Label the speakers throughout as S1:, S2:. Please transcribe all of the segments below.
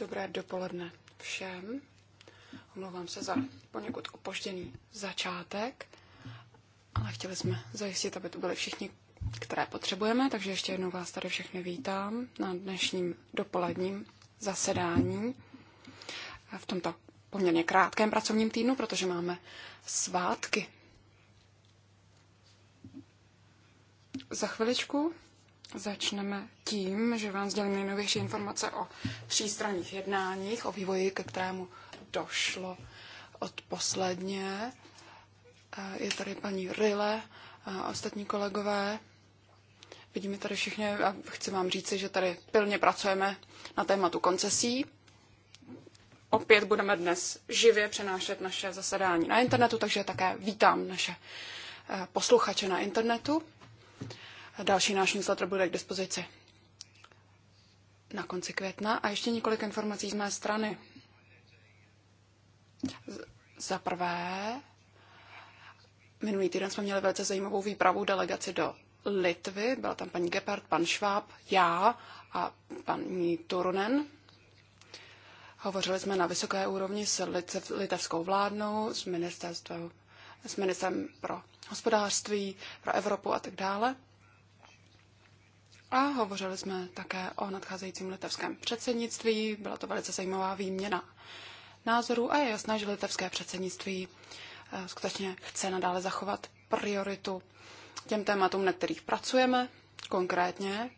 S1: Dobré dopoledne všem. Omlouvám se za poněkud opožděný začátek, ale chtěli jsme zajistit, aby to byli všichni, které potřebujeme, takže ještě jednou vás tady všechny vítám na dnešním dopoledním zasedání v tomto poměrně krátkém pracovním týdnu, protože máme svátky. Za chviličku Začneme tím, že vám sdělím nejnovější informace o třístranných jednáních, o vývoji, ke kterému došlo od posledně. Eh, je tady paní Rille a eh, ostatní kolegové. Vidíme tady všichni a chci vám říci, že tady pilně pracujeme na tématu koncesí. Opět budeme dnes živě přenášet naše zasedání na internetu, takže také vítám naše eh, posluchače na internetu. Další náš newsletter bude k dispozici na konci května. A ještě několik informací z mé strany. Za prvé, minulý týden jsme měli velice zajímavou výpravu delegaci do Litvy. Byla tam paní Gepard, pan Šváb, já a paní Turunen. Hovořili jsme na vysoké úrovni s litevskou vládnou, s ministerstvem, s ministrem pro hospodářství, pro Evropu a tak dále. A hovořili jsme také o nadcházejícím litevském předsednictví. Byla to velice zajímavá výměna názorů a je jasné, že litevské předsednictví eh, skutečně chce nadále zachovat prioritu těm tématům, na kterých pracujeme, konkrétně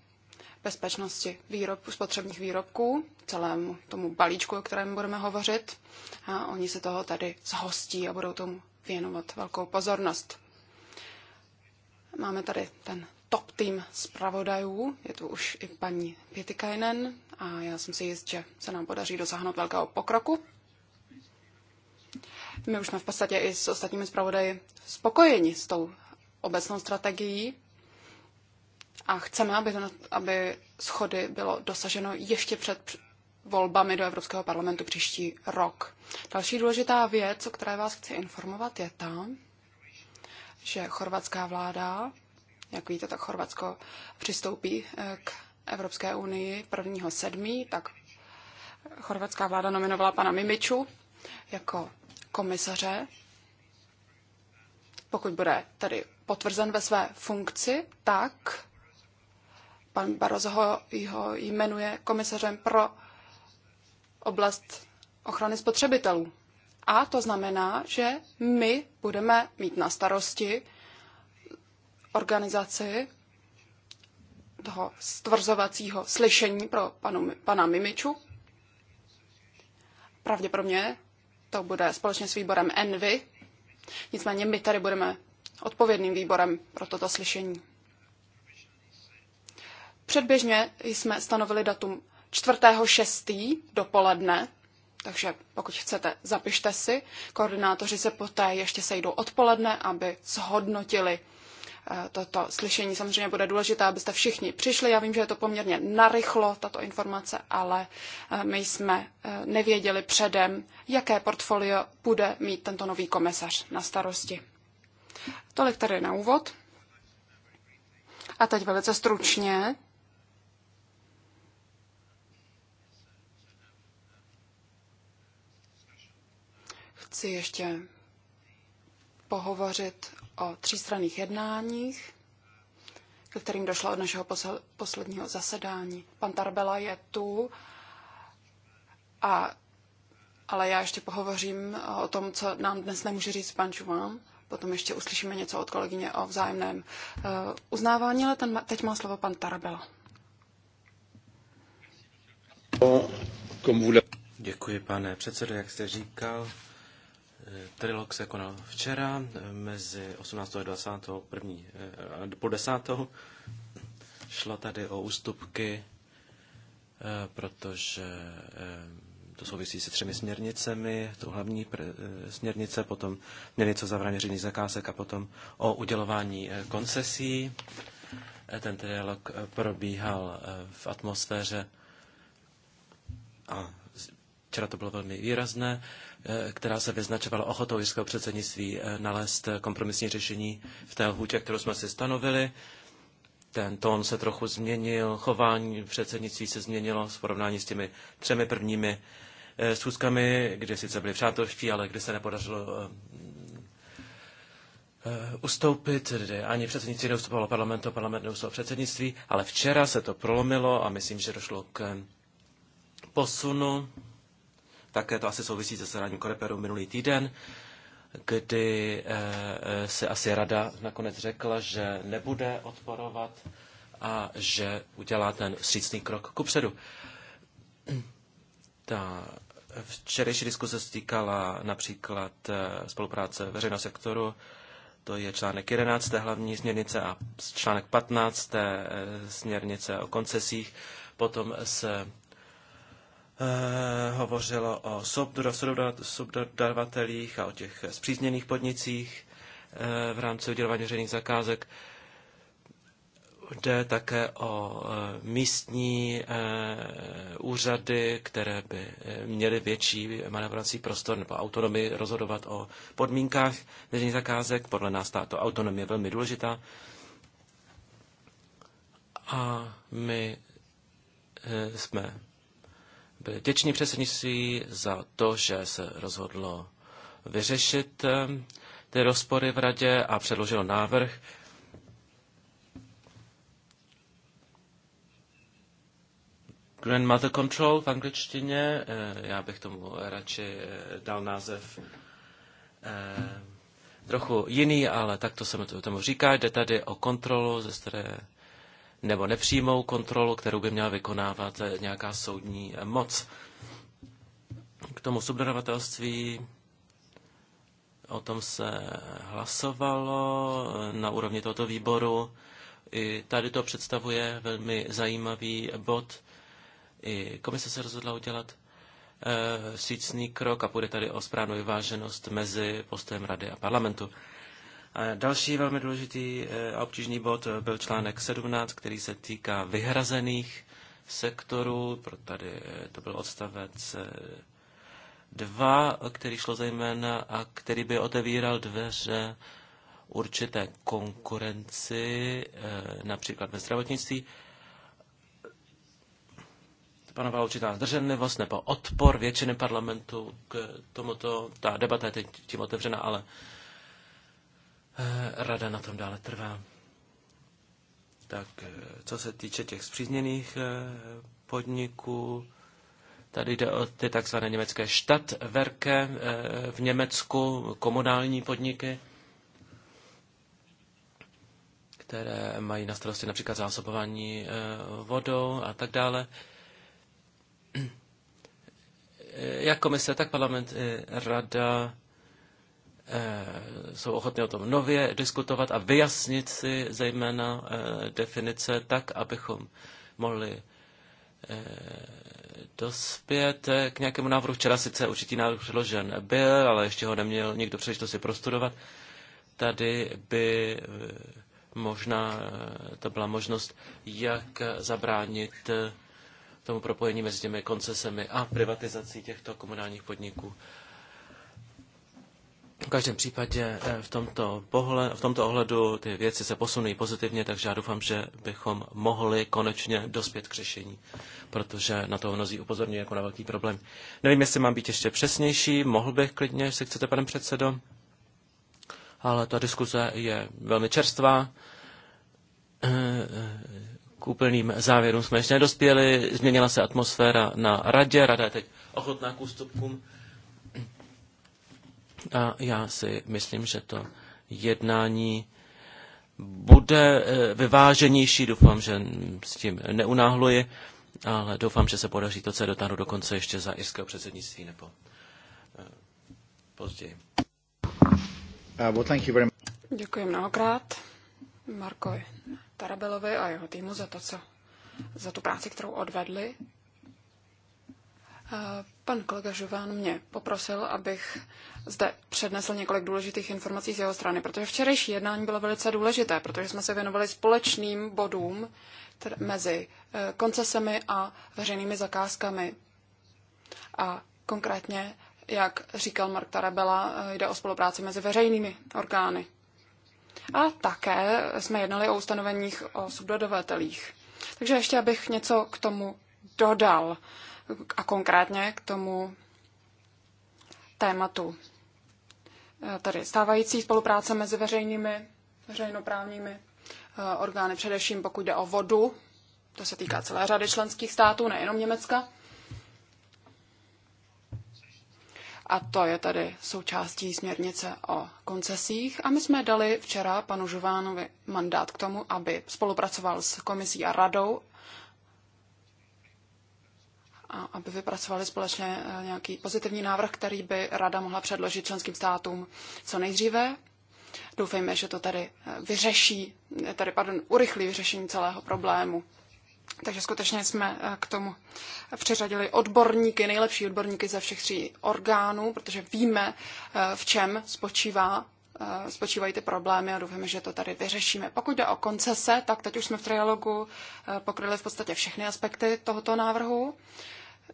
S1: bezpečnosti výrobku, spotřebních výrobků, celému tomu balíčku, o kterém budeme hovořit. A oni se toho tady zhostí a budou tomu věnovat velkou pozornost. Máme tady ten top tým zpravodajů. Je tu už i paní Pětikajnen a já jsem si jist, že se nám podaří dosáhnout velkého pokroku. My už jsme v podstatě i s ostatními zpravodaji spokojeni s tou obecnou strategií a chceme, aby, to, aby schody bylo dosaženo ještě před volbami do Evropského parlamentu příští rok. Další důležitá věc, o které vás chci informovat, je ta, že chorvatská vláda jak víte, tak Chorvatsko přistoupí eh, k Evropské unii 1. 7., tak chorvatská vláda nominovala pana Mimiču jako komisaře. Pokud bude tedy potvrzen ve své funkci, tak pan Barozo ho, ho jmenuje komisařem pro oblast ochrany spotřebitelů. A to znamená, že my budeme mít na starosti organizaci toho stvrzovacího slyšení pro panu, pana Mimiču. Pravděpodobně to bude společně s výborem Envy. Nicméně my tady budeme odpovědným výborem pro toto slyšení. Předběžně jsme stanovili datum 4.6. dopoledne, takže pokud chcete, zapište si. Koordinátoři se poté ještě sejdou odpoledne, aby zhodnotili Eh, toto slyšení. Samozřejmě bude důležité, abyste všichni přišli. Já vím, že je to poměrně narychlo, tato informace, ale eh, my jsme eh, nevěděli předem, jaké portfolio bude mít tento nový komisař na starosti. Tolik tady na úvod. A teď velice stručně chci ještě pohovořit o třístranných jednáních, ke kterým došlo od našeho posledního zasedání. Pan Tarbela je tu, a, ale já ještě pohovořím o tom, co nám dnes nemůže říct pan Čuván. Potom ještě uslyšíme něco od kolegyně o vzájemném uh, uznávání, ale ten, teď má slovo pan Tarbela.
S2: Děkuji, pane předsedo, jak jste říkal. Eh, trilog se konal včera eh, mezi 18. a 20. První, eh, po 10. Šlo tady o ústupky, protože to souvisí se třemi směrnicemi, to hlavní směrnice, potom směrnice za zavrání zakázek a potom o udělování koncesí. Ten trilog probíhal v atmosféře a včera to bylo velmi výrazné. Eh, která se vyznačovala ochotou jistého předsednictví eh, nalézt eh, kompromisní řešení v té lhůtě, kterou jsme si stanovili. Ten tón se trochu změnil, chování předsednictví se změnilo v porovnání s těmi třemi prvními schůzkami, kde sice byli přátelští, ale kde se nepodařilo ustoupit, kde ani předsednictví neustupovalo parlamentu, parlament neustupovalo předsednictví, ale včera se to prolomilo a myslím, že došlo k posunu také to asi souvisí se zasedáním Koreperu minulý týden, kdy eh, eh, si asi rada nakonec řekla, že nebude odporovat a že udělá ten vstřícný krok kupředu. Ta včerejší diskuse se týkala například eh, spolupráce veřejného sektoru, to je článek 11 hlavní směrnice a článek 15 směrnice o koncesích. Potom se Eh, hovořilo o subdodavatelích a o těch zpřízněných podnicích eh, v rámci udělování veřejných zakázek. Jde také o eh, místní úřady, které by měly větší manevrací prostor nebo autonomii rozhodovat o podmínkách veřejných zakázek. Podle nás tato autonomie je velmi důležitá. A my jsme byli vděční předsednictví za to, že se rozhodlo vyřešit eh, ty rozpory v radě a předložilo návrh. Grandmother Control v angličtině, eh, já bych tomu radši eh, dal název trochu jiný, ale tak to se tomu říká. Jde tady o kontrolu ze strany nebo nepřímou kontrolu, kterou by měla vykonávat nějaká soudní moc. K tomu subdodavatelství o tom se hlasovalo na úrovni tohoto výboru. I tady to představuje velmi zajímavý bod. I komise se rozhodla udělat eh, vstřícný krok a půjde tady o správnou vyváženost mezi postojem rady a parlamentu. Další velmi důležitý eh, a obtížný bod eh, byl článek 17, který se týká vyhrazených sektorů. Tady eh, to byl odstavec 2, který šlo zejména a který by otevíral dveře určité konkurenci, například ve zdravotnictví. Panová určitá zdrženlivost nebo odpor většiny parlamentu k tomuto. Ta debata je teď tím otevřena, ale Eh, rada na tom dále trvá. Tak eh, co se týče těch zpřízněných eh, podniků, tady jde o ty takzvané německé štatverke v Německu, komunální podniky, které mají na starosti například zásobování vodou a tak dále. Jak komise, tak parlament i rada Eh, jsou ochotni o tom nově diskutovat a vyjasnit si zejména eh, definice tak, abychom mohli eh, dospět k nějakému návrhu. Včera sice určitý návrh předložen byl, ale ještě ho neměl někdo příležitost si prostudovat. Tady by možná, to byla možnost, jak zabránit tomu propojení mezi těmi koncesemi a privatizací těchto komunálních podniků. V každém případě eh, v tomto, pohle, v tomto ohledu ty věci se posunují pozitivně, takže já doufám, že bychom mohli konečně dospět k řešení, protože na to mnozí upozorňují jako na velký problém. Nevím, jestli mám být ještě přesnější, mohl bych klidně, jestli chcete, pane předsedo, ale ta diskuze je velmi čerstvá. Eh, eh, k úplným závěrům jsme ještě nedospěli, změnila se atmosféra na radě, rada je teď ochotná k ústupkům a já si myslím, že to jednání bude eh, vyváženější. Doufám, že s tím neunáhluji, ale doufám, že se podaří to, co dotáhnu dokonce ještě za irského předsednictví nebo eh, později.
S3: Uh, well,
S1: Děkuji mnohokrát Markovi Tarabelovi a jeho týmu za to, co, za tu práci, kterou odvedli. Eh, pan kolega Žován mě poprosil, abych zde přednesl několik důležitých informací z jeho strany, protože včerejší jednání bylo velice důležité, protože jsme se věnovali společným bodům mezi eh, koncesemi a veřejnými zakázkami. A konkrétně, jak říkal Mark Tarabella, eh, jde o spolupráci mezi veřejnými orgány. A také jsme jednali o ustanoveních o subdodovatelích. Takže ještě abych něco k tomu dodal eh, a konkrétně k tomu tématu Eh, tady stávající spolupráce mezi veřejnými, veřejnoprávními eh, orgány, především pokud jde o vodu. To se týká celé řady členských států, nejenom Německa. A to je tady součástí směrnice o koncesích. A my jsme dali včera panu Žovánovi mandát k tomu, aby spolupracoval s komisí a radou aby vypracovali společně eh, nějaký pozitivní návrh, který by rada mohla předložit členským státům co nejdříve. Doufejme, že to tady eh, vyřeší, eh, tady, pardon, urychlí vyřešení celého problému. Takže skutečně jsme k tomu přiřadili odborníky, nejlepší odborníky ze všech tří orgánů, protože víme, v čem spočívá spočívají ty problémy a doufáme, že to tady vyřešíme. Pokud jde o koncese, tak teď už jsme v trialogu pokryli v podstatě všechny aspekty tohoto návrhu.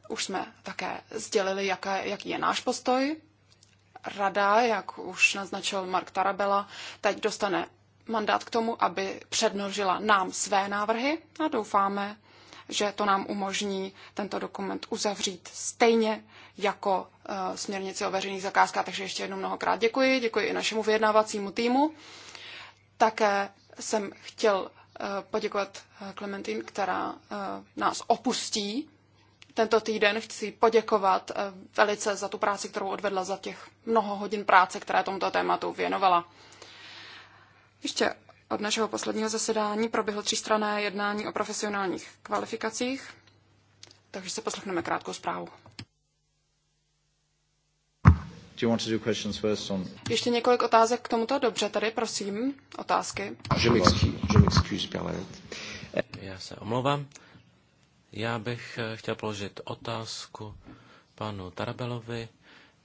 S1: Už jsme také sdělili, jaké, jaký je náš postoj. Rada, jak už naznačil Mark Tarabella, teď dostane mandát k tomu, aby přednožila nám své návrhy a doufáme, že to nám umožní tento dokument uzavřít stejně jako uh, eh, směrnici o veřejných zakázkách. Takže ještě jednou mnohokrát děkuji. Děkuji i našemu vyjednávacímu týmu. Také jsem chtěl uh, poděkovat uh, která uh, nás opustí tento týden chci poděkovat eh, velice za tu práci, kterou odvedla za těch mnoho hodin práce, které tomuto tématu věnovala. Ještě od našeho posledního zasedání proběhlo třístrané jednání o profesionálních kvalifikacích, takže se poslechneme krátkou zprávu.
S3: Do you want to do questions first on...
S1: Ještě několik otázek k tomuto. Dobře, tady prosím, otázky.
S2: Já se omlouvám. Já bych eh, chtěl položit otázku panu Tarabelovi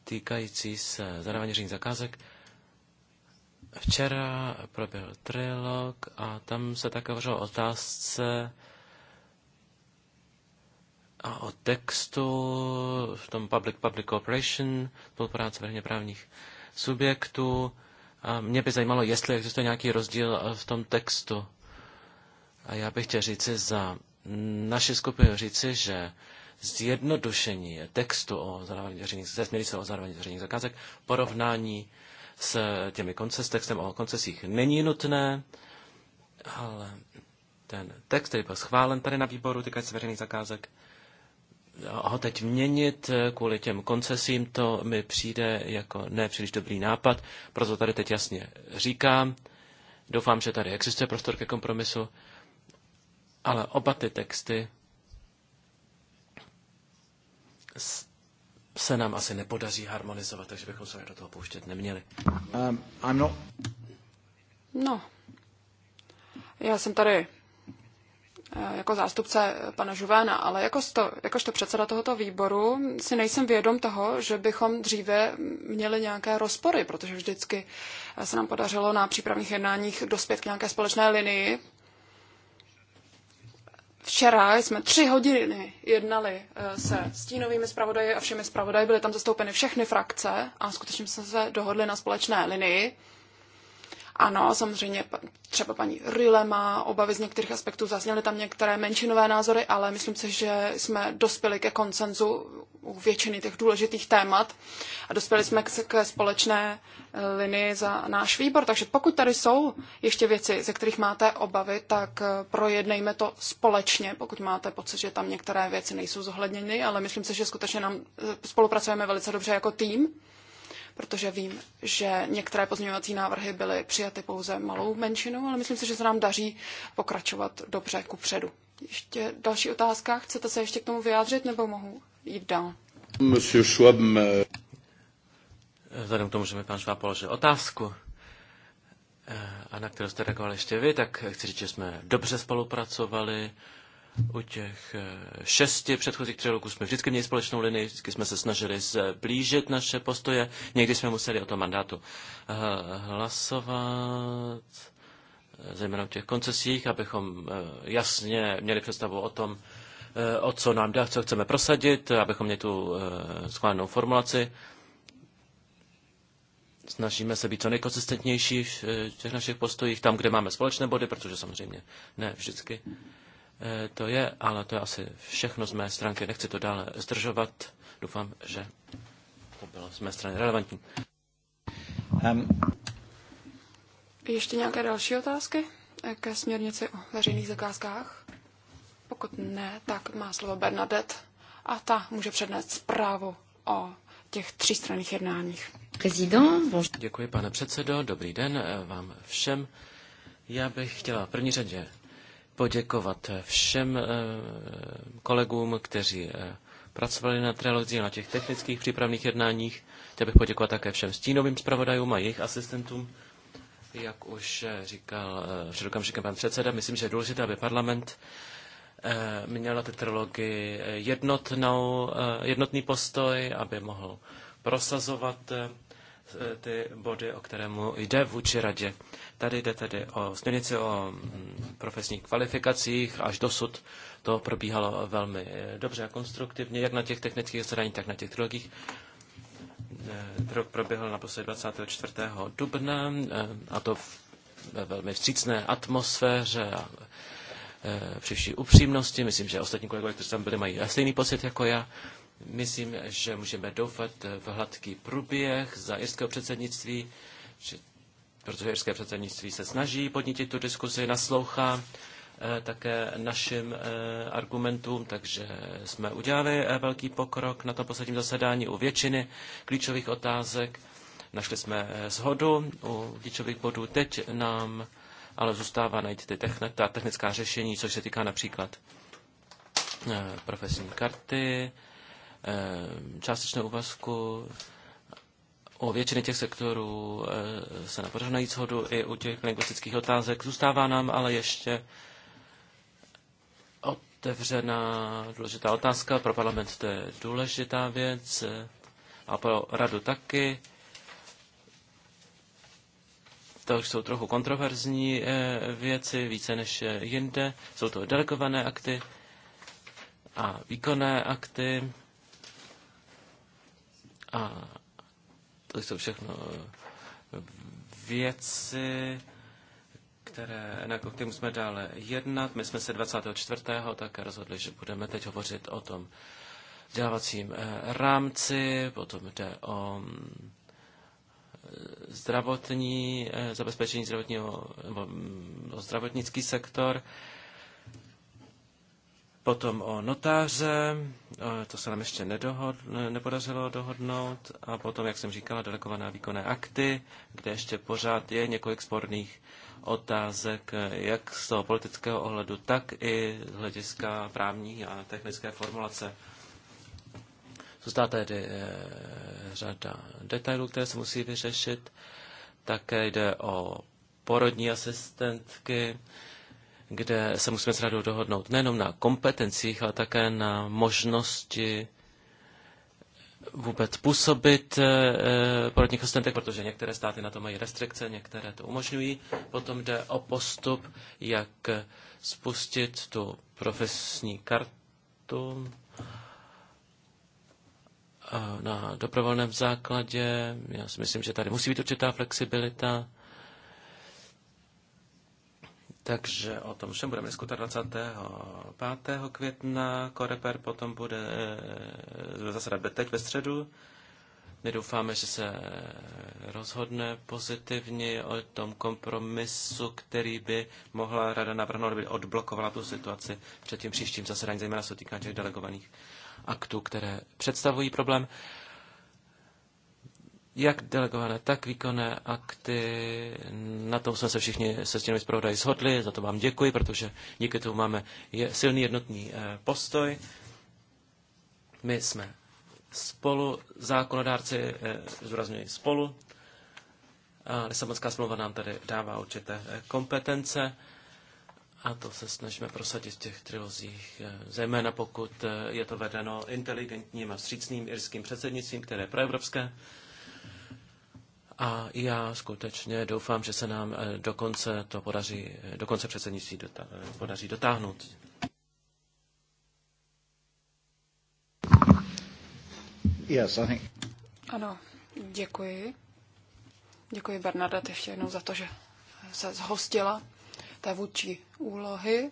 S2: týkající se zadávání řízení zakázek. Včera proběhl trilog a tam se také hovořilo o otázce a o textu v tom public-public cooperation, spolupráce veřejně právních subjektů. A mě by zajímalo, jestli existuje nějaký rozdíl v tom textu. A já bych chtěl říci za naše skupina říci, že zjednodušení textu o zadávání veřejných, ze směrnice o zadávání veřejných zakázek, porovnání s těmi koncesy, textem o koncesích není nutné, ale ten text, který byl schválen tady na výboru týkající veřejných zakázek, ho teď měnit kvůli těm koncesím, to mi přijde jako nepříliš dobrý nápad, proto tady teď jasně říkám. Doufám, že tady existuje prostor ke kompromisu ale oba ty texty se nám asi nepodaří harmonizovat, takže bychom se do toho pouštět neměli. Um, I'm not...
S1: No, já jsem tady eh, jako zástupce pana Žuvéna, ale jakožto, jakožto předseda tohoto výboru si nejsem vědom toho, že bychom dříve měli nějaké rozpory, protože vždycky se nám podařilo na přípravných jednáních dospět k nějaké společné linii Včera jsme tři hodiny jednali eh, se stínovými zpravodaji a všemi zpravodaji. Byly tam zastoupeny všechny frakce a skutečně jsme se dohodli na společné linii. Ano, samozřejmě třeba paní Rile má obavy z některých aspektů, zazněly tam některé menšinové názory, ale myslím si, že jsme dospěli ke koncenzu u většiny těch důležitých témat a dospěli jsme ke společné eh, linii za náš výbor. Takže pokud tady jsou ještě věci, ze kterých máte obavy, tak eh, projednejme to společně, pokud máte pocit, že tam některé věci nejsou zohledněny, ale myslím si, že skutečně nám eh, spolupracujeme velice dobře jako tým protože vím, že některé pozměňovací návrhy byly přijaty pouze malou menšinou, ale myslím si, že se nám daří pokračovat dobře ku předu. Ještě další otázka. Chcete se ještě k tomu vyjádřit, nebo mohu jít dál?
S2: Monsieur Schwab, eh, Vzhledem k tomu, že mi pan Šváb položil otázku, eh, a na kterou jste reagoval ještě vy, tak chci říct, že jsme dobře spolupracovali. U těch eh, šesti předchozích trilogů jsme vždycky měli společnou linii, vždycky jsme se snažili zblížit naše postoje, někdy jsme museli o tom mandátu eh, hlasovat, eh, zejména u těch koncesích, abychom jasně měli představu o tom, o co nám jde, co chceme prosadit, abychom měli tu schválenou formulaci. Snažíme se být co nejkonsistentnější v těch našich postojích, tam, kde máme společné body, protože samozřejmě ne vždycky Eh, to je, ale to je asi všechno z mé stránky. Nechci to dále zdržovat. Doufám, že to bylo z mé strany relevantní.
S3: Um.
S1: Ještě nějaké další otázky ke směrnici o veřejných zakázkách? Pokud ne, tak má slovo Bernadette a ta může přednést zprávu o těch třístranných jednáních.
S2: Děkuji, pane předsedo. Dobrý den eh, vám všem. Já bych chtěla v první řadě poděkovat všem eh, kolegům, kteří eh, pracovali na trilogii, na těch technických přípravných jednáních. Chtěl bych poděkovat také všem stínovým zpravodajům a jejich asistentům. Jak už eh, říkal před okamžikem pan předseda, myslím, že je důležité, aby parlament měl na té trilogii jednotnou, jednotný postoj, aby mohl prosazovat ty body, o kterému jde vůči radě. Tady jde tedy o směrnici o mm, profesních kvalifikacích. Až dosud to probíhalo velmi eh, dobře a konstruktivně, jak na těch technických zadáních, tak na těch drogích. Drog eh, proběhl naposledy 24. dubna eh, a to ve velmi vstřícné atmosféře a při vší upřímnosti. Myslím, že ostatní kolegové, kteří tam byli, mají stejný pocit jako já. Myslím, že můžeme doufat v hladký průběh za irského předsednictví, že protože irské předsednictví se snaží podnítit tu diskuzi, naslouchá eh, také našim eh, argumentům, takže jsme udělali eh, velký pokrok na tom posledním zasedání u většiny klíčových otázek. Našli jsme shodu u klíčových bodů. Teď nám ale zůstává najít ty techn- ta technická řešení, což se týká například profesní karty, částečné úvazku, u většiny těch sektorů eh, se nepodařilo najít shodu i u těch lingvistických otázek. Zůstává nám ale ještě otevřená důležitá otázka. Pro parlament to je důležitá věc eh, a pro radu taky. To už jsou trochu kontroverzní eh, věci, více než jinde. Jsou to delegované akty a výkonné akty. A to jsou všechno eh, věci, které, na kterým jsme dále jednat. My jsme se 24. také rozhodli, že budeme teď hovořit o tom vzdělávacím eh, rámci, potom jde o eh, zdravotní, zabezpečení zdravotního, nebo mm, o zdravotnický sektor. Potom o notáře, to se nám ještě nedohod, nepodařilo dohodnout. A potom, jak jsem říkala, delegované výkonné akty, kde ještě pořád je několik sporných otázek, jak z toho politického ohledu, tak i z hlediska právní a technické formulace. Zůstává tedy e, řada detailů, které se musí vyřešit. Také jde o porodní asistentky, kde se musíme s radou dohodnout nejenom na kompetencích, ale také na možnosti vůbec působit eh, eh, porodní asistentech, protože některé státy na to mají restrikce, některé to umožňují. Potom jde o postup, jak spustit tu profesní kartu eh, na dobrovolném základě. Já si myslím, že tady musí být určitá flexibilita. Takže o tom všem budeme diskutovat 25. května. Koreper potom bude e, zasedat teď ve středu. My doufáme, že se rozhodne pozitivně o tom kompromisu, který by mohla rada navrhnout, aby odblokovala tu situaci před tím příštím zasedáním, zejména se týká těch delegovaných aktů, které představují problém jak delegované, tak výkonné akty. Na tom jsme se všichni se stěnovými zpravodaji shodli, za to vám děkuji, protože díky tomu máme je, silný jednotný eh, postoj. My jsme spolu, zákonodárci, eh, zdůrazňuji spolu. Lisabonská smlouva nám tady dává určité eh, kompetence a to se snažíme prosadit v těch trilozích, zejména pokud je to vedeno inteligentním a vstřícným irským předsednictvím, které je proevropské. evropské a já skutečně doufám, že se nám eh, dokonce to podaří, eh, dokonce předsednictví dota, eh, podaří dotáhnout.
S3: Yes, I think...
S1: Ano, děkuji. Děkuji Bernadette ještě jednou za to, že se zhostila té vůči úlohy.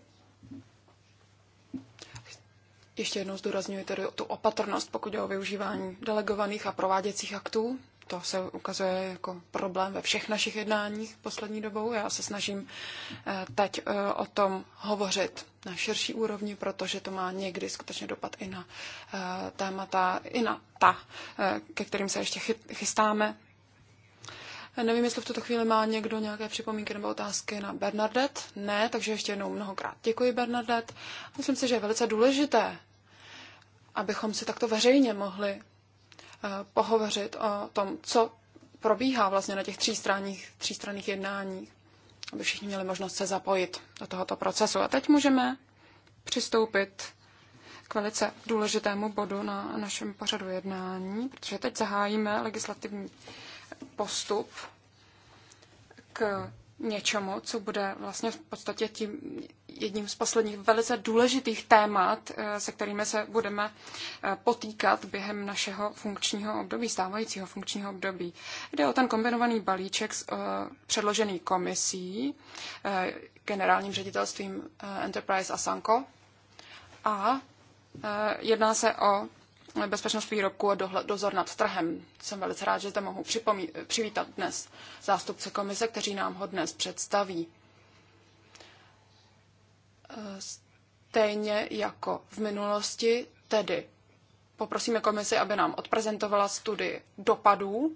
S1: Ještě jednou zdůrazňuji tedy tu opatrnost, pokud je o využívání delegovaných a prováděcích aktů to se ukazuje jako problém ve všech našich jednáních poslední dobou. Já se snažím eh, teď eh, o tom hovořit na širší úrovni, protože to má někdy skutečně dopad i na eh, témata, i na ta, ke kterým se ještě chystáme. Nevím, jestli v tuto chvíli má někdo nějaké připomínky nebo otázky na Bernadette. Ne, takže ještě jednou mnohokrát děkuji Bernadette. Myslím si, že je velice důležité abychom si takto veřejně mohli Eh, pohovořit o tom, co probíhá vlastně na těch třístranných, třístranných jednáních, aby všichni měli možnost se zapojit do tohoto procesu. A teď můžeme přistoupit k velice důležitému bodu na našem pořadu jednání, protože teď zahájíme legislativní postup k něčemu, co bude vlastně v podstatě tím jedním z posledních velice důležitých témat, eh, se kterými se budeme eh, potýkat během našeho funkčního období, stávajícího funkčního období. Jde o ten kombinovaný balíček eh, předložený komisí, generálním ředitelstvím Enterprise a Sanko a jedná se o bezpečnost výrobku a dohled, dozor nad trhem. Jsem velice rád, že zde mohu připomí, přivítat dnes zástupce komise, kteří nám ho dnes představí. Stejně jako v minulosti, tedy poprosíme komisi, aby nám odprezentovala studii dopadů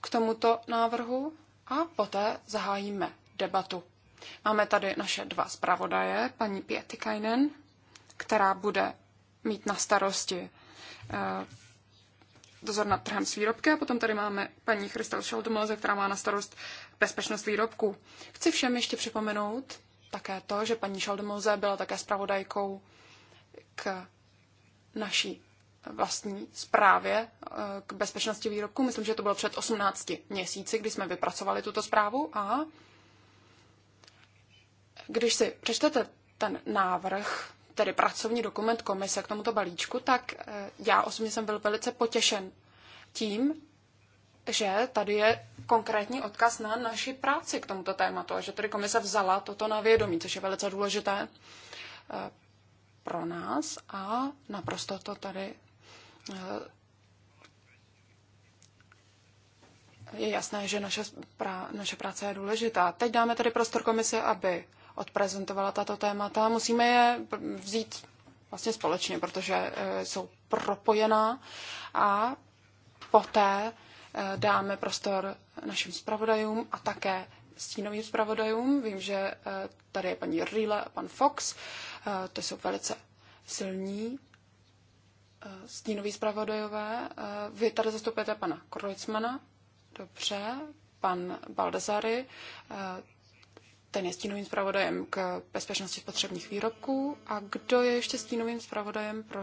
S1: k tomuto návrhu a poté zahájíme debatu. Máme tady naše dva zpravodaje, paní Pietikainen, která bude mít na starosti eh, dozor nad trhem s výrobky a potom tady máme paní Christel Šeldomelze, která má na starost bezpečnost výrobků. Chci všem ještě připomenout také to, že paní Šeldomelze byla také zpravodajkou k naší vlastní zprávě eh, k bezpečnosti výrobků. Myslím, že to bylo před 18 měsíci, kdy jsme vypracovali tuto zprávu a když si přečtete ten návrh tedy pracovní dokument komise k tomuto balíčku, tak eh, já osobně jsem byl velice potěšen tím, že tady je konkrétní odkaz na naši práci k tomuto tématu a že tedy komise vzala toto na vědomí, což je velice důležité eh, pro nás a naprosto to tady eh, je jasné, že naše, prá, naše práce je důležitá. Teď dáme tady prostor komise, aby odprezentovala tato témata. Musíme je vzít vlastně společně, protože e, jsou propojená a poté e, dáme prostor našim zpravodajům a také stínovým zpravodajům. Vím, že e, tady je paní Rýle a pan Fox. To jsou velice silní stínoví zpravodajové. Vy tady zastupujete pana Kreuzmana, dobře, pan Baldazary, ten je stínovým zpravodajem k bezpečnosti spotřebních výrobků. A kdo je ještě stínovým zpravodajem pro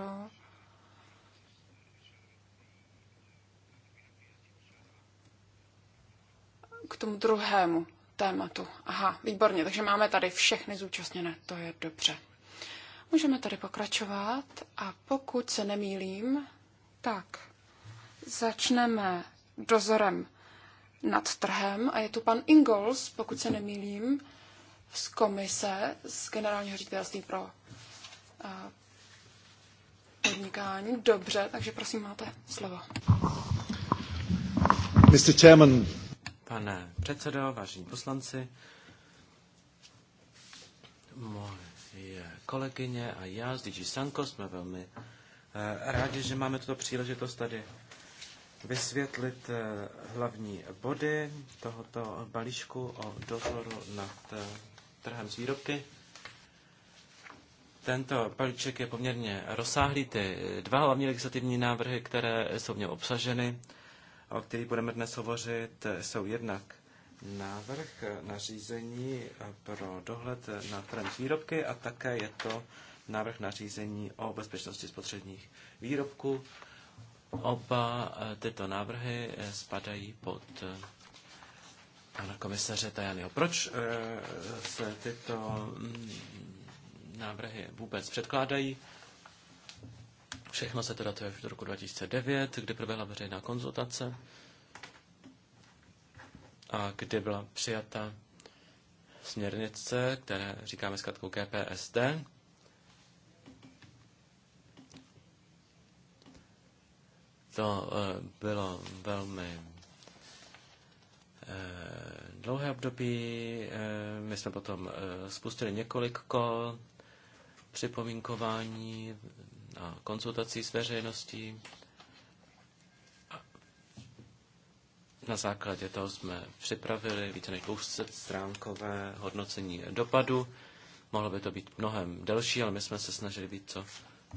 S1: k tomu druhému tématu. Aha, výborně, takže máme tady všechny zúčastněné, to je dobře. Můžeme tady pokračovat a pokud se nemýlím, tak začneme dozorem nad trhem a je tu pan Ingols, pokud se nemýlím, z komise, z generálního ředitelství pro eh, podnikání. Dobře, takže prosím, máte slovo.
S3: Mr. Chairman.
S2: Pane předsedo, vážení poslanci, moje kolegyně a já z DG Sanko jsme velmi eh, rádi, že máme tuto příležitost tady vysvětlit eh, hlavní body tohoto balíčku o dozoru nad trhem s výrobky. Tento balíček je poměrně rozsáhlý. Ty dva hlavní legislativní návrhy, které jsou v něm obsaženy, o kterých budeme dnes hovořit, jsou jednak návrh nařízení pro dohled na trhem s výrobky a také je to návrh nařízení o bezpečnosti spotřebních výrobků. Oba tyto návrhy spadají pod pana komisaře Tajanyho. Proč eh, se tyto mm, návrhy vůbec předkládají? Všechno se to datuje v roku 2009, kdy proběhla veřejná konzultace a kdy byla přijata směrnice, které říkáme zkrátkou GPSD. To eh, bylo velmi Eh, dlouhé období. Eh, my jsme potom eh, spustili několik kol připomínkování a konzultací s veřejností. Na základě toho jsme připravili více než 200 stránkové hodnocení dopadu. Mohlo by to být mnohem delší, ale my jsme se snažili být co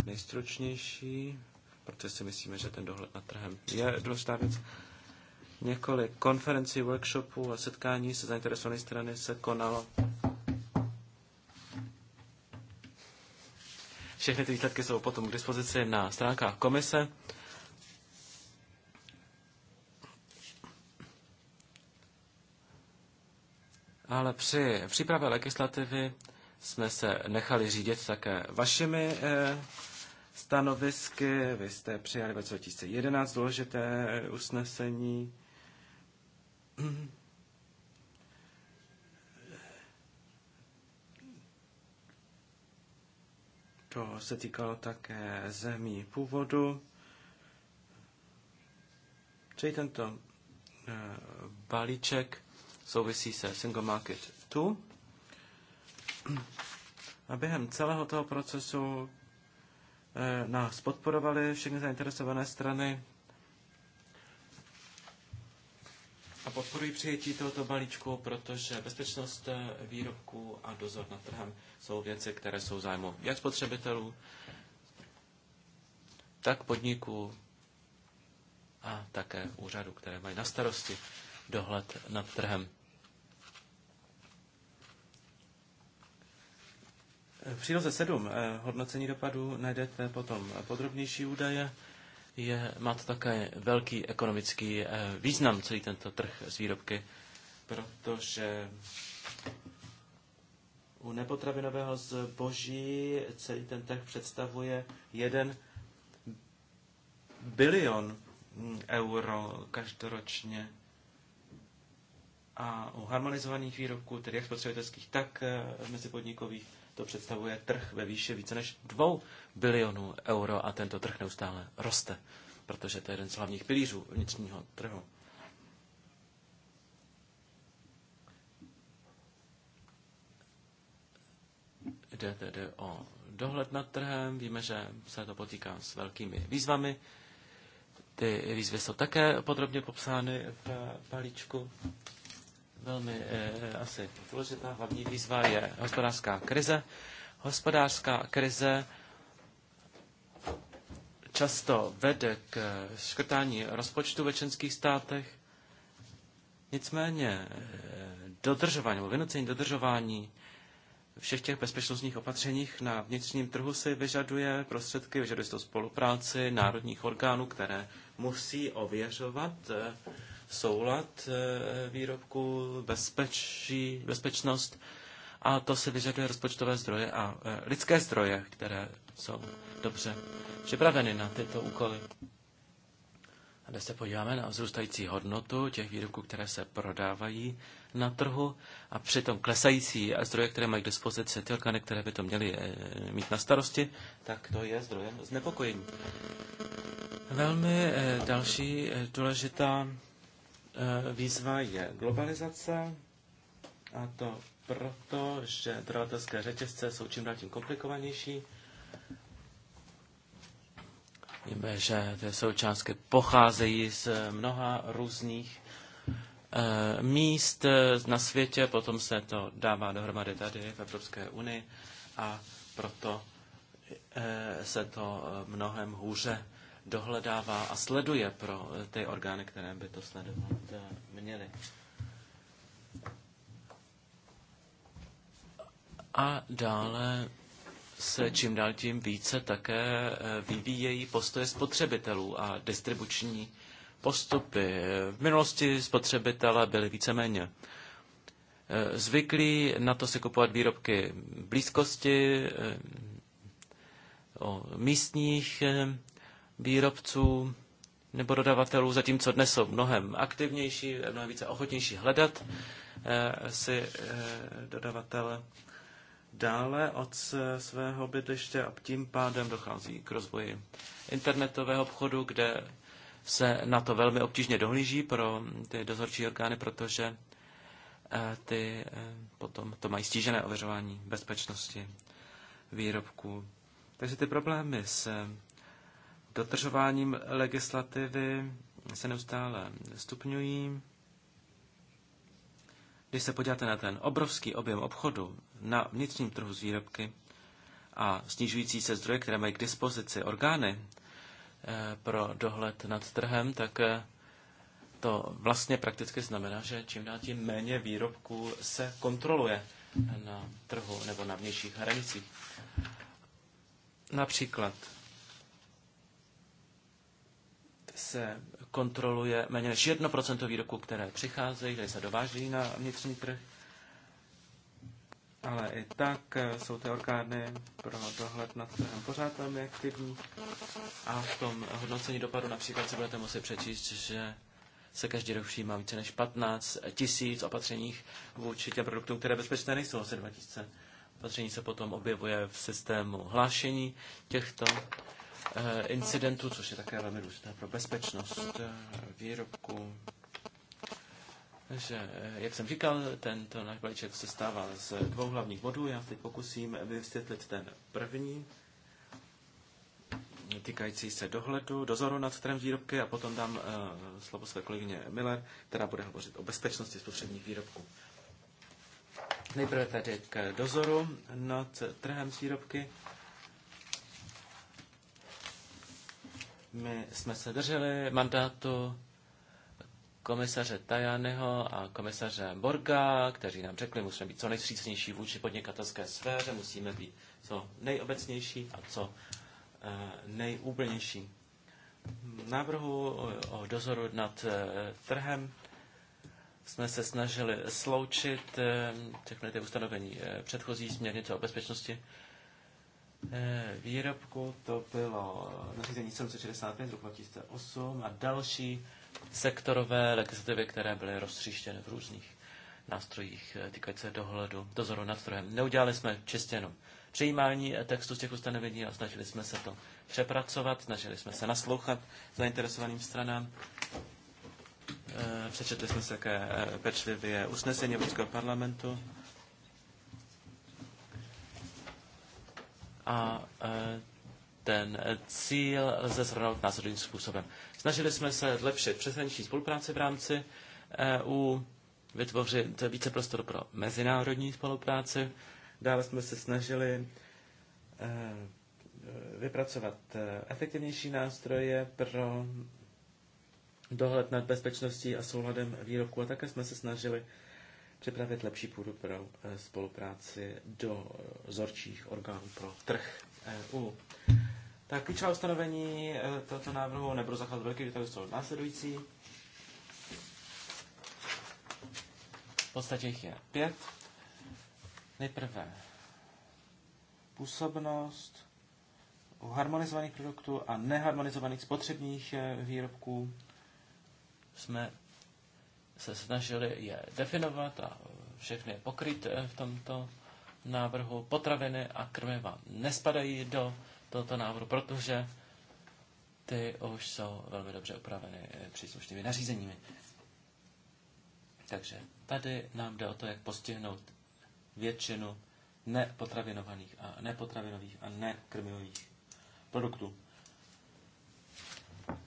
S2: nejstručnější, protože si myslíme, že ten dohled na trhem je důležitá věc. Několik konferencí, workshopů a setkání se zainteresované strany se konalo. Všechny ty výsledky jsou potom k dispozici na stránkách komise. Ale při přípravě legislativy jsme se nechali řídit také vašimi eh, stanovisky. Vy jste přijali v 2011 důležité usnesení Mm-hmm. To se týkalo také zemí původu. Čili tento eh, balíček souvisí se Single Market 2. A během celého toho procesu eh, nás podporovaly všechny zainteresované strany, a podporuji přijetí tohoto balíčku, protože bezpečnost eh, výrobků a dozor nad trhem jsou věci, které jsou zájmu jak spotřebitelů, tak podniků a také úřadů, které mají na starosti dohled nad trhem. V příloze 7 eh, hodnocení dopadů najdete potom podrobnější údaje je, má to také velký ekonomický eh, význam, celý tento trh z výrobky, protože u nepotravinového zboží celý ten trh představuje jeden bilion hm, euro každoročně. A u harmonizovaných výrobků, tedy jak spotřebitelských, tak eh, mezipodnikových, to představuje trh ve výši více než 2 bilionů euro a tento trh neustále roste, protože to je jeden z hlavních pilířů vnitřního trhu. Jde tedy o dohled nad trhem. Víme, že se to potýká s velkými výzvami. Ty výzvy jsou také podrobně popsány v balíčku velmi eh, asi důležitá hlavní výzva je hospodářská krize. Hospodářská krize často vede k škrtání rozpočtu ve členských státech. Nicméně eh, dodržování nebo vynucení dodržování všech těch bezpečnostních opatřeních na vnitřním trhu si vyžaduje prostředky, vyžaduje to spolupráci národních orgánů, které musí ověřovat eh, soulad eh, výrobku, bezpečí, bezpečnost a to se vyžaduje rozpočtové zdroje a eh, lidské zdroje, které jsou dobře připraveny na tyto úkoly. A se podíváme na vzrůstající hodnotu těch výrobků, které se prodávají na trhu a přitom klesající zdroje, které mají k dispozici ty orgány, které by to měly eh, mít na starosti, tak to je zdrojem znepokojení. Velmi další důležitá E, výzva je globalizace a to proto, že dodavatelské řetězce jsou čím dál tím komplikovanější. Víme, že ty součástky pocházejí z mnoha různých e, míst na světě, potom se to dává dohromady tady v Evropské unii a proto e, se to mnohem hůře dohledává a sleduje pro eh, ty orgány, které by to sledovat eh, měly. A dále se čím dál tím více také eh, vyvíjejí postoje spotřebitelů a distribuční postupy. V minulosti spotřebitelé byli víceméně zvyklí na to si kupovat výrobky blízkosti o místních výrobců nebo dodavatelů, zatímco dnes jsou mnohem aktivnější, mnohem více ochotnější hledat eh, si eh, dodavatele dále od svého bydliště a tím pádem dochází k rozvoji internetového obchodu, kde se na to velmi obtížně dohlíží pro ty dozorčí orgány, protože eh, ty potom to mají stížené ověřování bezpečnosti výrobků. Takže ty problémy s dodržováním legislativy se neustále stupňují. Když se podíváte na ten obrovský objem obchodu na vnitřním trhu s výrobky a snižující se zdroje, které mají k dispozici orgány eh, pro dohled nad trhem, tak eh, to vlastně prakticky znamená, že čím dál tím méně výrobků se kontroluje na trhu nebo na vnějších hranicích. Například se kontroluje méně než 1% výroku, které přicházejí, které se dováží na vnitřní trh. Ale i tak eh, jsou ty orgány pro dohled nad trhem pořád velmi aktivní. A v tom hodnocení dopadu například si budete muset přečíst, že se každý rok přijímá více než 15 tisíc opatřeních vůči těm produktům, které bezpečné nejsou v roce 2000. Opatření se potom objevuje v systému hlášení těchto Eh, incidentů, což je také velmi důležité pro bezpečnost eh, výrobku. Takže, eh, jak jsem říkal, tento náš balíček se stává z dvou hlavních bodů. Já teď pokusím vysvětlit ten první, týkající se dohledu, dozoru nad trhem výrobky a potom dám uh, slovo své kolegyně Miller, která bude hovořit o bezpečnosti spotřebních výrobků. Nejprve tedy k dozoru nad trhem výrobky. My jsme se drželi mandátu komisaře Tajaneho a komisaře Borga, kteří nám řekli, musíme být co nejstřícnější vůči podnikatelské sféře, musíme být co nejobecnější a co eh, nejúplnější. Návrhu o dozoru nad eh, trhem jsme se snažili sloučit eh, všechny ty ustanovení předchozí směrnice o bezpečnosti Eh, výrobku, to bylo nařízení 765 roku 2008 a další sektorové legislativy, které byly roztříštěny v různých nástrojích eh, týkající dohledu, dozoru nad trhem. Neudělali jsme čistě jenom přijímání eh, textu z těch ustanovení a snažili jsme se to přepracovat, snažili jsme se naslouchat zainteresovaným stranám. Přečetli jsme se také pečlivě usnesení Evropského parlamentu a e, ten cíl lze zhrnout následujícím způsobem. Snažili jsme se zlepšit přeshraniční spolupráci v rámci EU, vytvořit více prostoru pro mezinárodní spolupráci. Dále jsme se snažili e, e, vypracovat efektivnější nástroje pro dohled nad bezpečností a souladem výrobku a také jsme se snažili připravit lepší půdu pro eh, spolupráci do eh, zorčích orgánů pro trh EU. Tak klíčová ustanovení eh, tohoto návrhu nebudu zacházet velký detail, jsou následující. V podstatě jich je pět. Nejprve působnost u harmonizovaných produktů a neharmonizovaných spotřebních výrobků jsme se snažili je definovat a všechny pokryt eh, v tomto návrhu. Potraviny a krmiva nespadají do tohoto návrhu, protože ty už jsou velmi dobře upraveny příslušnými nařízeními. Takže tady nám jde o to, jak postihnout většinu nepotravinovaných a nepotravinových a nekrmivých produktů.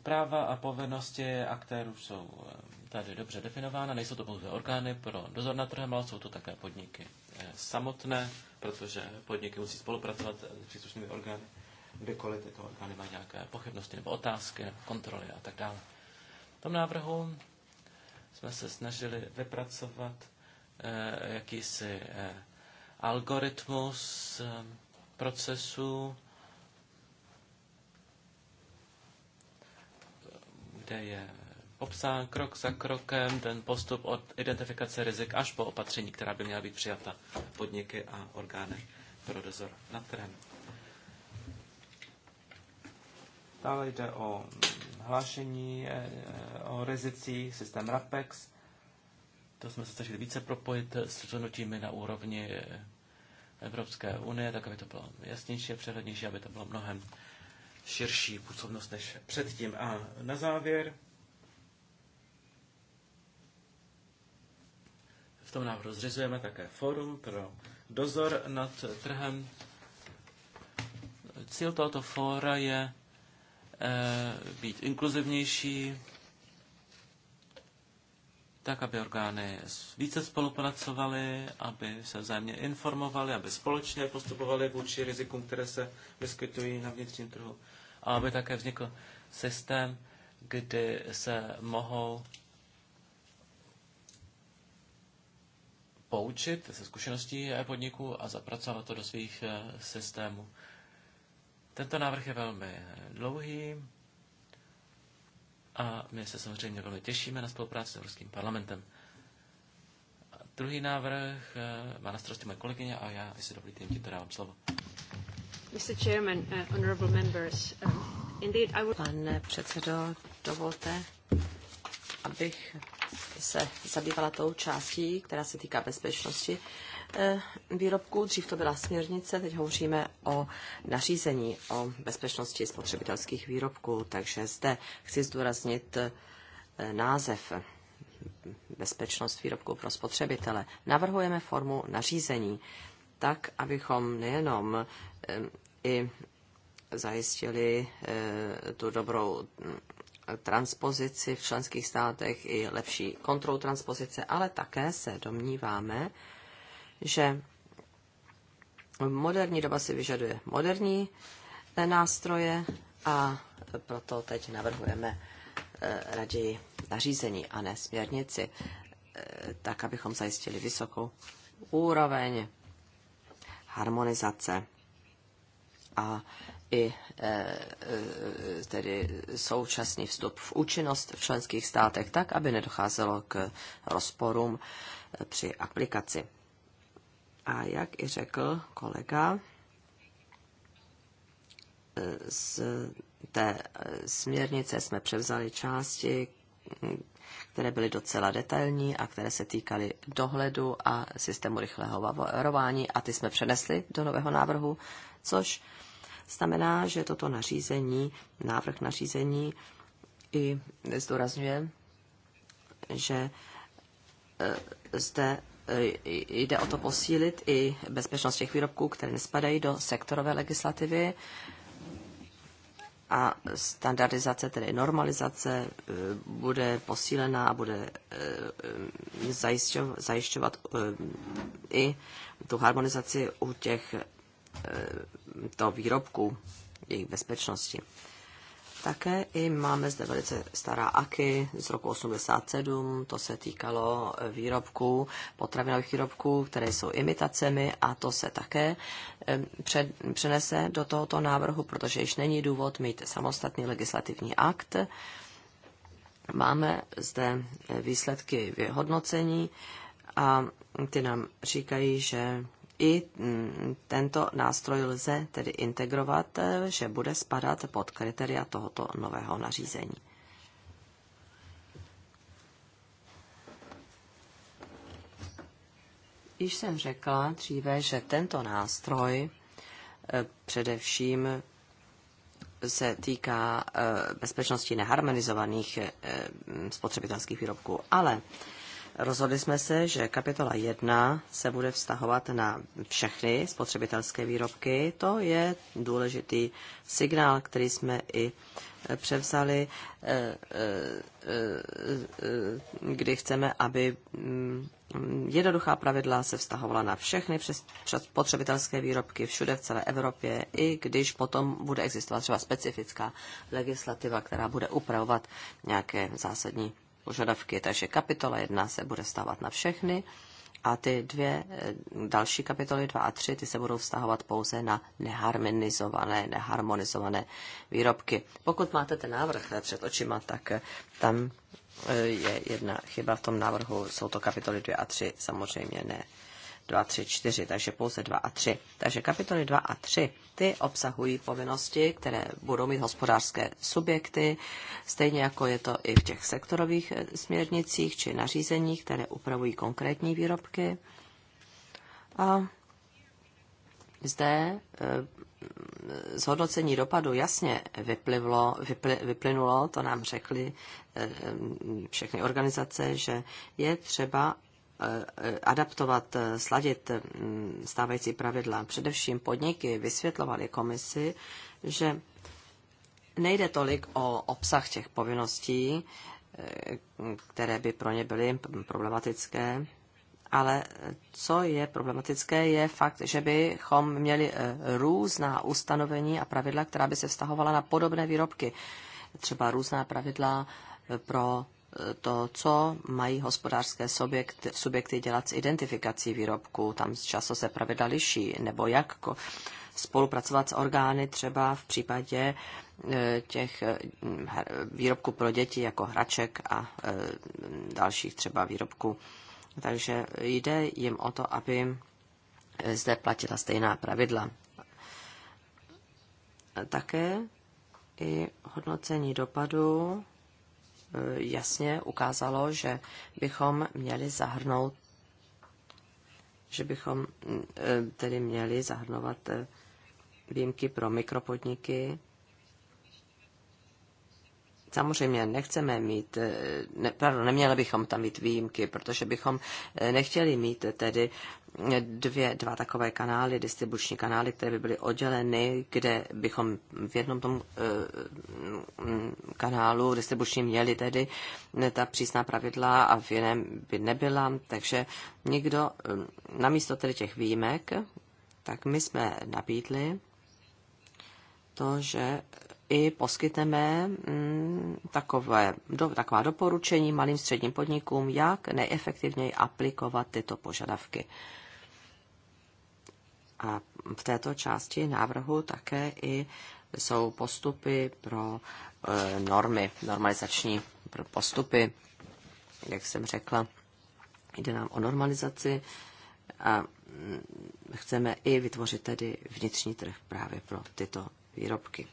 S2: Práva a povinnosti aktérů jsou eh, tady dobře definována. Nejsou to pouze orgány pro dozor na trhem, ale jsou to také podniky eh, samotné, protože podniky musí spolupracovat s příslušnými orgány, kdykoliv tyto orgány mají nějaké pochybnosti nebo otázky, nebo kontroly a tak dále. V tom návrhu jsme se snažili vypracovat eh, jakýsi eh, algoritmus eh, procesu, kde je popsán krok za krokem ten postup od identifikace rizik až po opatření, která by měla být přijata podniky a orgány pro dozor na trhem. Dále jde o hlášení eh, eh, o rizicích, systém RAPEX. To jsme se snažili více propojit s rozhodnutími na úrovni eh, Evropské unie, tak aby to bylo jasnější a přehlednější, aby to bylo mnohem širší působnost než předtím. A na závěr tom návrhu zřizujeme také forum pro dozor nad trhem. Cíl tohoto fóra je e, být inkluzivnější, tak, aby orgány více spolupracovaly, aby se vzájemně informovaly, aby společně postupovaly vůči rizikům, které se vyskytují na vnitřním trhu a aby také vznikl systém, kdy se mohou poučit ze zkušeností podniků a zapracovat to do svých e, systémů. Tento návrh je velmi e, dlouhý a my se samozřejmě velmi těšíme na spolupráci s Evropským parlamentem. A druhý návrh e, má na starosti moje kolegyně a já, jestli dovolíte, jim to
S4: dávám slovo.
S3: Mr. Chairman, uh, honorable members, uh, indeed I would...
S4: Pane předsedo, dovolte, abych se zabývala tou částí, která se týká bezpečnosti eh, výrobků. Dřív to byla směrnice, teď hovoříme o nařízení o bezpečnosti spotřebitelských výrobků, takže zde chci zdůraznit eh, název bezpečnost výrobků pro spotřebitele. Navrhujeme formu nařízení, tak, abychom nejenom eh, i zajistili tu dobrou transpozici v členských státech i lepší kontrolu transpozice, ale také se domníváme, že moderní doba si vyžaduje moderní eh, nástroje a proto teď navrhujeme eh, raději nařízení a ne směrnici, eh, tak abychom zajistili vysokou úroveň harmonizace a i e, e, tedy současný vstup v účinnost v členských státech tak, aby nedocházelo k rozporům e, při aplikaci. A jak i řekl kolega, z té směrnice jsme převzali části, které byly docela detailní a které se týkaly dohledu a systému rychlého varování a ty jsme přenesli do nového návrhu, což znamená, že toto nařízení, návrh nařízení i zdůrazňuje, že e, zde e, jde o to posílit i bezpečnost těch výrobků, které nespadají do sektorové legislativy a standardizace, tedy normalizace, e, bude posílená a bude zajišťovat i tu harmonizaci u těch Eh, to výrobku, jejich bezpečnosti. Také i máme zde velice stará AKY z roku 87, to se týkalo výrobků, potravinových výrobků, které jsou imitacemi a to se také eh, před, přenese do tohoto návrhu, protože již není důvod mít samostatný legislativní akt. Máme zde eh, výsledky vyhodnocení a ty nám říkají, že i mm, tento nástroj lze tedy integrovat, eh, že bude spadat pod kritéria tohoto nového nařízení. Již jsem řekla dříve, že tento nástroj eh, především se týká eh, bezpečnosti neharmonizovaných spotřebitelských výrobků, ale Rozhodli jsme se, že kapitola 1 se bude vztahovat na všechny spotřebitelské výrobky. To je důležitý signál, který jsme i e, převzali, e, e, kdy chceme, aby mm, jednoduchá pravidla se vztahovala na všechny spotřebitelské výrobky všude v celé Evropě, i když potom bude existovat třeba specifická legislativa, která bude upravovat nějaké zásadní požadavky. Takže kapitola 1 se bude stávat na všechny a ty dvě eh, další kapitoly 2 a 3, ty se budou vztahovat pouze na neharmonizované, neharmonizované výrobky. Pokud máte ten návrh eh, před očima, tak eh, tam je jedna chyba v tom návrhu, jsou to kapitoly 2 a 3, samozřejmě ne 2, 3, 4, takže pouze 2 a 3. Takže kapitoly 2 a 3, ty obsahují povinnosti, které budou mít hospodářské subjekty, stejně jako je to i v těch sektorových eh, směrnicích či nařízeních, které upravují konkrétní výrobky. A zde eh, zhodnocení dopadu jasně vyplivlo, vypli, vyplynulo, to nám řekly eh, všechny organizace, že je třeba Eh, eh, adaptovat, eh, sladit mm, stávající pravidla. Především podniky vysvětlovaly komisi, že nejde tolik o obsah těch povinností, které by pro ně byly problematické, ale co je problematické, je fakt, že bychom měli různá ustanovení a pravidla, která by se vztahovala na podobné výrobky. Třeba různá pravidla pro to, co mají hospodářské subjekty, subjekty dělat s identifikací výrobků. Tam často se pravidla liší, nebo jak spolupracovat s orgány třeba v případě e, těch e, výrobků pro děti jako hraček a e, dalších třeba výrobků. Takže jde jim o to, aby zde platila stejná pravidla. Také i hodnocení dopadu Eh, jasně ukázalo, že bychom měli zahrnout, že bychom mm, eh, tedy měli zahrnovat eh, výjimky pro mikropodniky Samozřejmě nechceme mít, eh, ne, pardon, neměli bychom tam mít výjimky, protože bychom eh, nechtěli mít tedy eh, dvě, dva takové kanály, distribuční kanály, které by byly odděleny, kde bychom v jednom tom kanálu distribuční měli tedy ta přísná pravidla a v jiném by nebyla. Takže nikdo, namísto tedy těch výjimek, tak my jsme nabídli to, že i poskytneme mm, takové, do, taková doporučení malým středním podnikům, jak nejefektivněji aplikovat tyto požadavky. A v této části návrhu také i jsou postupy pro e, normy, normalizační postupy. Jak jsem řekla, jde nám o normalizaci a mm, chceme i vytvořit tedy vnitřní trh právě pro tyto výrobky.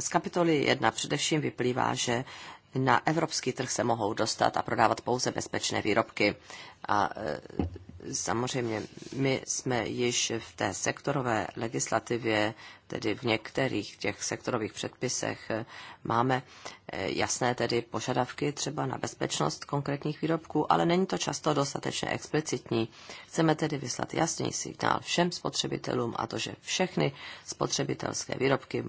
S4: z kapitoly 1 především vyplývá, že na evropský trh se mohou dostat a prodávat pouze bezpečné výrobky. A e, samozřejmě my jsme již v té sektorové legislativě, tedy v některých těch sektorových předpisech, e, máme e, jasné tedy požadavky třeba na bezpečnost konkrétních výrobků, ale není to často dostatečně explicitní. Chceme tedy vyslat jasný signál všem spotřebitelům a to, že všechny spotřebitelské výrobky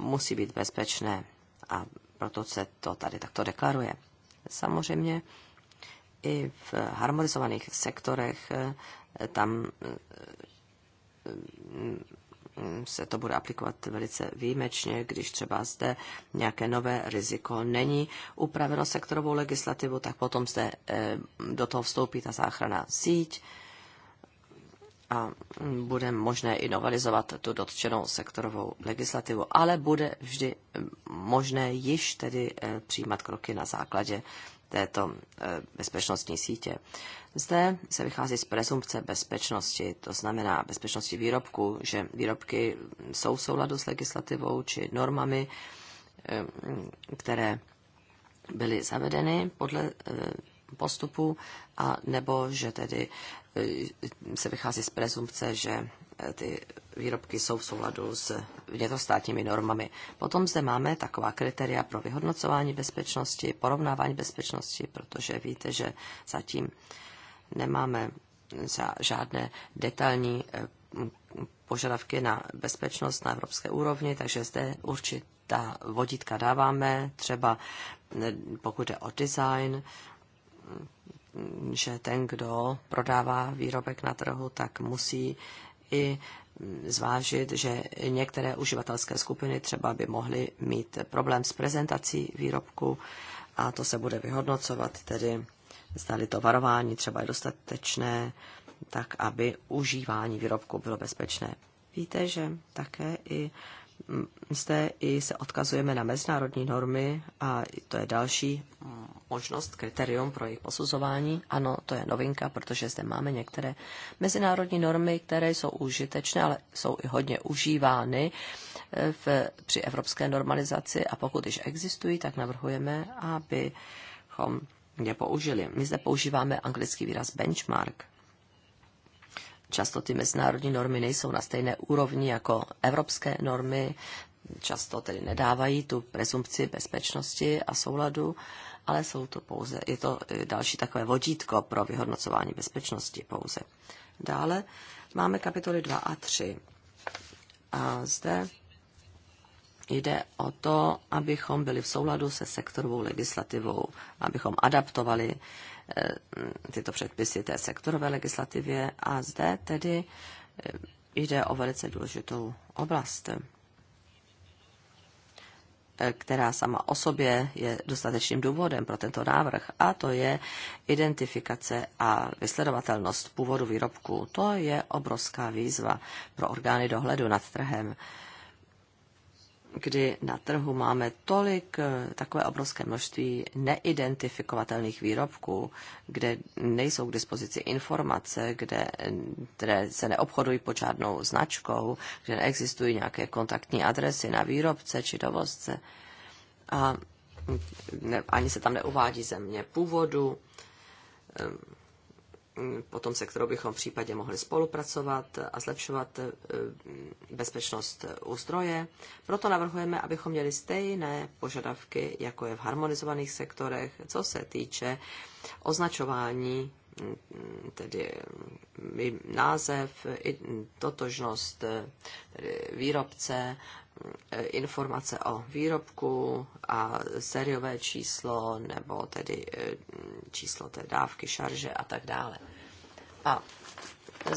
S4: musí být bezpečné a proto se to tady takto deklaruje. Samozřejmě i v harmonizovaných sektorech eh, tam eh, mm, se to bude aplikovat velice výjimečně, když třeba zde nějaké nové riziko není upraveno sektorovou legislativu, tak potom zde eh, do toho vstoupí ta záchrana síť a bude možné i novelizovat tu dotčenou sektorovou legislativu, ale bude vždy možné již tedy eh, přijímat kroky na základě této eh, bezpečnostní sítě. Zde se vychází z prezumpce bezpečnosti, to znamená bezpečnosti výrobku, že výrobky jsou v souladu s legislativou či normami, eh, které byly zavedeny podle postupu, a nebo že tedy se vychází z prezumpce, že eh, ty výrobky jsou v souladu s vnitrostátními normami. Potom zde máme taková kritéria pro vyhodnocování bezpečnosti, porovnávání bezpečnosti, protože víte, že zatím nemáme žádné detailní eh, požadavky na bezpečnost na evropské úrovni, takže zde určitá vodítka dáváme, třeba eh, pokud jde o design, že ten, kdo prodává výrobek na trhu, tak musí i zvážit, že některé uživatelské skupiny třeba by mohly mít problém s prezentací výrobku a to se bude vyhodnocovat, tedy zdali to varování třeba je dostatečné, tak aby užívání výrobku bylo bezpečné. Víte, že také i zde i se odkazujeme na mezinárodní normy a to je další možnost, kritérium pro jejich posuzování. Ano, to je novinka, protože zde máme některé mezinárodní normy, které jsou užitečné, ale jsou i hodně užívány eh, v, při evropské normalizaci a pokud již existují, tak navrhujeme, abychom je použili. My zde používáme anglický výraz benchmark, Často ty mezinárodní normy nejsou na stejné úrovni jako evropské normy, často tedy nedávají tu prezumpci bezpečnosti a souladu, ale jsou to pouze, je to e, další takové vodítko pro vyhodnocování bezpečnosti pouze. Dále máme kapitoly 2 a 3. A zde jde o to, abychom byli v souladu se sektorovou legislativou, abychom adaptovali Eh, tyto předpisy té sektorové legislativě a zde tedy eh, jde o velice důležitou oblast, eh, která sama o sobě je dostatečným důvodem pro tento návrh, a to je identifikace a vysledovatelnost původu výrobků. To je obrovská výzva pro orgány dohledu nad trhem kdy na trhu máme tolik, eh, takové obrovské množství neidentifikovatelných výrobků, kde nejsou k dispozici informace, kde, eh, které se neobchodují pod žádnou značkou, kde neexistují nějaké kontaktní adresy na výrobce či dovozce a mm, ne, ani se tam neuvádí země původu ehm, potom se kterou bychom případně mohli spolupracovat a zlepšovat eh, bezpečnost ústroje. Proto navrhujeme, abychom měli stejné požadavky, jako je v harmonizovaných sektorech, co se týče označování mm, tedy mm, název, totožnost eh, tedy výrobce, eh, informace o výrobku a sériové číslo nebo tedy číslo té dávky, šarže a tak dále. A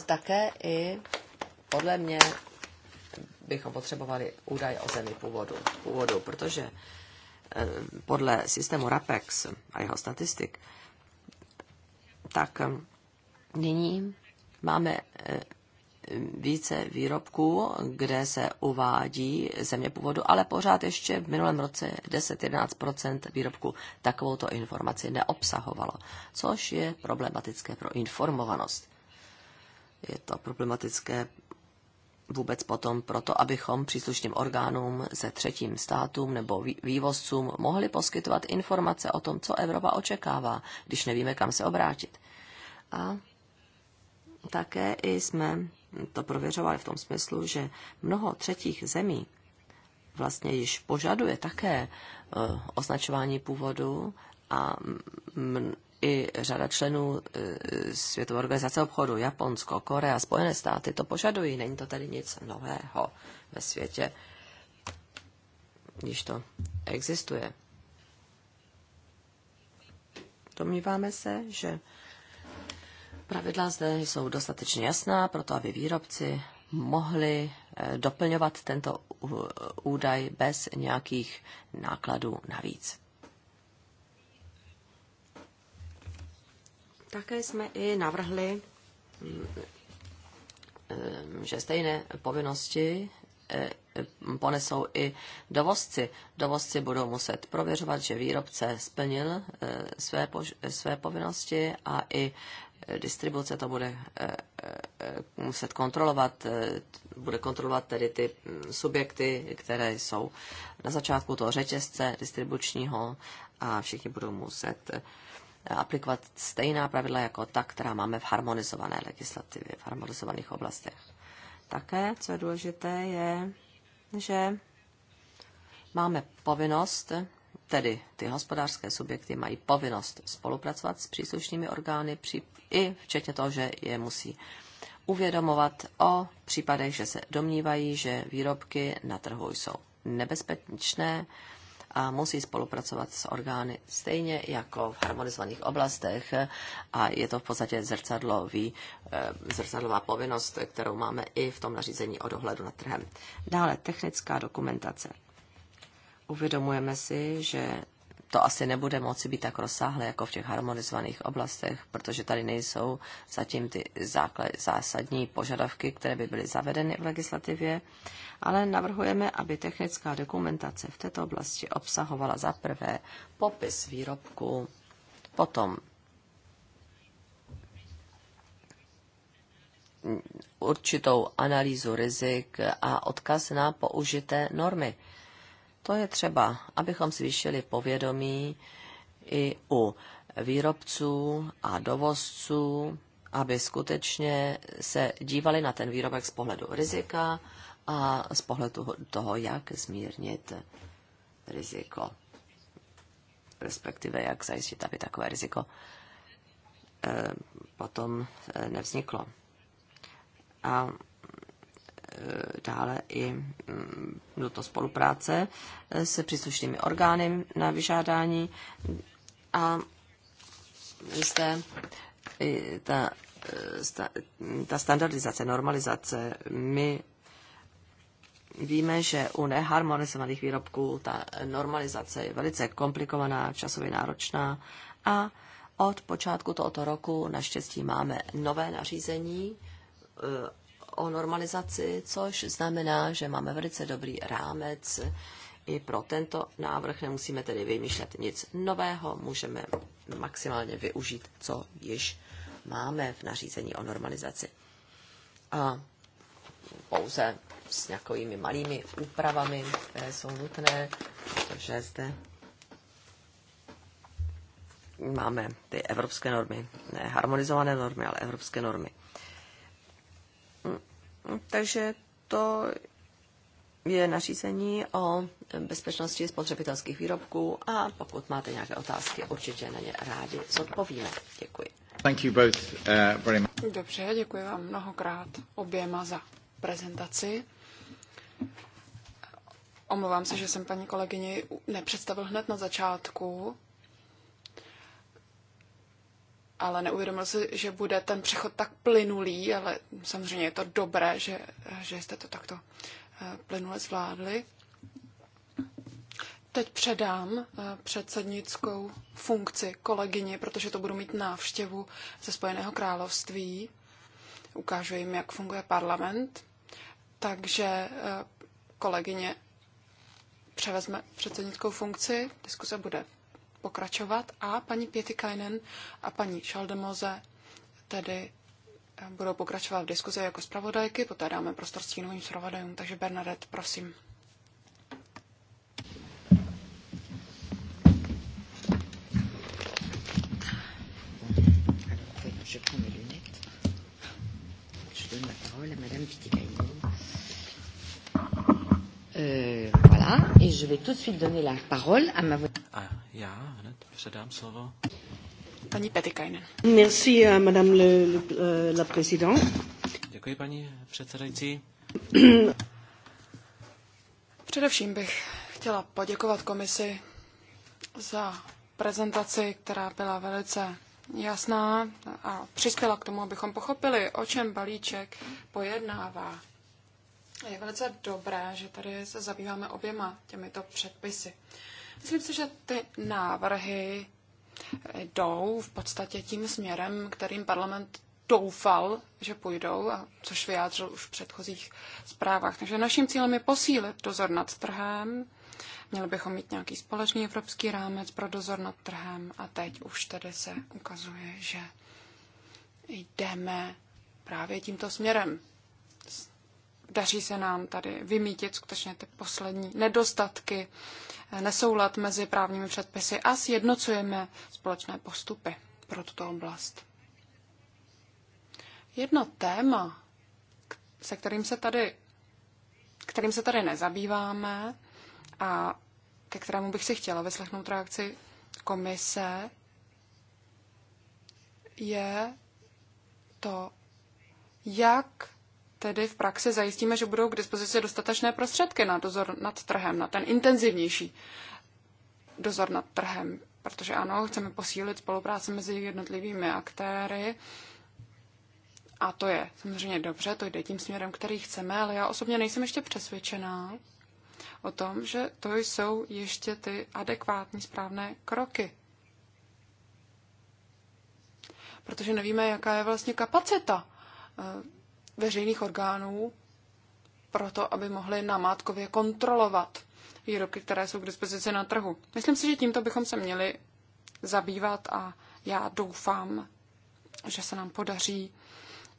S4: také i podle mě bychom potřebovali údaje o zemi původu, původu protože eh, podle systému RAPEX a jeho statistik, tak eh, nyní máme eh, více výrobků, kde se uvádí země původu, ale pořád ještě v minulém roce 10-11 výrobků takovouto informaci neobsahovalo, což je problematické pro informovanost. Je to problematické vůbec potom proto, abychom příslušným orgánům ze třetím státům nebo vývozcům mohli poskytovat informace o tom, co Evropa očekává, když nevíme, kam se obrátit. A také i jsme to prověřovali v tom smyslu, že mnoho třetích zemí vlastně již požaduje také e, označování původu a i řada členů e, Světové organizace obchodu, Japonsko, Korea, Spojené státy to požadují. Není to tedy nic nového ve světě, když to existuje. Domníváme se, že Pravidla zde jsou dostatečně jasná, proto aby výrobci mohli eh, doplňovat tento údaj bez nějakých nákladů navíc. Také jsme i navrhli, mm, eh, že stejné povinnosti eh, ponesou i dovozci. Dovozci budou muset prověřovat, že výrobce splnil své, své povinnosti a i distribuce to bude eh, eh, muset kontrolovat, eh, bude kontrolovat tedy ty mm, subjekty, které jsou na začátku toho řetězce distribučního a všichni budou muset aplikovat stejná pravidla jako ta, která máme v harmonizované legislativě, v harmonizovaných oblastech. Také, co je důležité, je, že máme povinnost tedy ty hospodářské subjekty mají povinnost spolupracovat s příslušnými orgány, při, i včetně toho, že je musí uvědomovat o případech, že se domnívají, že výrobky na trhu jsou nebezpečné a musí spolupracovat s orgány stejně jako v harmonizovaných oblastech a je to v podstatě zrcadlový, eh, zrcadlová povinnost, kterou máme i v tom nařízení o dohledu nad trhem. Dále technická dokumentace. Uvědomujeme si, že to asi nebude moci být tak rozsáhlé jako v těch harmonizovaných oblastech, protože tady nejsou zatím ty základ, zásadní požadavky, které by byly zavedeny v legislativě, ale navrhujeme, aby technická dokumentace v této oblasti obsahovala za prvé popis výrobku, potom určitou analýzu rizik a odkaz na použité normy. To je třeba, abychom zvýšili povědomí i u výrobců a dovozců, aby skutečně se dívali na ten výrobek z pohledu rizika a z pohledu toho, jak zmírnit riziko, respektive jak zajistit, aby takové riziko eh, potom eh, nevzniklo. A Eh, dále i mm, to spolupráce eh, se příslušnými orgány na vyžádání a jste ta, eh, ta, ta standardizace, normalizace, my víme, že u neharmonizovaných výrobků ta normalizace je velice komplikovaná, časově náročná a od počátku tohoto roku naštěstí máme nové nařízení o normalizaci, což znamená, že máme velice dobrý rámec i pro tento návrh. Nemusíme tedy vymýšlet nic nového, můžeme maximálně využít, co již máme v nařízení o normalizaci. A pouze s nějakými malými úpravami, které jsou nutné, protože zde máme ty evropské normy, ne harmonizované normy, ale evropské normy. Takže to je nařízení o bezpečnosti spotřebitelských výrobků a pokud máte nějaké otázky, určitě na ně rádi zodpovíme. Děkuji.
S3: Thank you both, uh, very
S1: much. Dobře, děkuji vám mnohokrát oběma za prezentaci. Omlouvám se, že jsem paní kolegyni nepředstavil hned na začátku, ale neuvědomil si, že bude ten přechod tak plynulý, ale samozřejmě je to dobré, že, že jste to takto eh, plynule zvládli. Teď předám eh, předsednickou funkci kolegyni, protože to budu mít návštěvu ze Spojeného království. Ukážu jim, jak funguje parlament. Takže eh, kolegyně převezme předsednickou funkci, diskuse bude pokračovat a paní Pietikainen a paní Šaldemoze tedy eh, budou pokračovat v diskuzi jako zpravodajky, poté dáme prostor stínovým zpravodajům. Takže Bernadette, prosím.
S3: je euh, voilà, et je vais tout de suite donner
S1: la parole à ma voix. Předám slovo. Paní Petikainen.
S4: Merci, euh, madame le, le,
S3: euh, la
S2: Děkuji, paní předsedající.
S1: Především bych chtěla poděkovat komisi za prezentaci, která byla velice jasná a přispěla k tomu, abychom pochopili, o čem balíček pojednává. Je velice dobré, že tady se zabýváme oběma těmito předpisy. Myslím si, že ty návrhy jdou v podstatě tím směrem, kterým parlament doufal, že půjdou, a což vyjádřil už v předchozích zprávách. Takže naším cílem je posílit dozor nad trhem. Měli bychom mít nějaký společný evropský rámec pro dozor nad trhem a teď už tedy se ukazuje, že jdeme právě tímto směrem daří se nám tady vymítit skutečně ty poslední nedostatky, nesoulad mezi právními předpisy a sjednocujeme společné postupy pro tuto oblast. Jedno téma, se kterým se tady, kterým se tady nezabýváme a ke kterému bych si chtěla vyslechnout reakci komise, je to, jak tedy v praxi zajistíme, že budou k dispozici dostatečné prostředky na dozor nad trhem, na ten intenzivnější dozor nad trhem. Protože ano, chceme posílit spolupráci mezi jednotlivými aktéry, a to je samozřejmě dobře, to jde tím směrem, který chceme, ale já osobně nejsem ještě přesvědčená o tom, že to jsou ještě ty adekvátní správné kroky. Protože nevíme, jaká je vlastně kapacita eh, veřejných orgánů proto, aby mohli namátkově kontrolovat výrobky, které jsou k dispozici na trhu. Myslím si, že tímto bychom se měli zabývat a já doufám, že se nám podaří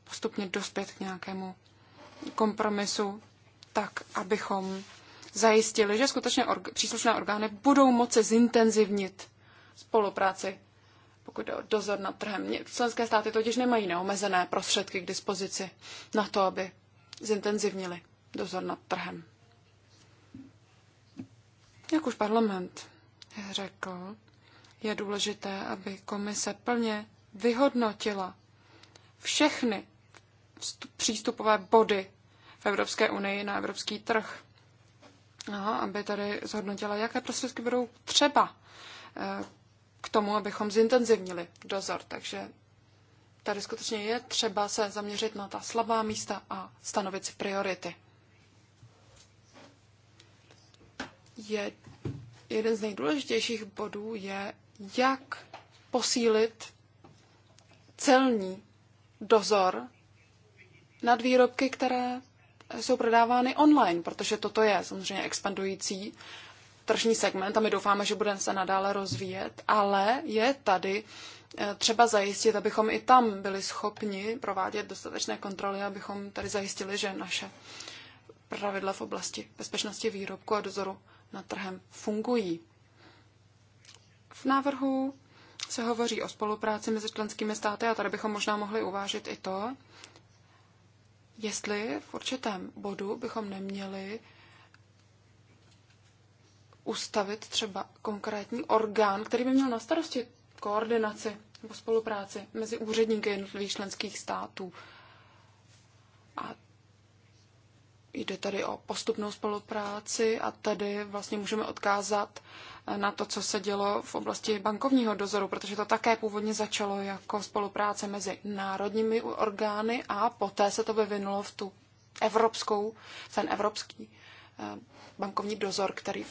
S1: postupně dospět k nějakému kompromisu, tak abychom zajistili, že skutečně org- příslušné orgány budou moci zintenzivnit spolupráci pokud jde o dozor nad trhem. Členské státy totiž nemají neomezené prostředky k dispozici na to, aby zintenzivnili dozor nad trhem. Jak už parlament řekl, je důležité, aby komise plně vyhodnotila všechny přístupové body v Evropské unii na evropský trh. No, aby tady zhodnotila, jaké prostředky budou třeba eh, k tomu, abychom zintenzivnili dozor. Takže tady skutečně je třeba se zaměřit na ta slabá místa a stanovit si priority. Je, jeden z nejdůležitějších bodů je, jak posílit celní dozor nad výrobky, které jsou prodávány online, protože toto je samozřejmě expandující tržní segment a my doufáme, že bude se nadále rozvíjet, ale je tady eh, třeba zajistit, abychom i tam byli schopni provádět dostatečné kontroly, abychom tady zajistili, že naše pravidla v oblasti bezpečnosti výrobku a dozoru nad trhem fungují. V návrhu se hovoří o spolupráci mezi členskými státy a tady bychom možná mohli uvážit i to, jestli v určitém bodu bychom neměli ustavit třeba konkrétní orgán, který by měl na starosti koordinaci nebo spolupráci mezi úředníky jednotlivých členských států. A jde tady o postupnou spolupráci a tady vlastně můžeme odkázat eh, na to, co se dělo v oblasti bankovního dozoru, protože to také původně začalo jako spolupráce mezi národními orgány a poté se to vyvinulo v tu evropskou, ten evropský eh, bankovní dozor, který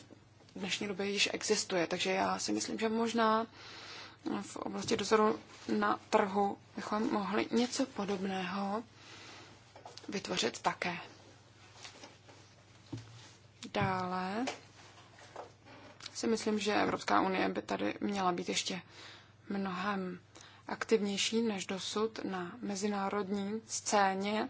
S1: dnešní době již existuje. Takže já si myslím, že možná v oblasti dozoru na trhu bychom mohli něco podobného vytvořit také. Dále si myslím, že Evropská unie by tady měla být ještě mnohem aktivnější než dosud na mezinárodní scéně,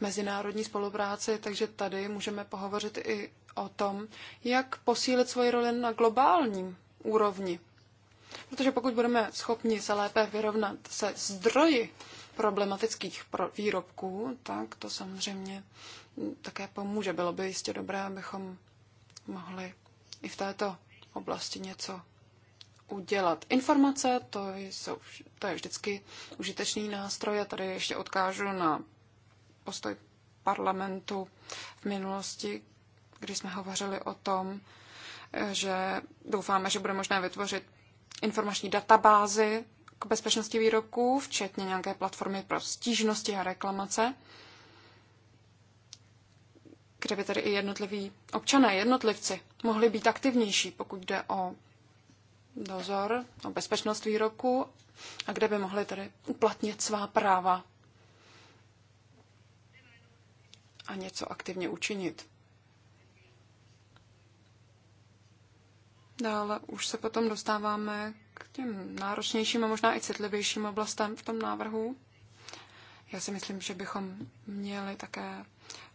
S1: mezinárodní spolupráci, takže tady můžeme pohovořit i o tom, jak posílit svoji roli na globálním úrovni. Protože pokud budeme schopni se lépe vyrovnat se zdroji problematických výrobků, tak to samozřejmě také pomůže. Bylo by jistě dobré, abychom mohli i v této oblasti něco udělat. Informace, to, jsou, to je vždycky užitečný nástroj Já tady ještě odkážu na postoj parlamentu v minulosti, když jsme hovořili o tom, že doufáme, že bude možné vytvořit informační databázy k bezpečnosti výrobků, včetně nějaké platformy pro stížnosti a reklamace, kde by tedy i jednotliví občané, jednotlivci mohli být aktivnější, pokud jde o dozor, o bezpečnost výrobků a kde by mohli tedy uplatnit svá práva a něco aktivně učinit. Dále už se potom dostáváme k těm náročnějším a možná i citlivějším oblastem v tom návrhu. Já si myslím, že bychom měli také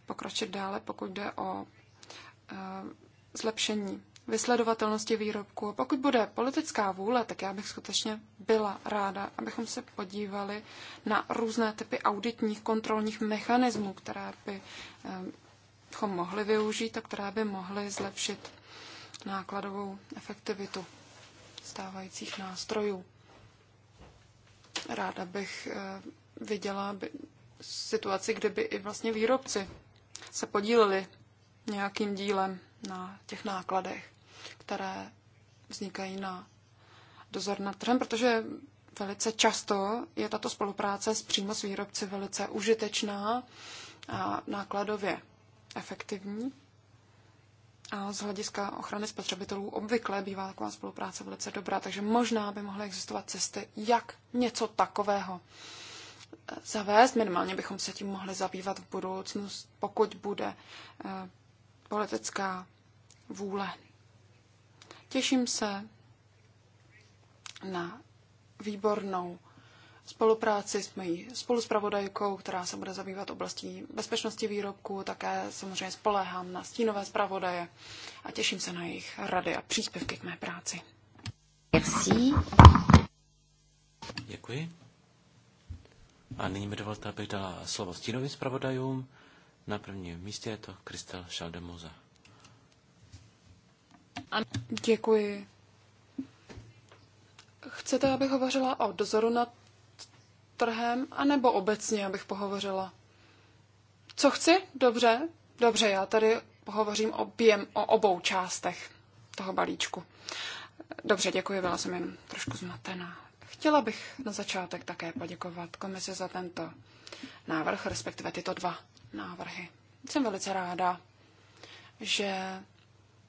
S1: pokročit dále, pokud jde o eh, zlepšení vysledovatelnosti výrobku. Pokud bude politická vůle, tak já bych skutečně byla ráda, abychom se podívali na různé typy auditních kontrolních mechanismů, které by eh, bychom mohli využít a které by mohly zlepšit nákladovou efektivitu stávajících nástrojů. Ráda bych eh, viděla situaci, kde by i vlastně výrobci se podíleli nějakým dílem na těch nákladech, které vznikají na dozor nad trhem, protože velice často je tato spolupráce s přímo s výrobci velice užitečná a nákladově efektivní. A z hlediska ochrany spotřebitelů obvykle bývá taková spolupráce velice dobrá, takže možná by mohly existovat cesty, jak něco takového eh, zavést. Minimálně bychom se tím mohli zabývat v budoucnu, pokud bude eh, politická vůle. Těším se na výbornou spolupráci s mojí spoluspravodajkou, která se bude zabývat oblastí bezpečnosti výrobků. Také samozřejmě spoléhám na stínové zpravodaje a těším se na jejich rady a příspěvky k mé práci. Merci.
S2: Děkuji. A nyní mi dovolte, abych dala slovo stínovým zpravodajům. Na prvním místě je to Kristel Šaldemoza.
S1: Děkuji. Chcete, abych hovořila o dozoru nad trhem, anebo obecně, abych pohovořila. Co chci? Dobře, dobře, já tady pohovořím objem, o obou částech toho balíčku. Dobře, děkuji, byla jsem jen trošku zmatená. Chtěla bych na začátek také poděkovat komisi za tento návrh, respektive tyto dva návrhy. Jsem velice ráda, že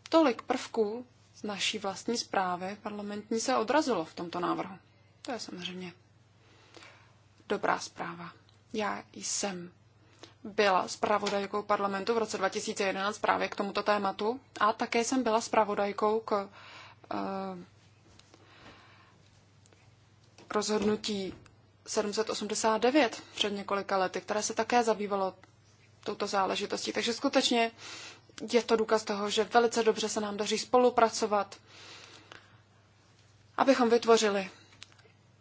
S1: tolik prvků z naší vlastní zprávy parlamentní se odrazilo v tomto návrhu. To je samozřejmě dobrá zpráva. Já jsem byla zpravodajkou parlamentu v roce 2011 právě k tomuto tématu a také jsem byla zpravodajkou k uh, rozhodnutí 789 před několika lety, které se také zabývalo touto záležitostí. Takže skutečně je to důkaz toho, že velice dobře se nám daří spolupracovat, abychom vytvořili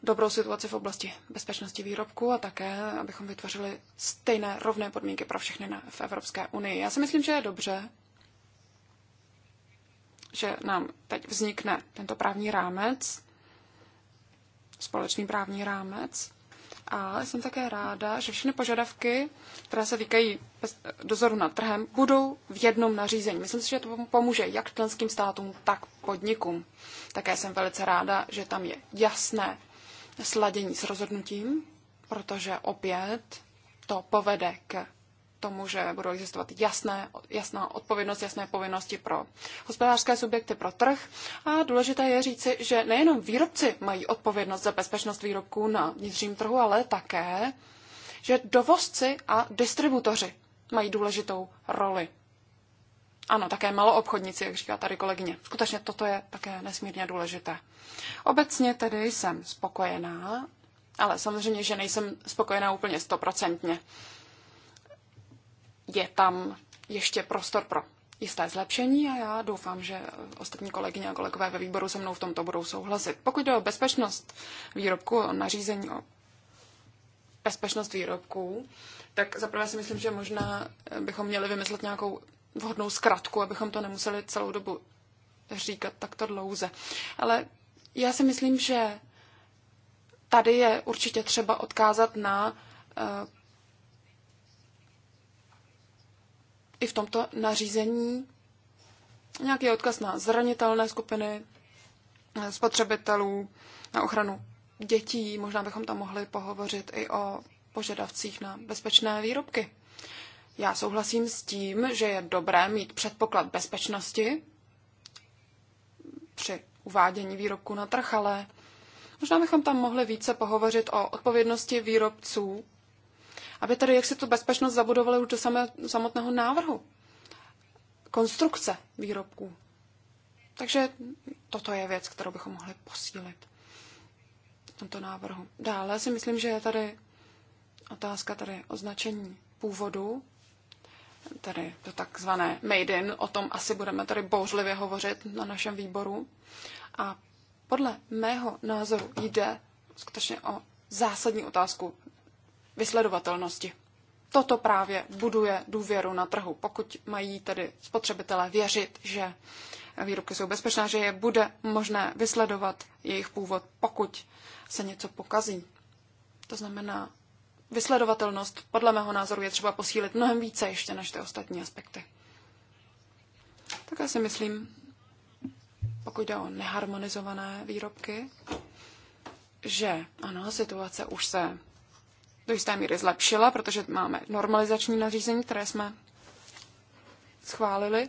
S1: dobrou situaci v oblasti bezpečnosti výrobků a také, abychom vytvořili stejné rovné podmínky pro všechny na, v Evropské unii. Já si myslím, že je dobře, že nám teď vznikne tento právní rámec, společný právní rámec. A jsem také ráda, že všechny požadavky, které se týkají dozoru nad trhem, budou v jednom nařízení. Myslím si, že to pomůže jak členským státům, tak podnikům. Také jsem velice ráda, že tam je jasné sladění s rozhodnutím, protože opět to povede k tomu, že budou existovat jasné, jasná odpovědnost, jasné povinnosti pro hospodářské subjekty, pro trh. A důležité je říci, že nejenom výrobci mají odpovědnost za bezpečnost výrobků na vnitřním trhu, ale také, že dovozci a distributoři mají důležitou roli. Ano, také maloobchodníci, jak říká tady kolegyně. Skutečně toto je také nesmírně důležité. Obecně tedy jsem spokojená, ale samozřejmě, že nejsem spokojená úplně stoprocentně. Je tam ještě prostor pro jisté zlepšení a já doufám, že ostatní kolegyně a kolegové ve výboru se mnou v tomto budou souhlasit. Pokud jde o bezpečnost výrobku, o nařízení o bezpečnost výrobků, tak zaprvé si myslím, že možná bychom měli vymyslet nějakou vhodnou zkratku, abychom to nemuseli celou dobu říkat takto dlouze. Ale já si myslím, že tady je určitě třeba odkázat na eh, i v tomto nařízení nějaký odkaz na zranitelné skupiny spotřebitelů, na ochranu dětí. Možná bychom tam mohli pohovořit i o požadavcích na bezpečné výrobky. Já souhlasím s tím, že je dobré mít předpoklad bezpečnosti při uvádění výrobku na trh, ale možná bychom tam mohli více pohovořit o odpovědnosti výrobců, aby tady jak si tu bezpečnost zabudovali už do samotného návrhu konstrukce výrobků. Takže toto je věc, kterou bychom mohli posílit v tomto návrhu. Dále si myslím, že je tady otázka tady označení původu tedy to takzvané made in, o tom asi budeme tady bouřlivě hovořit na našem výboru. A podle mého názoru jde skutečně o zásadní otázku vysledovatelnosti. Toto právě buduje důvěru na trhu. Pokud mají tedy spotřebitelé věřit, že výrobky jsou bezpečné, že je bude možné vysledovat jejich původ, pokud se něco pokazí. To znamená, vysledovatelnost podle mého názoru je třeba posílit mnohem více ještě než ty ostatní aspekty. Tak já si myslím, pokud jde o neharmonizované výrobky, že ano, situace už se do jisté míry zlepšila, protože máme normalizační nařízení, které jsme schválili,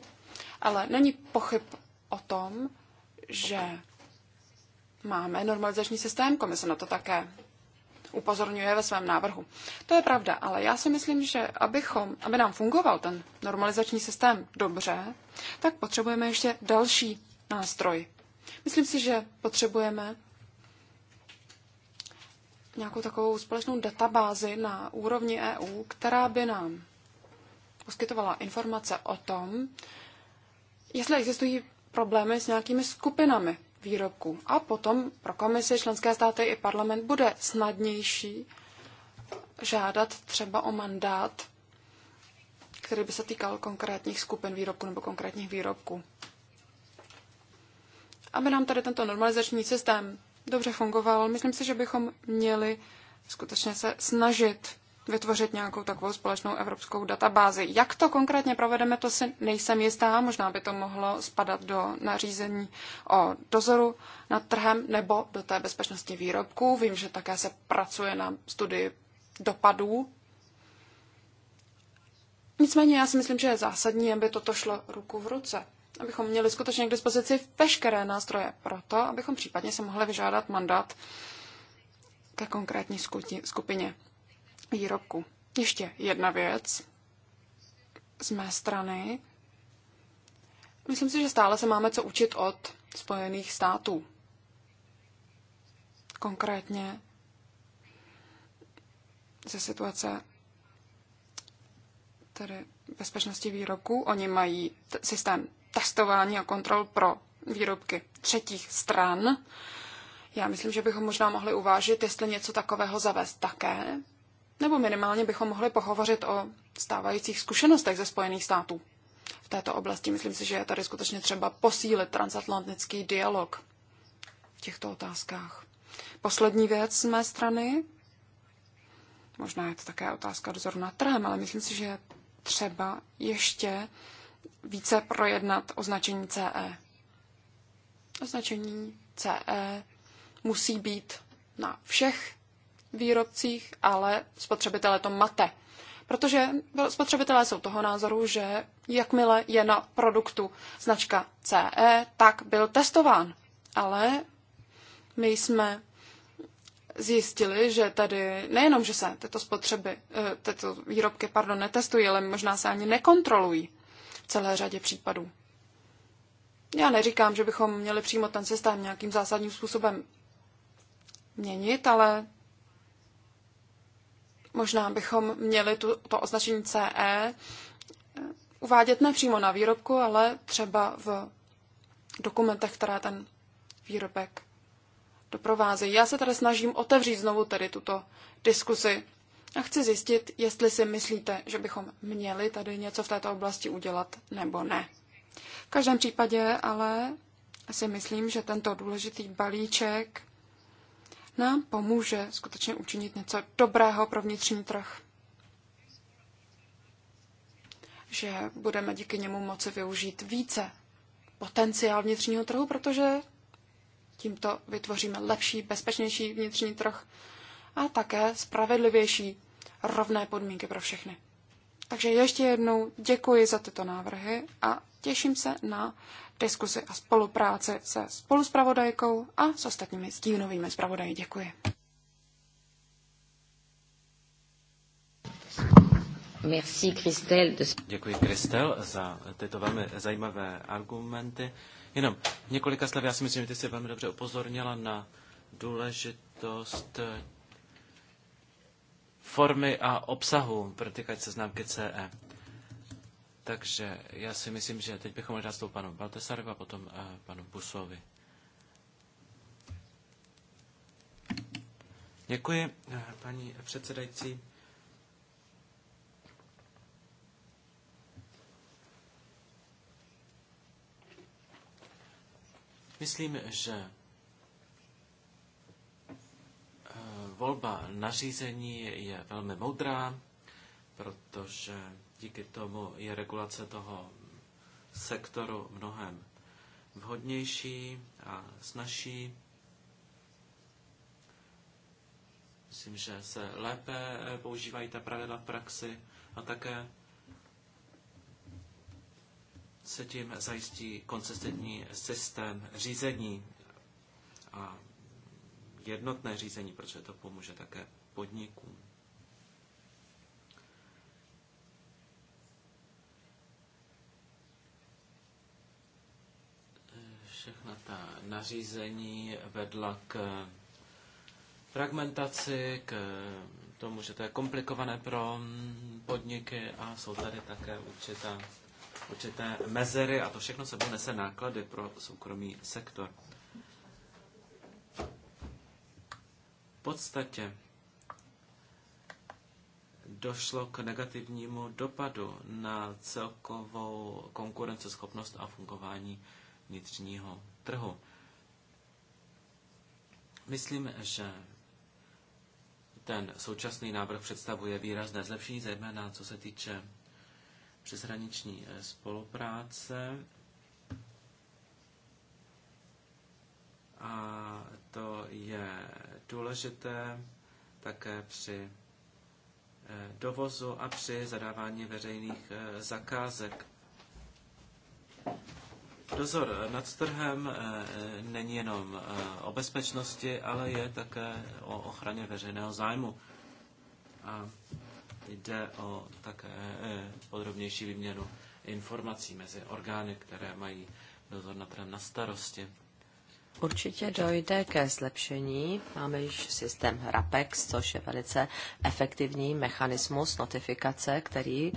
S1: ale není pochyb o tom, že máme normalizační systém, komise na to také upozorňuje ve svém návrhu. To je pravda, ale já si myslím, že abychom, aby nám fungoval ten normalizační systém dobře, tak potřebujeme ještě další nástroj. Myslím si, že potřebujeme nějakou takovou společnou databázi na úrovni EU, která by nám poskytovala informace o tom, jestli existují problémy s nějakými skupinami výrobků. A potom pro komisi, členské státy i parlament bude snadnější žádat třeba o mandát, který by se týkal konkrétních skupin výrobků nebo konkrétních výrobků. Aby nám tady tento normalizační systém dobře fungoval, myslím si, že bychom měli skutečně se snažit vytvořit nějakou takovou společnou evropskou databázi. Jak to konkrétně provedeme, to si nejsem jistá. Možná by to mohlo spadat do nařízení o dozoru nad trhem nebo do té bezpečnosti výrobků. Vím, že také se pracuje na studii dopadů. Nicméně já si myslím, že je zásadní, aby toto šlo ruku v ruce. Abychom měli skutečně k dispozici veškeré nástroje pro to, abychom případně se mohli vyžádat mandát ke konkrétní skupině výroku. Ještě jedna věc z mé strany. Myslím si, že stále se máme co učit od Spojených států. Konkrétně ze situace tedy bezpečnosti výroku. Oni mají systém testování a kontrol pro výrobky třetích stran. Já myslím, že bychom možná mohli uvážit, jestli něco takového zavést také, nebo minimálně bychom mohli pohovořit o stávajících zkušenostech ze Spojených států. V této oblasti myslím si, že je tady skutečně třeba posílit transatlantický dialog v těchto otázkách. Poslední věc z mé strany, možná je to také otázka dozoru nad trhem, ale myslím si, že je třeba ještě více projednat označení CE. Označení CE musí být na všech výrobcích, ale spotřebitele to mate. Protože spotřebitelé jsou toho názoru, že jakmile je na produktu značka CE, tak byl testován. Ale my jsme zjistili, že tady nejenom, že se tyto spotřeby, eh, tyto výrobky, pardon, netestují, ale možná se ani nekontrolují v celé řadě případů. Já neříkám, že bychom měli přímo ten systém nějakým zásadním způsobem měnit, ale Možná bychom měli tu, to označení CE eh, uvádět ne přímo na výrobku, ale třeba v dokumentech, které ten výrobek doprovázejí. Já se tady snažím otevřít znovu tedy tuto diskusi a chci zjistit, jestli si myslíte, že bychom měli tady něco v této oblasti udělat nebo ne. V každém případě ale si myslím, že tento důležitý balíček nám pomůže skutečně učinit něco dobrého pro vnitřní trh. Že budeme díky němu moci využít více potenciál vnitřního trhu, protože tímto vytvoříme lepší, bezpečnější vnitřní trh a také spravedlivější rovné podmínky pro všechny. Takže ještě jednou děkuji za tyto návrhy a těším se na diskusi a spolupráci se spoluspravodajkou a s ostatními stínovými zpravodaji. Děkuji. Merci, Christelle.
S2: Děkuji, Kristel, za tyto velmi zajímavé argumenty. Jenom několika slov, já si myslím, že ty jsi velmi dobře upozornila na důležitost eh, formy a obsahu pro týkající se známky CE. Takže já si myslím, že teď bychom mohli dát slovo panu Baltesarovi a potom eh, panu Busovi. Děkuji, eh, paní předsedající. Myslím, že eh, volba nařízení je velmi moudrá, protože Díky tomu je regulace toho sektoru mnohem vhodnější a snažší. Myslím, že se lépe eh, používají ta pravidla v praxi a také se tím zajistí konsistentní systém řízení a jednotné řízení, protože to pomůže také podnikům. všechna ta nařízení vedla k fragmentaci, k tomu, že to je komplikované pro podniky a jsou tady také určitá, určité mezery a to všechno sebou nese náklady pro soukromý sektor. V podstatě došlo k negativnímu dopadu na celkovou konkurenceschopnost a fungování vnitřního trhu. Myslím, že ten současný návrh představuje výrazné zlepšení, zejména co se týče přeshraniční eh, spolupráce. A to je důležité také při eh, dovozu a při zadávání veřejných eh, zakázek. Dozor nad trhem eh, eh, není jenom eh, o bezpečnosti, ale je také o ochraně veřejného zájmu. A jde o také podrobnější výměnu informací mezi orgány, které mají dozor nad trhem na starosti.
S4: Určitě dojde ke zlepšení. Máme již systém RAPEX, což je velice efektivní mechanismus notifikace, který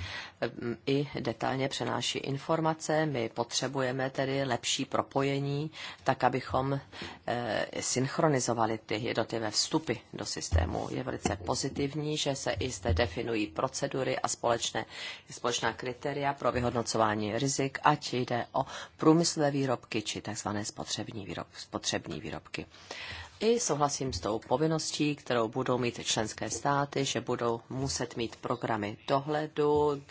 S4: mm, i detailně přenáší informace. My potřebujeme tedy lepší propojení, tak abychom eh, synchronizovali ty jednotlivé vstupy do systému. Je velice pozitivní, že se i zde definují procedury a společné, společná kritéria pro vyhodnocování rizik, ať jde o průmyslové výrobky či tzv. spotřební výrobky spotřební výrobky. I souhlasím s tou povinností, kterou budou mít členské státy, že budou muset mít programy dohledu,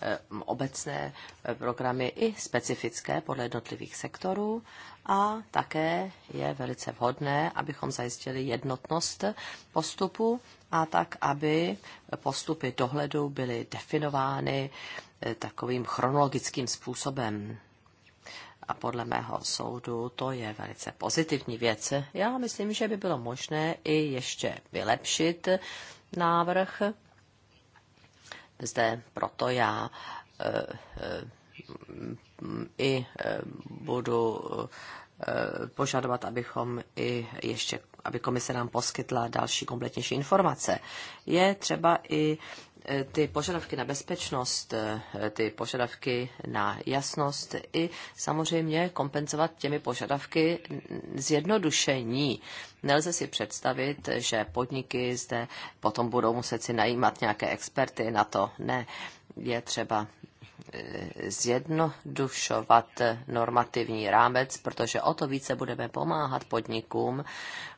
S4: eh, obecné eh, programy i specifické podle jednotlivých sektorů. A také je velice vhodné, abychom zajistili jednotnost postupu a tak, aby postupy dohledu byly definovány eh, takovým chronologickým způsobem a podle mého soudu to je velice pozitivní věc. Já myslím, že by bylo možné i ještě vylepšit návrh. Zde proto já eh, eh, i eh, budu požadovat, abychom i ještě, aby komise nám poskytla další kompletnější informace. Je třeba i ty požadavky na bezpečnost, eh, ty požadavky na jasnost i samozřejmě kompenzovat těmi požadavky zjednodušení. Nelze si představit, že podniky zde potom budou muset si najímat nějaké experty na to. Ne, je třeba zjednodušovat normativní rámec, protože o to více budeme pomáhat podnikům,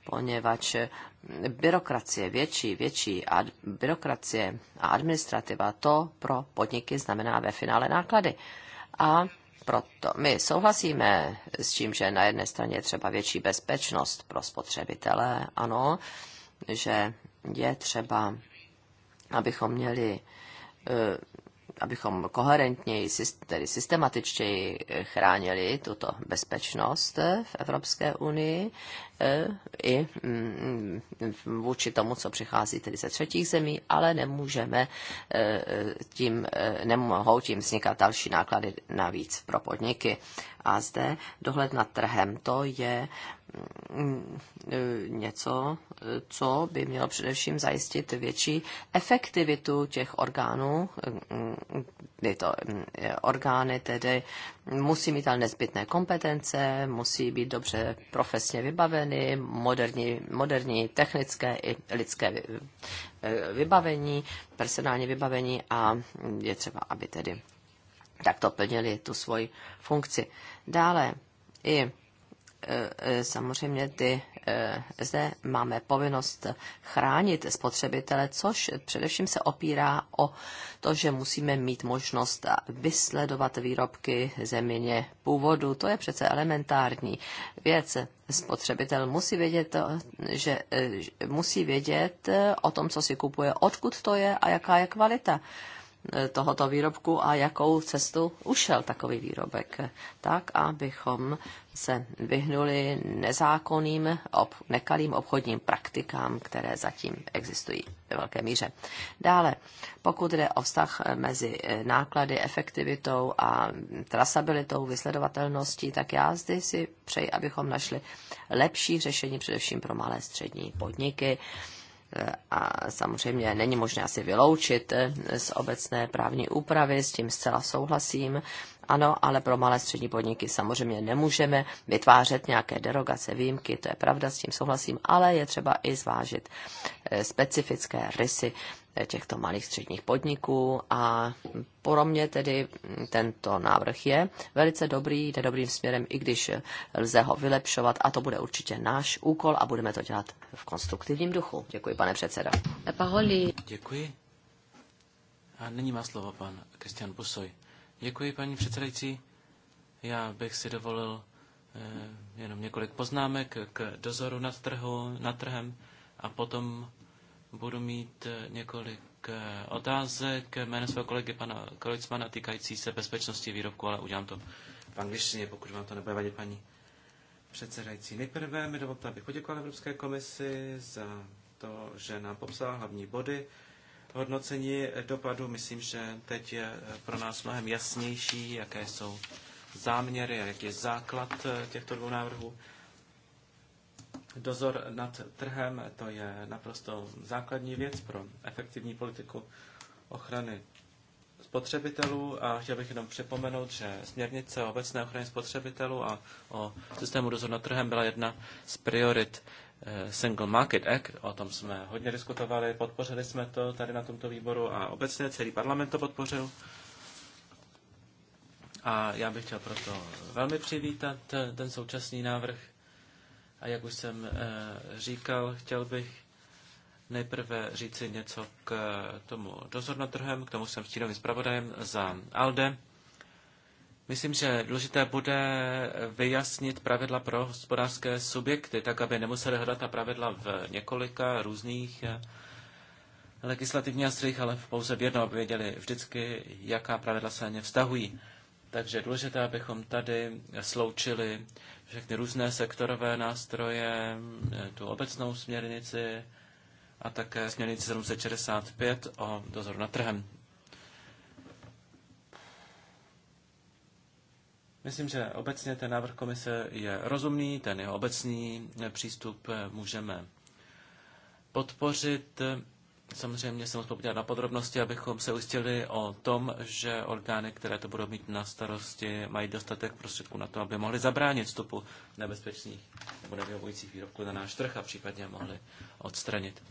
S4: poněvadž byrokracie větší, větší a byrokracie a administrativa, to pro podniky znamená ve finále náklady. A proto my souhlasíme s tím, že na jedné straně je třeba větší bezpečnost pro spotřebitele, ano, že je třeba, abychom měli eh, abychom koherentněji, tedy systematičtěji eh, chránili tuto bezpečnost eh, v Evropské unii eh, i mm, vůči tomu, co přichází tedy ze třetích zemí, ale nemůžeme tím, nemohou tím vznikat další náklady navíc pro podniky. A zde dohled nad trhem, to je Mm, e, něco, co by mělo především zajistit větší efektivitu těch orgánů. Mm, to mm, e, orgány tedy musí mít ale nezbytné kompetence, musí být dobře profesně vybaveny, moderní, moderní technické i lidské e, vybavení, personální vybavení a je třeba, aby tedy takto plnili tu svoji funkci. Dále i Eh, eh, samozřejmě ty, eh, zde máme povinnost chránit spotřebitele, což především se opírá o to, že musíme mít možnost vysledovat výrobky země původu. To je přece elementární věc. Spotřebitel musí vědět, že musí vědět o tom, co si kupuje, odkud to je a jaká je kvalita. E, tohoto výrobku a jakou cestu ušel takový výrobek, tak abychom se vyhnuli nezákonným, ob, nekalým obchodním praktikám, které zatím existují ve velké míře. Dále, pokud jde o vztah mezi e, náklady, efektivitou a trasabilitou, vysledovatelností, tak já zde si přeji, abychom našli lepší řešení především pro malé střední podniky a samozřejmě není možné asi vyloučit eh, z obecné právní úpravy, s tím zcela souhlasím. Ano, ale pro malé střední podniky samozřejmě nemůžeme vytvářet nějaké derogace, výjimky, to je pravda, s tím souhlasím, ale je třeba i zvážit eh, specifické rysy těchto malých středních podniků a pro mě tedy tento návrh je velice dobrý, jde dobrým směrem, i když lze ho vylepšovat a to bude určitě náš úkol a budeme to dělat v konstruktivním duchu. Děkuji, pane předsedo. Paholi.
S2: Děkuji. A nyní má slovo pan Kristian Busoj. Děkuji, paní předsedající. Já bych si dovolil eh, jenom několik poznámek k dozoru nad, trhu, nad trhem a potom budu mít eh, několik eh, otázek jménem svého kolegy pana Kolicmana týkající se bezpečnosti výrobku, ale udělám to v angličtině, pokud vám to nebude vadit, paní předsedající. Nejprve mi dovolte, abych poděkoval Evropské komisi za to, že nám popsala hlavní body hodnocení dopadu. Myslím, že teď je eh, pro nás mnohem jasnější, jaké jsou záměry a jaký je základ těchto dvou návrhů. Dozor nad trhem, to je naprosto základní věc pro efektivní politiku ochrany spotřebitelů a chtěl bych jenom připomenout, že směrnice o obecné ochraně spotřebitelů a o systému dozoru nad trhem byla jedna z priorit eh, Single Market Act. O tom jsme hodně diskutovali, podpořili jsme to tady na tomto výboru a obecně celý parlament to podpořil. A já bych chtěl proto velmi přivítat eh, ten současný návrh a jak už jsem eh, říkal, chtěl bych nejprve říci něco k eh, tomu dozoru nad trhem, k tomu jsem stínovým zpravodajem za ALDE. Myslím, že důležité bude vyjasnit pravidla pro hospodářské subjekty, tak aby nemuseli hledat ta pravidla v několika různých eh, legislativních strych, ale pouze v jednom, aby věděli vždycky, jaká pravidla se na ně vztahují. Takže je důležité, abychom tady sloučili všechny různé sektorové nástroje, tu obecnou směrnici a také směrnici 765 o dozoru nad trhem. Myslím, že obecně ten návrh komise je rozumný, ten jeho obecný přístup můžeme podpořit. Samozřejmě se musíme na podrobnosti, abychom se ujistili o tom, že orgány, které to budou mít na starosti, mají dostatek prostředků na to, aby mohli zabránit vstupu nebezpečných nebo nevyhovujících výrobků na náš trh a případně mohli odstranit.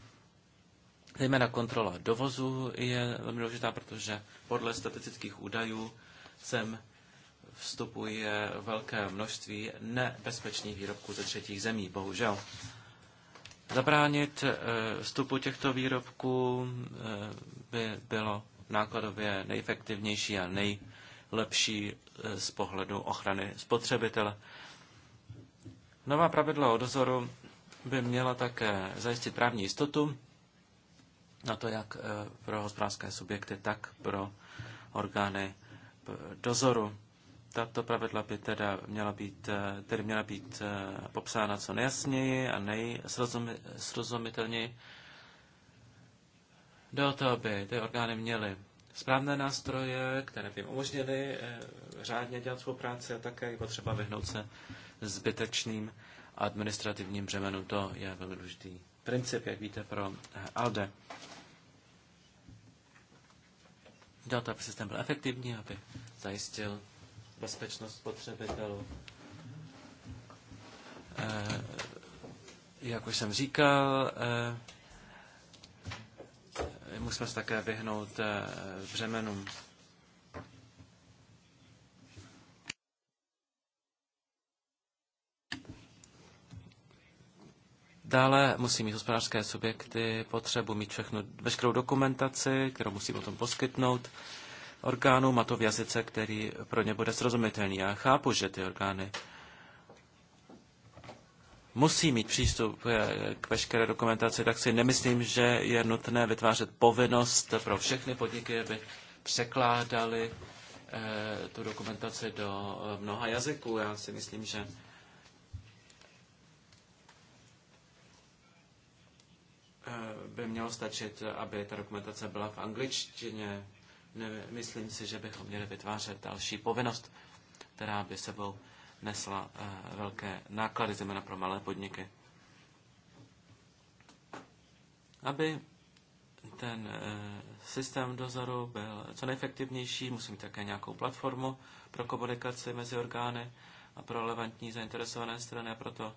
S2: Zejména kontrola dovozu je velmi důležitá, protože podle statistických údajů sem vstupuje velké množství nebezpečných výrobků ze třetích zemí, bohužel. Zabránit eh, vstupu těchto výrobků eh, by bylo nákladově nejefektivnější a nejlepší eh, z pohledu ochrany spotřebitele. Nová pravidla o dozoru by měla také zajistit právní jistotu, na to jak pro hospodářské subjekty, tak pro orgány dozoru. Tato pravidla by teda měla být, eh, tedy měla být eh, popsána co nejasněji a nejsrozumitelněji. Do toho by ty orgány měly správné nástroje, které by jim umožnily eh, řádně dělat svou práci a také je potřeba vyhnout se zbytečným administrativním břemenům. To je velmi důležitý princip, jak víte, pro ALDE. Jde to, aby systém byl efektivní, aby zajistil bezpečnost spotřebitelů. E, jak už jsem říkal, e, musíme se také vyhnout e, břemenům. Dále musí mít hospodářské subjekty potřebu mít všechno, veškerou dokumentaci, kterou musí potom poskytnout. E, Orgánů má to v jazyce, který pro ně bude srozumitelný. Já chápu, že ty orgány musí mít přístup k veškeré dokumentaci, tak si nemyslím, že je nutné vytvářet povinnost pro všechny podniky, aby překládali eh, tu dokumentaci do eh, mnoha jazyků. Já si myslím, že eh, by mělo stačit, aby ta dokumentace byla v angličtině, Myslím si, že bychom měli vytvářet další povinnost, která by sebou nesla eh, velké náklady, zejména pro malé podniky. Aby ten eh, systém dozoru byl co nejefektivnější, musí mít také nějakou platformu pro komunikaci mezi orgány a pro relevantní zainteresované strany. A proto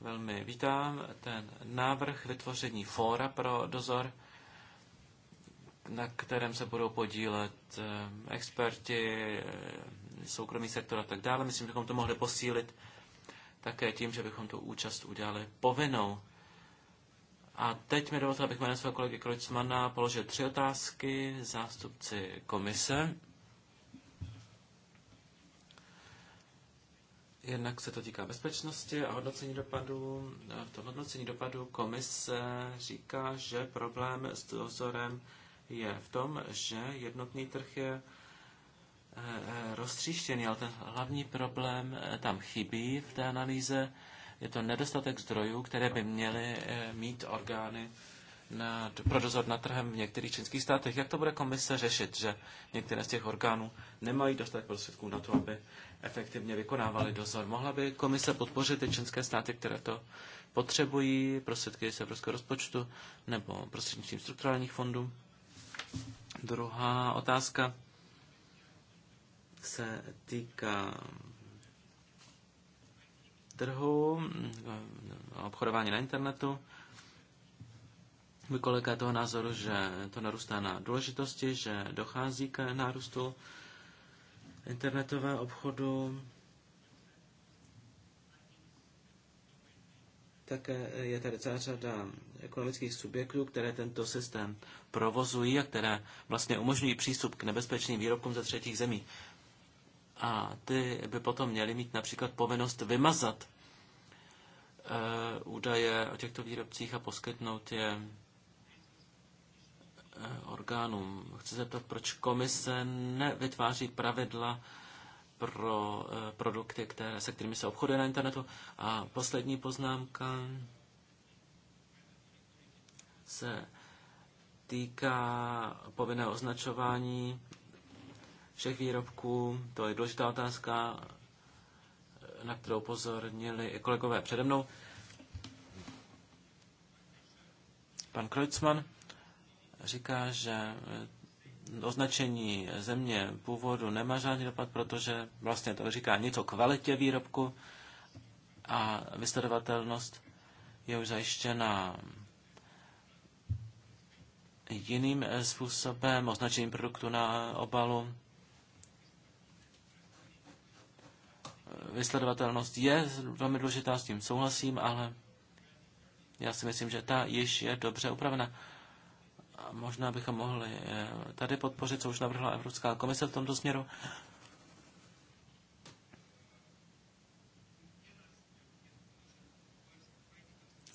S2: velmi vítám ten návrh vytvoření fóra pro dozor na kterém se budou podílet eh, experti, eh, soukromý sektor a tak dále. Myslím, že bychom to mohli posílit také tím, že bychom tu účast udělali povinnou. A teď mi dovolte, abych jménem svého kolegy Kreutzmana položil tři otázky zástupci komise. Jednak se to týká bezpečnosti a hodnocení dopadů. V tom hodnocení dopadů komise říká, že problém s dozorem je v tom, že jednotný trh je eh, eh, roztříštěný, ale ten hlavní problém eh, tam chybí v té analýze. Je to nedostatek zdrojů, které by měly mít orgány na, pro dozor nad trhem v některých členských státech. Jak to bude komise řešit, že některé z těch orgánů nemají dostatek prostředků na to, aby efektivně vykonávali dozor? Mohla by komise podpořit ty členské státy, které to potřebují, prostředky z evropského rozpočtu nebo prostřednictvím strukturálních fondů? Druhá otázka se týká trhu, eh, obchodování na internetu. Můj kolega toho názoru, že to narůstá na důležitosti, že dochází k nárůstu internetového obchodu. Také je tady celá řada ekonomických subjektů, které tento systém provozují a které vlastně umožňují přístup k nebezpečným výrobkům ze třetích zemí. A ty by potom měly mít například povinnost vymazat e, údaje o těchto výrobcích a poskytnout je e, orgánům. Chci zeptat, proč komise nevytváří pravidla pro eh, produkty, které, se kterými se obchoduje na internetu. A poslední poznámka se týká povinného označování všech výrobků. To je důležitá otázka, eh, na kterou pozornili i kolegové přede mnou. Pan Kreutzmann říká, že eh, označení země původu nemá žádný dopad, protože vlastně to říká nic o kvalitě výrobku a vysledovatelnost je už zajištěna jiným způsobem, označením produktu na obalu. Vysledovatelnost je velmi důležitá, s tím souhlasím, ale já si myslím, že ta již je dobře upravena možná bychom mohli eh, tady podpořit, co už navrhla Evropská komise v tomto směru.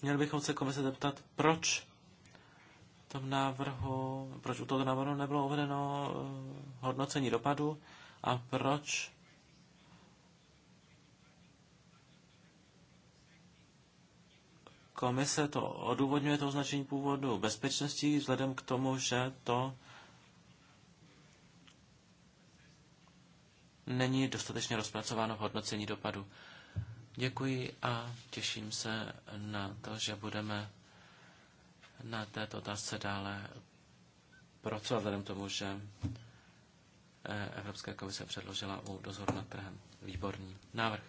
S2: Měli bychom se komise zeptat, proč v tom návrhu, proč u toho návrhu nebylo uvedeno eh, hodnocení dopadu a proč Komise to odůvodňuje to označení původu bezpečnosti vzhledem k tomu, že to není dostatečně rozpracováno v hodnocení dopadu. Děkuji a těším se na to, že budeme na této otázce dále pracovat, vzhledem tomu, že eh, Evropská komise předložila u dozoru nad trhem výborný návrh.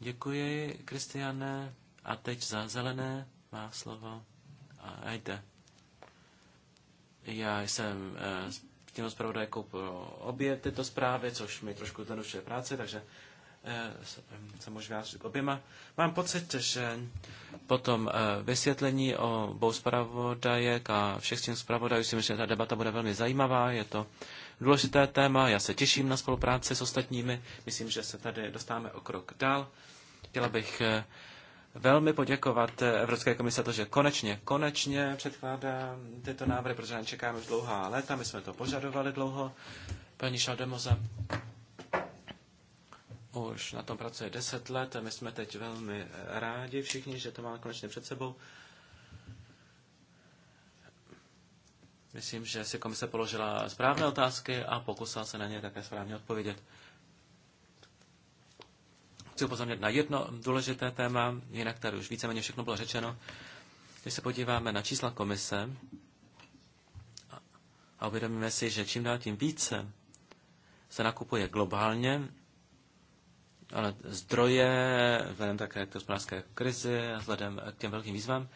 S2: Děkuji, Kristiane. A teď za zelené má slovo a jde. Já jsem eh, stínovou zpravodajkou pro obě tyto zprávy, což mi trošku zjednodušuje práci, takže eh, eh, se můžu vyjádřit k oběma. Mám pocit, že potom eh, vysvětlení o obou zpravodajek a všech těch zpravodajů si myslím, že ta debata bude velmi zajímavá. Je to důležité téma, já se těším na spolupráci s ostatními. Myslím, že se tady dostáváme o krok dál. Chtěla bych velmi poděkovat Evropské komise to, že konečně, konečně předkládá tyto návrhy, protože na čekáme už dlouhá léta, my jsme to požadovali dlouho, paní Šaldemoza. Už na tom pracuje deset let a my jsme teď velmi rádi všichni, že to máme konečně před sebou. Myslím, že si komise položila správné otázky a pokusila se na ně také správně odpovědět chci upozornit na jedno důležité téma, jinak tady už víceméně všechno bylo řečeno. Když se podíváme na čísla komise a uvědomíme si, že čím dál tím více se nakupuje globálně, ale zdroje, vzhledem také k hospodářské krizi a vzhledem k těm velkým výzvám,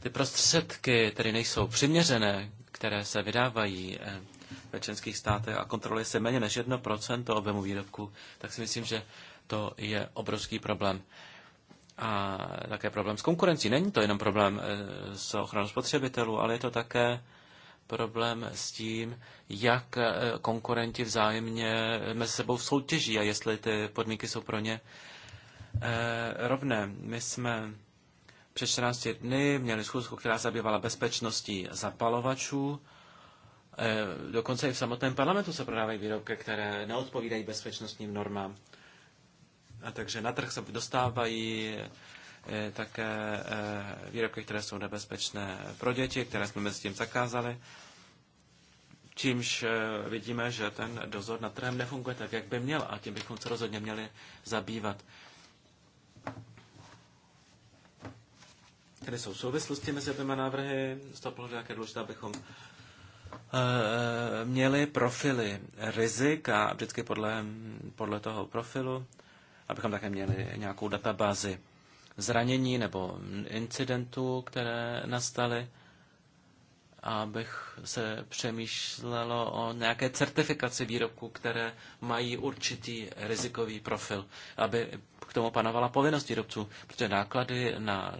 S2: ty prostředky tedy nejsou přiměřené, které se vydávají eh, ve členských státech a kontroluje se méně než 1% objemu výrobku, tak si myslím, že to je obrovský problém. A také problém s konkurencí. Není to jenom problém eh, s ochranou spotřebitelů, ale je to také problém s tím, jak eh, konkurenti vzájemně mezi sebou soutěží a jestli ty podmínky jsou pro ně eh, rovné. My jsme před 14 dny měli schůzku, která zabývala bezpečností zapalovačů. Dokonce i v samotném parlamentu se prodávají výrobky, které neodpovídají bezpečnostním normám. A takže na trh se dostávají eh, také eh, výrobky, které jsou nebezpečné pro děti, které jsme mezi tím zakázali. Čímž eh, vidíme, že ten dozor nad trhem nefunguje tak, jak by měl a tím bychom se rozhodně měli zabývat. Tady jsou souvislosti mezi oběma návrhy. Z toho pohledu, jak je důležité, abychom měli profily rizik a vždycky podle, podle toho profilu abychom také měli nějakou databázi zranění nebo incidentů, které nastaly, abych se přemýšlelo o nějaké certifikaci výrobků, které mají určitý rizikový profil, aby k tomu panovala povinnost výrobců, protože náklady na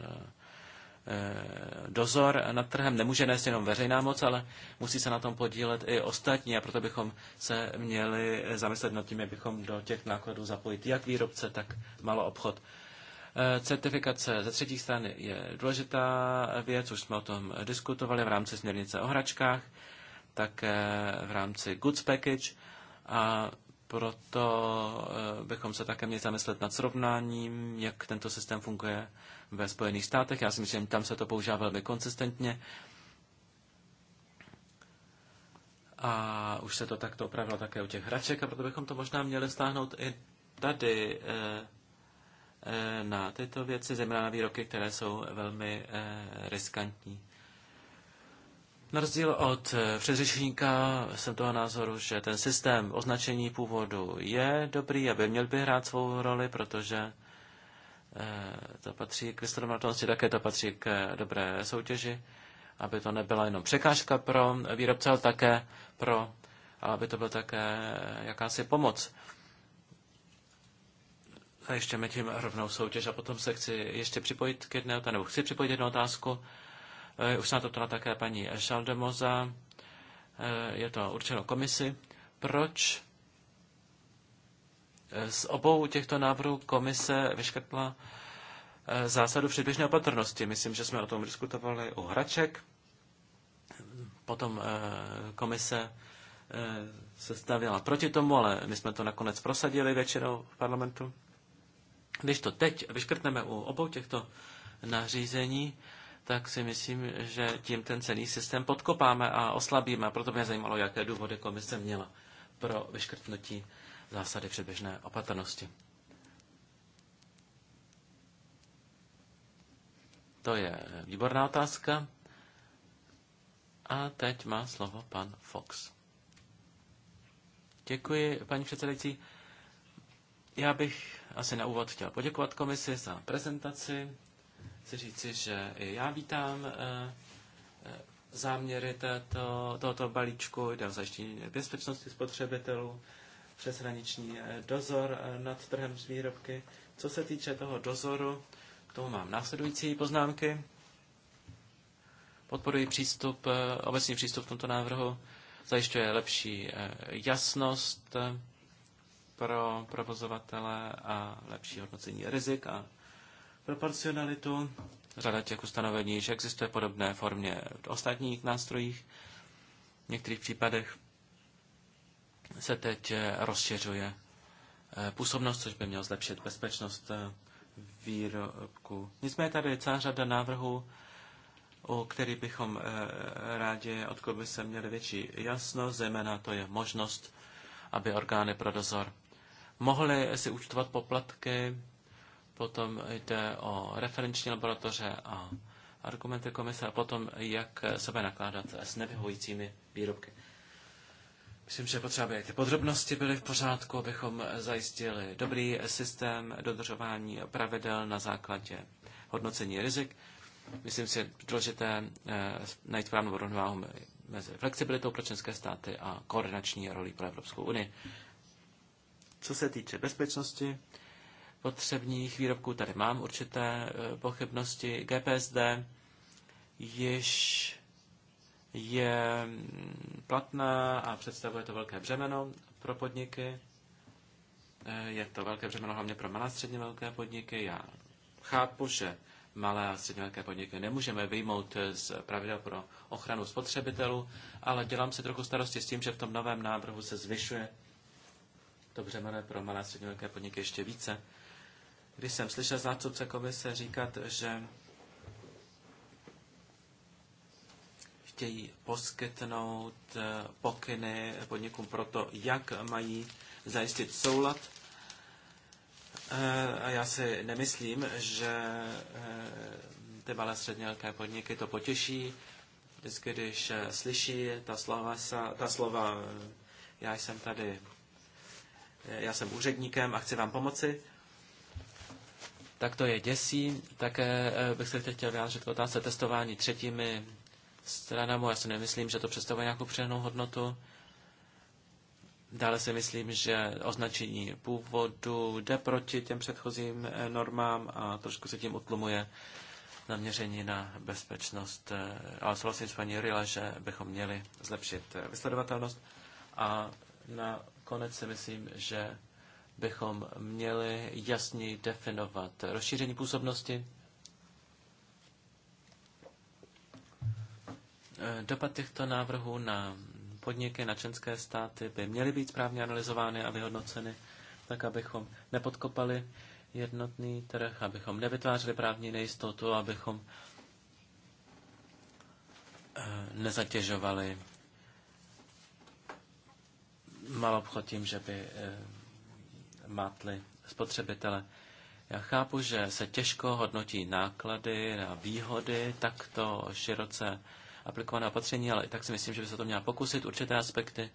S2: Eh, dozor nad trhem nemůže nést jenom veřejná moc, ale musí se na tom podílet i ostatní a proto bychom se měli zamyslet nad tím, jak bychom do těch nákladů zapojit jak výrobce, tak malo obchod. Eh, certifikace ze třetí strany je důležitá věc, už jsme o tom diskutovali v rámci směrnice o hračkách, také v rámci Goods Package a proto eh, bychom se také měli zamyslet nad srovnáním, jak tento systém funguje ve Spojených státech. Já si myslím, že tam se to používá velmi konsistentně. A už se to takto opravilo také u těch hraček, a proto bychom to možná měli stáhnout i tady eh, eh, na tyto věci, zejména na výroky, které jsou velmi eh, riskantní. Na rozdíl od předřečníka jsem toho názoru, že ten systém označení původu je dobrý, aby měl by hrát svou roli, protože Eh, to patří k listodomatnosti, také to patří k dobré soutěži, aby to nebyla jenom překážka pro výrobce, ale také pro, aby to byla také jakási pomoc. Zajišťujeme tím rovnou soutěž a potom se chci ještě připojit k jedné otázce, nebo chci připojit jednu otázku. Eh, už se na to ptala také paní Šaldemoza. Eh, je to určeno komisi. Proč z obou těchto návrhů komise vyškrtla eh, zásadu předběžné opatrnosti. Myslím, že jsme o tom diskutovali u hraček. Potom eh, komise eh, se stavěla proti tomu, ale my jsme to nakonec prosadili většinou v parlamentu. Když to teď vyškrtneme u obou těchto nařízení, tak si myslím, že tím ten celý systém podkopáme a oslabíme. Proto mě zajímalo, jaké důvody komise měla pro vyškrtnutí zásady předběžné opatrnosti. To je výborná otázka. A teď má slovo pan Fox. Děkuji, paní předsedající. Já bych asi na úvod chtěl poděkovat komisi za prezentaci. Chci říci, že i já vítám eh, eh, záměry této, tohoto balíčku, jde o zajištění bezpečnosti spotřebitelů, přeshraniční eh, dozor eh, nad trhem z výrobky. Co se týče toho dozoru, k tomu mám následující poznámky. Podporuji přístup, eh, obecný přístup v tomto návrhu, zajišťuje lepší jasnost pro provozovatele a lepší hodnocení rizik a proporcionalitu. Řada těch ustanovení že existuje podobné formě v ostatních nástrojích, v některých případech se teď eh, rozšiřuje eh, působnost, což by mělo zlepšit bezpečnost eh, výrobku. Nicméně tady je celá řada návrhů, o který bychom rádi by se měli větší jasnost, zejména to je možnost, aby orgány pro dozor mohly si účtovat poplatky, potom jde o referenční laboratoře a argumenty komise a potom, jak sebe nakládat s nevyhovujícími výrobky. Myslím, že potřeba, aby ty podrobnosti byly v pořádku, abychom zajistili dobrý systém dodržování pravidel na základě hodnocení rizik. Myslím si, že je důležité eh, najít správnou rovnováhu mezi flexibilitou pro české státy a koordinační roli pro Evropskou unii. Co se týče bezpečnosti potřebních výrobků, tady mám určité eh, pochybnosti. GPSD již je platná a představuje to velké břemeno pro podniky. E, je to velké břemeno hlavně pro malé a středně velké podniky. Já chápu, že malé a středně velké podniky nemůžeme vyjmout z pravidel pro ochranu spotřebitelů, ale dělám se trochu starosti s tím, že v tom novém návrhu se zvyšuje to břemeno pro malé a středně velké podniky ještě více. Když jsem slyšel zástupce komise říkat, že chtějí poskytnout eh, pokyny podnikům pro to, jak mají zajistit soulad. Eh, a já si nemyslím, že eh, ty malé středně velké podniky to potěší. Vždycky, když slyší ta slova, ta slova já jsem tady, já jsem úředníkem a chci vám pomoci, tak to je děsí. Také bych se chtěl vyjádřit k otázce testování třetími stranám. Já si nemyslím, že to představuje nějakou přenou hodnotu. Dále si myslím, že označení původu jde proti těm předchozím eh, normám a trošku se tím utlumuje naměření na bezpečnost. Eh, ale souhlasím s paní Rila, že bychom měli zlepšit eh, vysledovatelnost. A nakonec si myslím, že bychom měli jasně definovat rozšíření působnosti Eh, dopad těchto návrhů na podniky, na členské státy by měly být správně analyzovány a vyhodnoceny, tak abychom nepodkopali jednotný trh, abychom nevytvářeli právní nejistotu, abychom eh, nezatěžovali malobchod tím, že by eh, mátli spotřebitele. Já chápu, že se těžko hodnotí náklady a výhody takto široce aplikované opatření, ale i tak si myslím, že by se to měla pokusit. Určité aspekty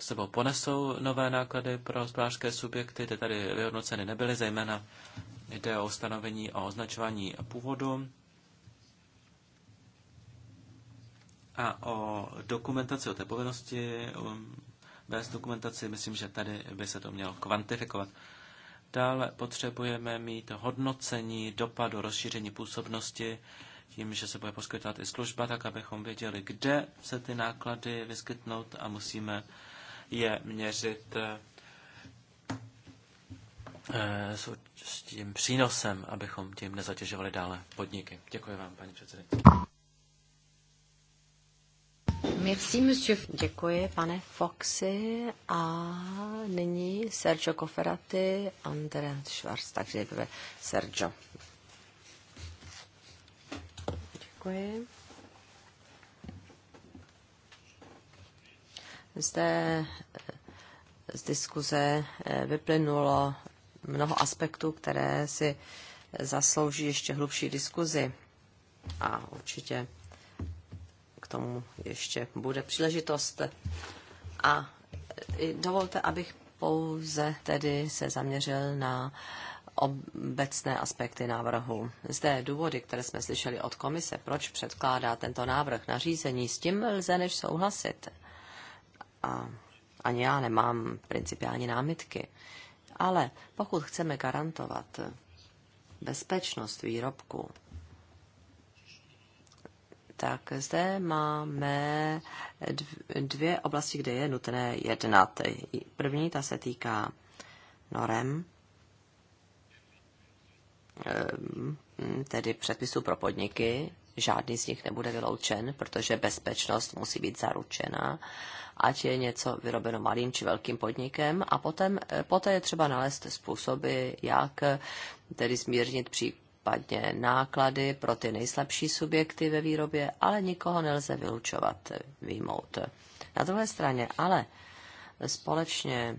S2: sebou ponesou nové náklady pro hospodářské subjekty, ty tady vyhodnoceny nebyly, zejména jde o ustanovení o označování původu a o dokumentaci, o té povinnosti bez um, dokumentaci, myslím, že tady by se to mělo kvantifikovat. Dále potřebujeme mít hodnocení dopadu rozšíření působnosti tím, že se bude poskytovat i služba, tak abychom věděli, kde se ty náklady vyskytnout a musíme je měřit eh, eh, s tím přínosem, abychom tím nezatěžovali dále podniky. Děkuji vám, paní předsedající.
S4: Merci, monsieur. Děkuji, pane Foxy. A nyní Sergio Cofferati, Andrea Schwarz. Takže nejprve Sergio. Děkuji. Zde eh, z diskuze eh, vyplynulo mnoho aspektů, které si zaslouží ještě hlubší diskuzi. A určitě k tomu ještě bude příležitost. A eh, dovolte, abych pouze tedy se zaměřil na uh, obecné aspekty návrhu. Zde důvody, které jsme slyšeli od komise, proč předkládá tento návrh nařízení, s tím lze než souhlasit. A ani já nemám principiální námitky. Ale pokud chceme garantovat bezpečnost výrobku, tak zde máme dvě oblasti, kde je nutné jednat. První, ta se týká norem Ehm, tedy předpisů pro podniky, žádný z nich nebude vyloučen, protože bezpečnost musí být zaručena, ať je něco vyrobeno malým či velkým podnikem a potom, eh, poté je třeba nalézt způsoby, jak eh, tedy zmírnit případně náklady pro ty nejslabší subjekty ve výrobě, ale nikoho nelze vylučovat, eh, výmout. Na druhé straně ale společně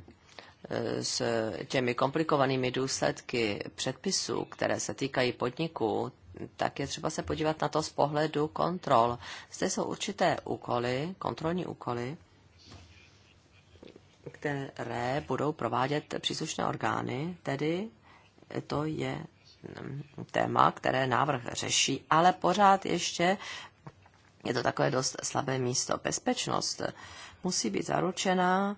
S4: Eh, s těmi komplikovanými důsledky předpisů, které se týkají podniků, tak je třeba se podívat na to z pohledu kontrol. Zde jsou určité úkoly, kontrolní úkoly, které budou provádět příslušné orgány, tedy to je mm, téma, které návrh řeší, ale pořád ještě je to takové dost slabé místo. Bezpečnost musí být zaručená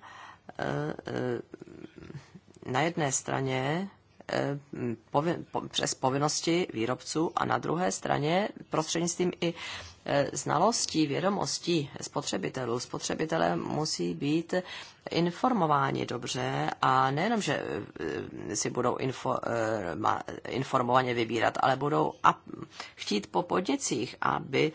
S4: Eh, eh, na jedné straně eh, přes povinnosti výrobců a na druhé straně prostřednictvím i Eh, znalostí, vědomostí spotřebitelů. Spotřebitelé musí být informováni dobře a nejenom, že eh, si budou info, eh, informovaně vybírat, ale budou chtít po podnicích, aby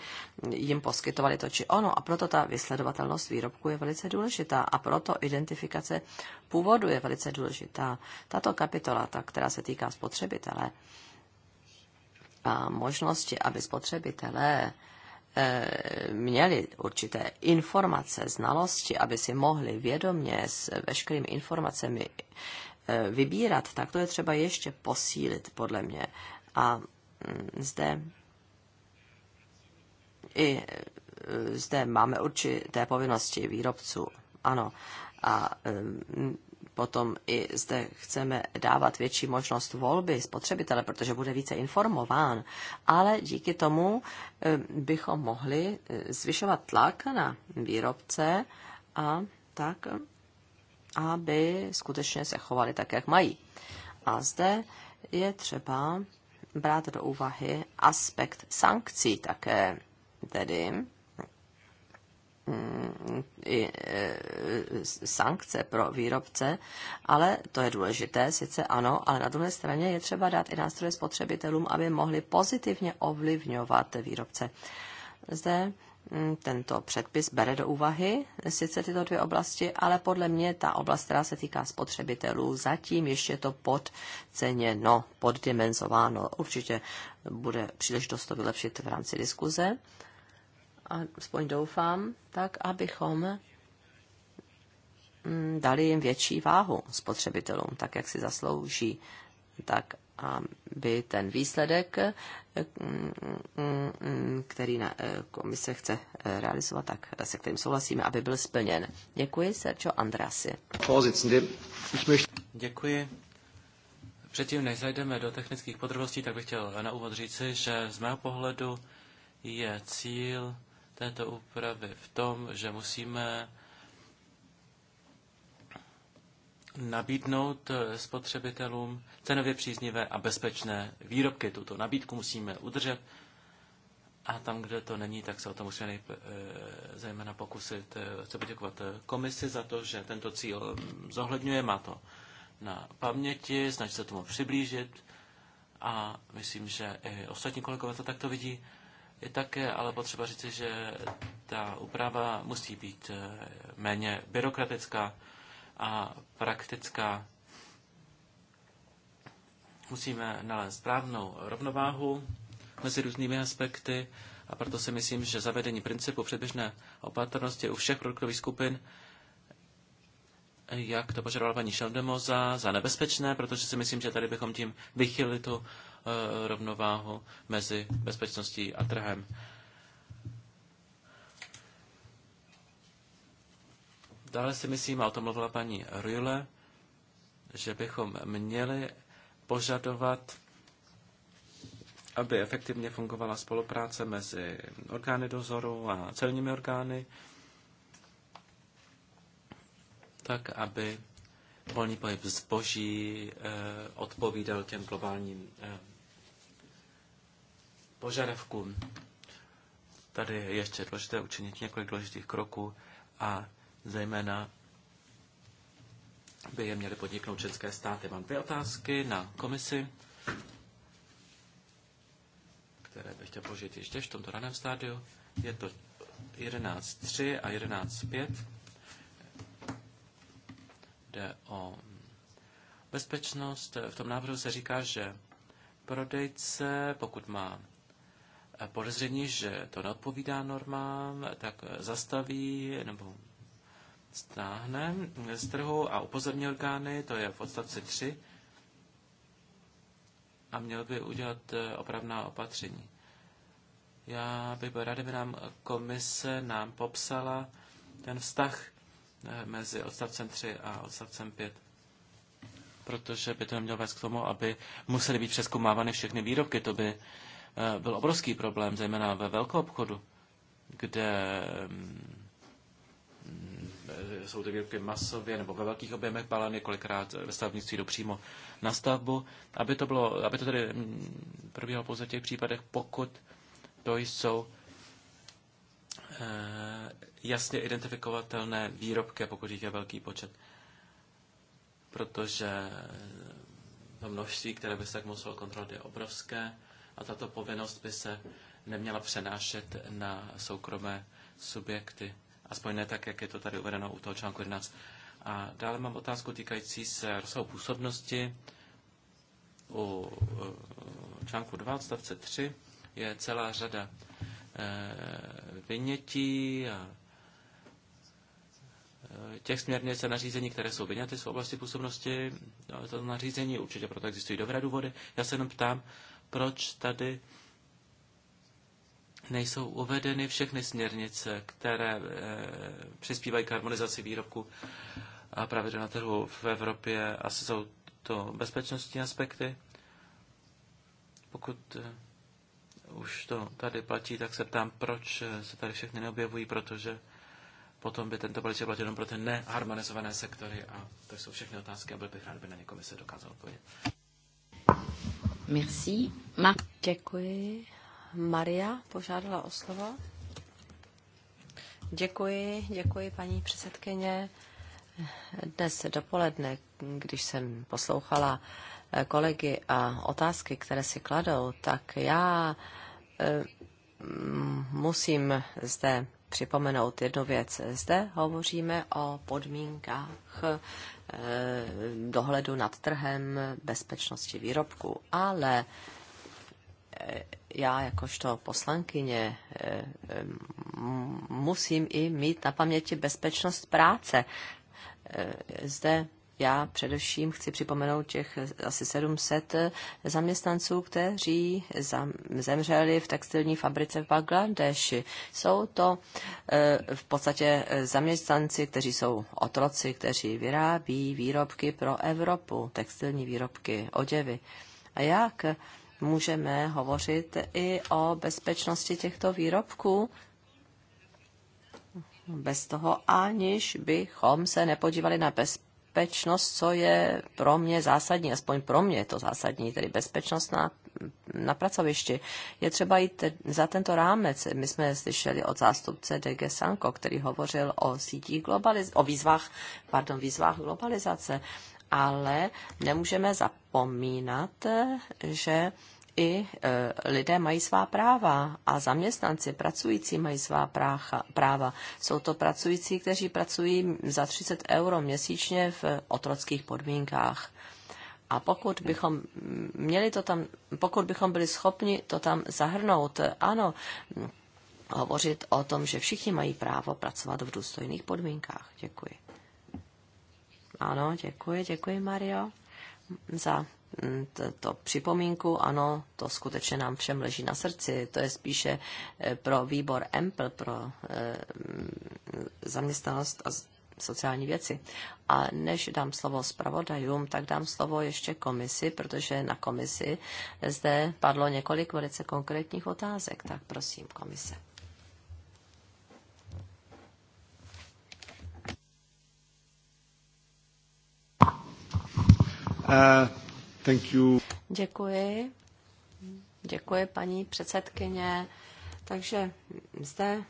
S4: jim poskytovali to či ono. A proto ta vysledovatelnost výrobku je velice důležitá a proto identifikace původu je velice důležitá. Tato kapitola, ta, která se týká spotřebitele a možnosti, aby spotřebitelé Eh, měli určité informace, znalosti, aby si mohli vědomě s veškerými informacemi eh, vybírat, tak to je třeba ještě posílit, podle mě. A mm, zde i eh, zde máme určité povinnosti výrobců, ano. A Potom i zde chceme dávat větší možnost volby spotřebitele, protože bude více informován. Ale díky tomu eh, bychom mohli eh, zvyšovat tlak na výrobce a tak, aby skutečně se chovali tak, jak mají. A zde je třeba brát do úvahy aspekt sankcí také, tedy i e, sankce pro výrobce, ale to je důležité, sice ano, ale na druhé straně je třeba dát i nástroje spotřebitelům, aby mohli pozitivně ovlivňovat výrobce. Zde mm, tento předpis bere do úvahy sice tyto dvě oblasti, ale podle mě ta oblast, která se týká spotřebitelů, zatím ještě to podceněno, poddimenzováno. Určitě bude příležitost to vylepšit v rámci diskuze. A aspoň doufám, tak abychom mm, dali jim větší váhu spotřebitelům, tak jak si zaslouží, tak aby ten výsledek, mm, který na eh, komise chce eh, realizovat, tak se kterým souhlasíme, aby byl splněn. Děkuji, Sergio Andrasi.
S2: Děkuji. Předtím, než zajdeme do technických podrobností, tak bych chtěl na úvod říci, že z mého pohledu je cíl této úpravy v tom, že musíme nabídnout eh, spotřebitelům cenově příznivé a bezpečné výrobky. Tuto nabídku musíme udržet a tam, kde to není, tak se o to musíme nejp, eh, zejména pokusit. Eh, Chci poděkovat komisi za to, že tento cíl mm, zohledňuje, má to na paměti, snaží se tomu přiblížit a myslím, že i ostatní kolegové to takto vidí. I také ale potřeba říci, že ta úprava musí být eh, méně byrokratická a praktická. Musíme nalézt správnou rovnováhu mezi různými aspekty a proto si myslím, že zavedení principu předběžné opatrnosti u všech produktových skupin jak to požadovala paní Šeldemoza, za nebezpečné, protože si myslím, že tady bychom tím vychylili tu Eh, rovnováhu mezi bezpečností a trhem. Dále si myslím, a o tom mluvila paní Rüle, že bychom měli požadovat, aby efektivně fungovala spolupráce mezi orgány dozoru a celními orgány, tak aby volný pohyb zboží eh, odpovídal těm globálním eh, požadavkům. Tady je ještě důležité učinit několik důležitých kroků a zejména by je měly podniknout české státy. Mám dvě otázky na komisi, které bych chtěl položit ještě v tomto raném stádiu. Je to 11.3 a 11.5. Jde o bezpečnost. V tom návrhu se říká, že prodejce, pokud má podezření, že to neodpovídá normám, tak zastaví nebo stáhne z trhu a upozorní orgány, to je v odstavci 3, a měl by udělat eh, opravná opatření. Já bych byl rád, kdyby nám komise nám popsala ten vztah eh, mezi odstavcem 3 a odstavcem 5, protože by to nemělo vést k tomu, aby museli být přeskoumávány všechny výrobky, to by Eh, byl obrovský problém, zejména ve velkou obchodu, kde mm, mm, jsou ty výrobky masově nebo ve velkých objemech balené, kolikrát ve stavnictví jdou přímo na stavbu, aby to, bylo, aby to tedy mm, probíhalo pouze v těch případech, pokud to jsou eh, jasně identifikovatelné výrobky, pokud jich je velký počet. Protože to množství, které by se tak muselo kontrolovat, je obrovské a tato povinnost by se neměla přenášet na soukromé subjekty. Aspoň ne tak, jak je to tady uvedeno u toho článku 11. A dále mám otázku týkající se rozsahu působnosti. U článku 2 odstavce 3 je celá řada eh, vynětí a eh, těch směrnic a nařízení, které jsou vyňaty z oblasti působnosti, no, to nařízení určitě proto existují dobré důvody. Já se jenom ptám, proč tady nejsou uvedeny všechny směrnice, které e, přispívají k harmonizaci výrobku a pravidel na trhu v Evropě. Asi jsou to bezpečnostní aspekty. Pokud e, už to tady platí, tak se ptám, proč eh, se tady všechny neobjevují, protože potom by tento balíček platil jenom pro ty neharmonizované sektory a to jsou všechny otázky a byl bych rád, by na ně komise dokázal odpovědět.
S1: Merci.
S4: Ma- Děkuji. Maria požádala o slovo. Děkuji, děkuji paní předsedkyně. Dnes dopoledne, když jsem poslouchala eh, kolegy a otázky, které si kladou, tak já eh, musím zde připomenout jednu věc. Zde hovoříme o podmínkách, Eh, dohledu nad trhem bezpečnosti výrobku, Ale eh, já jakožto poslankyně eh, musím i mít na paměti bezpečnost práce. Zde já především chci připomenout těch asi 700 zaměstnanců, kteří zemřeli v textilní fabrice v Bangladeši. Jsou to e, v podstatě e, zaměstnanci, kteří jsou otroci, kteří vyrábí výrobky pro Evropu, textilní výrobky, oděvy. A jak můžeme hovořit i o bezpečnosti těchto výrobků? bez toho, aniž bychom se nepodívali na bez, bezpečnost, co je pro mě zásadní, aspoň pro mě je to zásadní, tedy bezpečnost na, na pracovišti. Je třeba jít za tento rámec. My jsme slyšeli od zástupce DG Sanko, který hovořil o sítích globaliz- o výzvách, pardon, výzvách globalizace, ale nemůžeme zapomínat, že i e, lidé mají svá práva a zaměstnanci pracující mají svá prácha, práva. Jsou to pracující, kteří pracují za 30 euro měsíčně v otrockých podmínkách. A pokud bychom měli to tam, pokud bychom byli schopni to tam zahrnout, ano, hovořit o tom, že všichni mají právo pracovat v důstojných podmínkách. Děkuji. Ano, děkuji, děkuji, Mario, za to připomínku, ano, to skutečně nám všem leží na srdci. To je spíše eh, pro výbor EMPL, pro eh, zaměstnanost a sociální věci. A než dám slovo zpravodajům, tak dám slovo ještě komisi, protože na komisi zde padlo několik velice konkrétních otázek. Tak prosím, komise.
S3: Uh Thank you.
S4: Děkuji. Děkuji, paní předsedkyně. Takže zde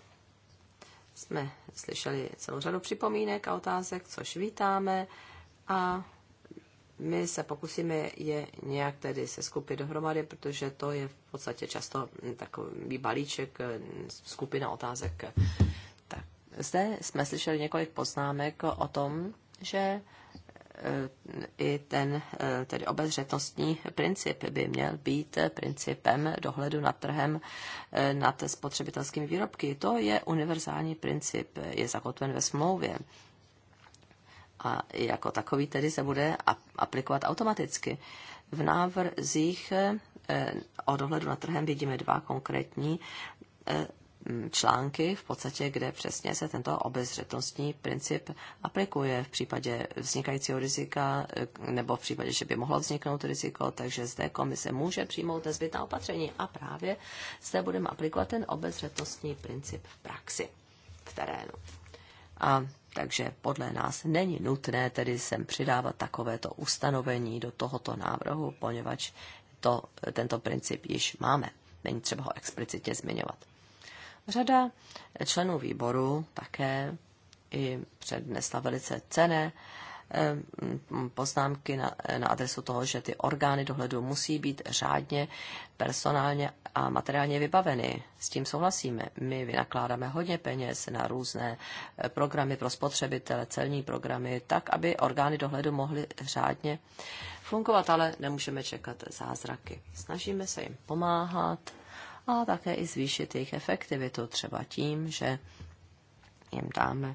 S4: jsme slyšeli celou řadu připomínek a otázek, což vítáme. A my se pokusíme je nějak tedy se skupit dohromady, protože to je v podstatě často takový balíček, skupina otázek. Tak zde jsme slyšeli několik poznámek o tom, že i ten e, tedy obezřetnostní princip by měl být principem dohledu nad trhem e, nad spotřebitelskými výrobky. To je univerzální princip, je zakotven ve smlouvě. A jako takový tedy se bude aplikovat automaticky. V návrzích e, o dohledu nad trhem vidíme dva konkrétní Mm, články, v podstatě, kde přesně se tento obezřetnostní princip aplikuje v případě vznikajícího rizika eh, nebo v případě, že by mohlo vzniknout riziko, takže zde komise může přijmout nezbytná opatření a právě zde budeme aplikovat ten obezřetnostní princip v praxi, v terénu. A takže podle nás není nutné tedy sem přidávat takovéto ustanovení do tohoto návrhu, poněvadž to, tento princip již máme. Není třeba ho explicitně zmiňovat. Řada členů výboru také i přednesla velice cené eh, poznámky na, na adresu toho, že ty orgány dohledu musí být řádně personálně a materiálně vybaveny. S tím souhlasíme. My vynakládáme hodně peněz na různé eh, programy pro spotřebitele, celní programy, tak, aby orgány dohledu mohly řádně fungovat, ale nemůžeme čekat zázraky. Snažíme se jim pomáhat a také i zvýšit jejich efektivitu, třeba tím, že jim dáme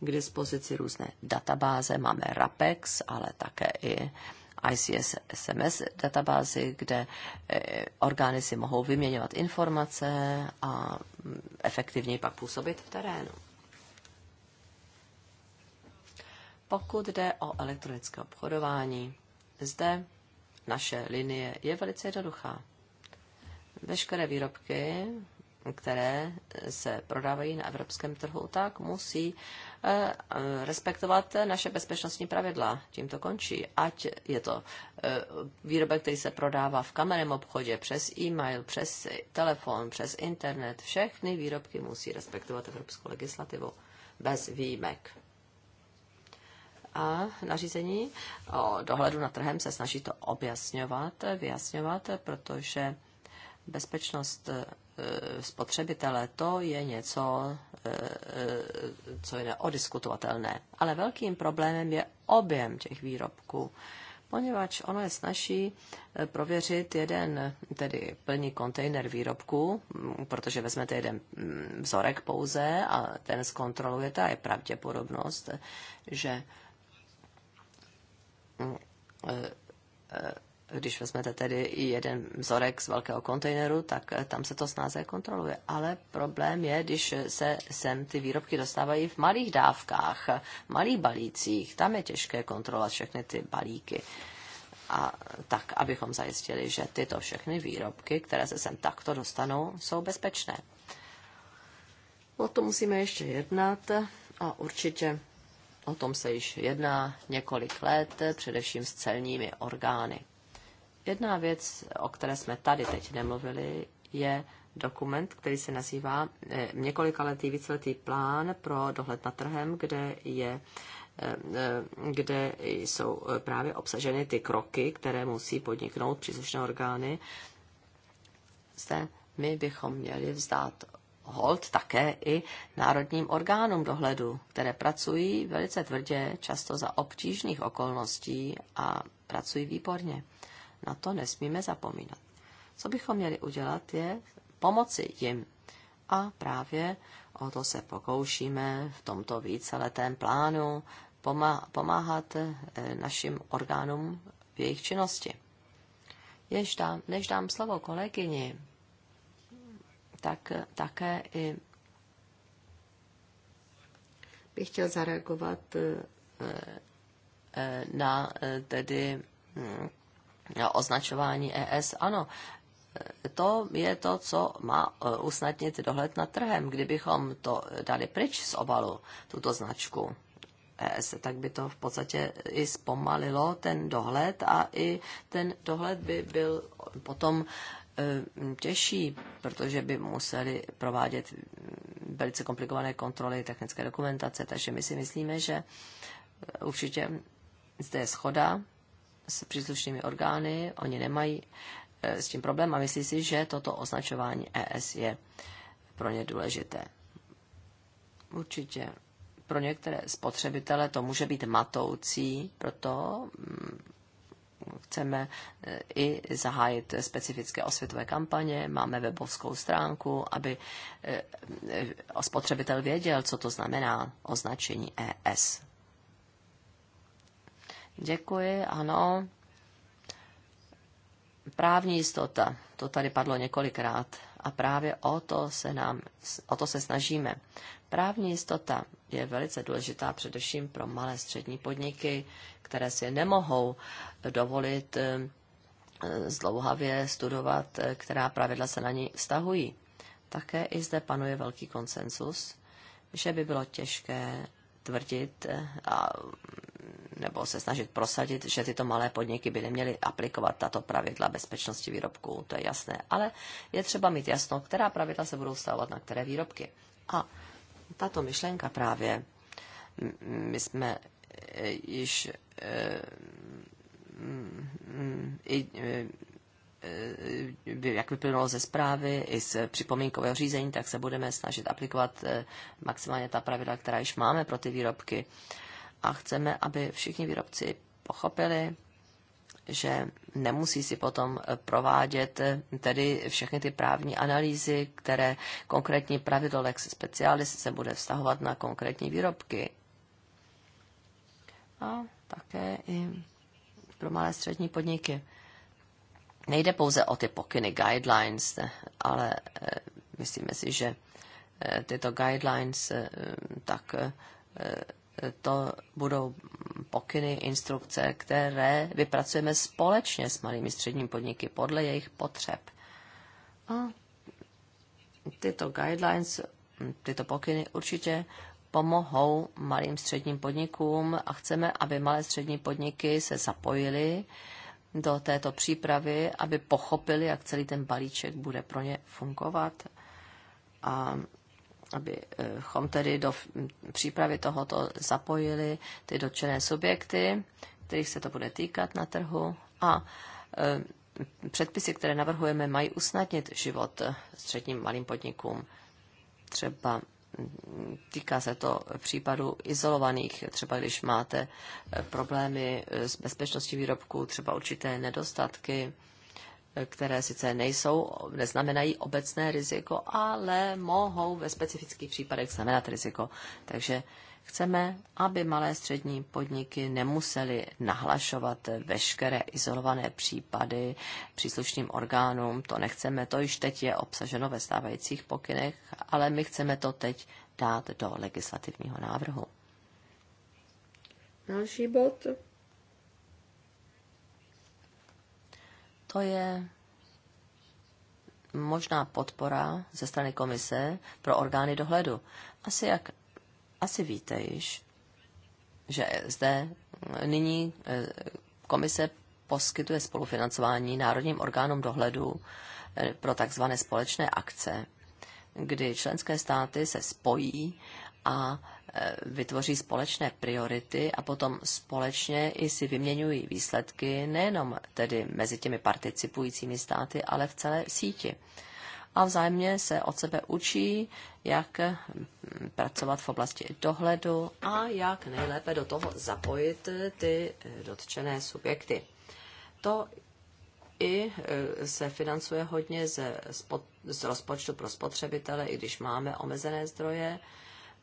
S4: k dispozici různé databáze, máme RAPEX, ale také i ICS SMS databázy, kde e, orgány si mohou vyměňovat informace a mm, efektivněji pak působit v terénu. Pokud jde o elektronické obchodování, zde naše linie je velice jednoduchá veškeré výrobky, které se prodávají na evropském trhu, tak musí eh, eh, respektovat naše bezpečnostní pravidla. Tím to končí. Ať je to eh, výrobek, který se prodává v kamenném obchodě, přes e-mail, přes telefon, přes internet, všechny výrobky musí respektovat evropskou legislativu bez výjimek. A nařízení o dohledu na trhem se snaží to objasňovat, vyjasňovat, protože bezpečnost e, spotřebitele, to je něco, e, e, co je neodiskutovatelné. Ale velkým problémem je objem těch výrobků, poněvadž ono je snaží prověřit jeden, tedy plný kontejner výrobků, protože vezmete jeden vzorek pouze a ten zkontrolujete a je pravděpodobnost, že když vezmete tedy i jeden vzorek z velkého kontejneru, tak eh, tam se to snáze kontroluje. Ale problém je, když se sem ty výrobky dostávají v malých dávkách, v malých balících. Tam je těžké kontrolovat všechny ty balíky. A tak, abychom zajistili, že tyto všechny výrobky, které se sem takto dostanou, jsou bezpečné. O to musíme ještě jednat a určitě O tom se již jedná několik let, především s celními orgány. Jedna věc, o které jsme tady teď nemluvili, je dokument, který se nazývá eh, několikaletý víceletý plán pro dohled nad trhem, kde je eh, eh, kde jsou právě obsaženy ty kroky, které musí podniknout příslušné orgány. Zde my bychom měli vzdát hold také i národním orgánům dohledu, které pracují velice tvrdě, často za obtížných okolností a pracují výborně. Na to nesmíme zapomínat. Co bychom měli udělat, je pomoci jim. A právě o to se pokoušíme v tomto víceletém plánu pomáhat eh, našim orgánům v jejich činnosti. Jež dám, než dám slovo kolegyni, tak eh, také i bych chtěl zareagovat eh, na tedy hm, označování ES, ano, to je to, co má e, usnadnit dohled nad trhem. Kdybychom to dali pryč z obalu, tuto značku ES, tak by to v podstatě i zpomalilo ten dohled a i ten dohled by byl potom e, těžší, protože by museli provádět velice komplikované kontroly technické dokumentace. Takže my si myslíme, že e, určitě zde je schoda s příslušnými orgány, oni nemají e, s tím problém a myslí si, že toto označování ES je pro ně důležité. Určitě pro některé spotřebitele to může být matoucí, proto mm, chceme e, i zahájit specifické osvětové kampaně, máme webovskou stránku, aby e, spotřebitel věděl, co to znamená označení ES. Děkuji, ano. Právní jistota, to tady padlo několikrát a právě o to se, nám, o to se snažíme. Právní jistota je velice důležitá především pro malé střední podniky, které si nemohou dovolit eh, zdlouhavě studovat, eh, která pravidla se na ní vztahují. Také i zde panuje velký konsensus, že by bylo těžké tvrdit eh, a nebo se snažit prosadit, že tyto malé podniky by neměly aplikovat tato pravidla bezpečnosti výrobků, to je jasné. Ale je třeba mít jasno, která pravidla se budou stavovat na které výrobky. A tato myšlenka právě, my jsme e, již e, i, e, jak vyplynulo ze zprávy i z připomínkového řízení, tak se budeme snažit aplikovat maximálně ta pravidla, která již máme pro ty výrobky a chceme, aby všichni výrobci pochopili, že nemusí si potom provádět tedy všechny ty právní analýzy, které konkrétní pravidlo lex specialis se bude vztahovat na konkrétní výrobky. A také i pro malé střední podniky. Nejde pouze o ty pokyny, guidelines, ale eh, myslíme si, že eh, tyto guidelines eh, tak to budou pokyny, instrukce, které vypracujeme společně s malými středními podniky podle jejich potřeb. A tyto guidelines, tyto pokyny určitě pomohou malým středním podnikům a chceme, aby malé střední podniky se zapojily do této přípravy, aby pochopili, jak celý ten balíček bude pro ně fungovat. A abychom tedy do přípravy tohoto zapojili ty dotčené subjekty, kterých se to bude týkat na trhu a e, předpisy, které navrhujeme, mají usnadnit život e, středním malým podnikům. Třeba týká se to případů izolovaných, třeba když máte e, problémy s bezpečností výrobků, třeba určité nedostatky, které sice nejsou, neznamenají obecné riziko, ale mohou ve specifických případech znamenat riziko. Takže chceme, aby malé střední podniky nemusely nahlašovat veškeré izolované případy příslušným orgánům. To nechceme, to již teď je obsaženo ve stávajících pokynech, ale my chceme to teď dát do legislativního návrhu. Další bod. to je možná podpora ze strany komise pro orgány dohledu. Asi, jak, asi víte již, že zde nyní eh, komise poskytuje spolufinancování národním orgánům dohledu eh, pro takzvané společné akce, kdy členské státy se spojí a e, vytvoří společné priority a potom společně i si vyměňují výsledky nejenom tedy mezi těmi participujícími státy, ale v celé síti. A vzájemně se od sebe učí, jak pracovat v oblasti dohledu a jak nejlépe do toho zapojit e, ty e, dotčené subjekty. To i se financuje hodně z, rozpočtu pro spotřebitele, i když máme omezené zdroje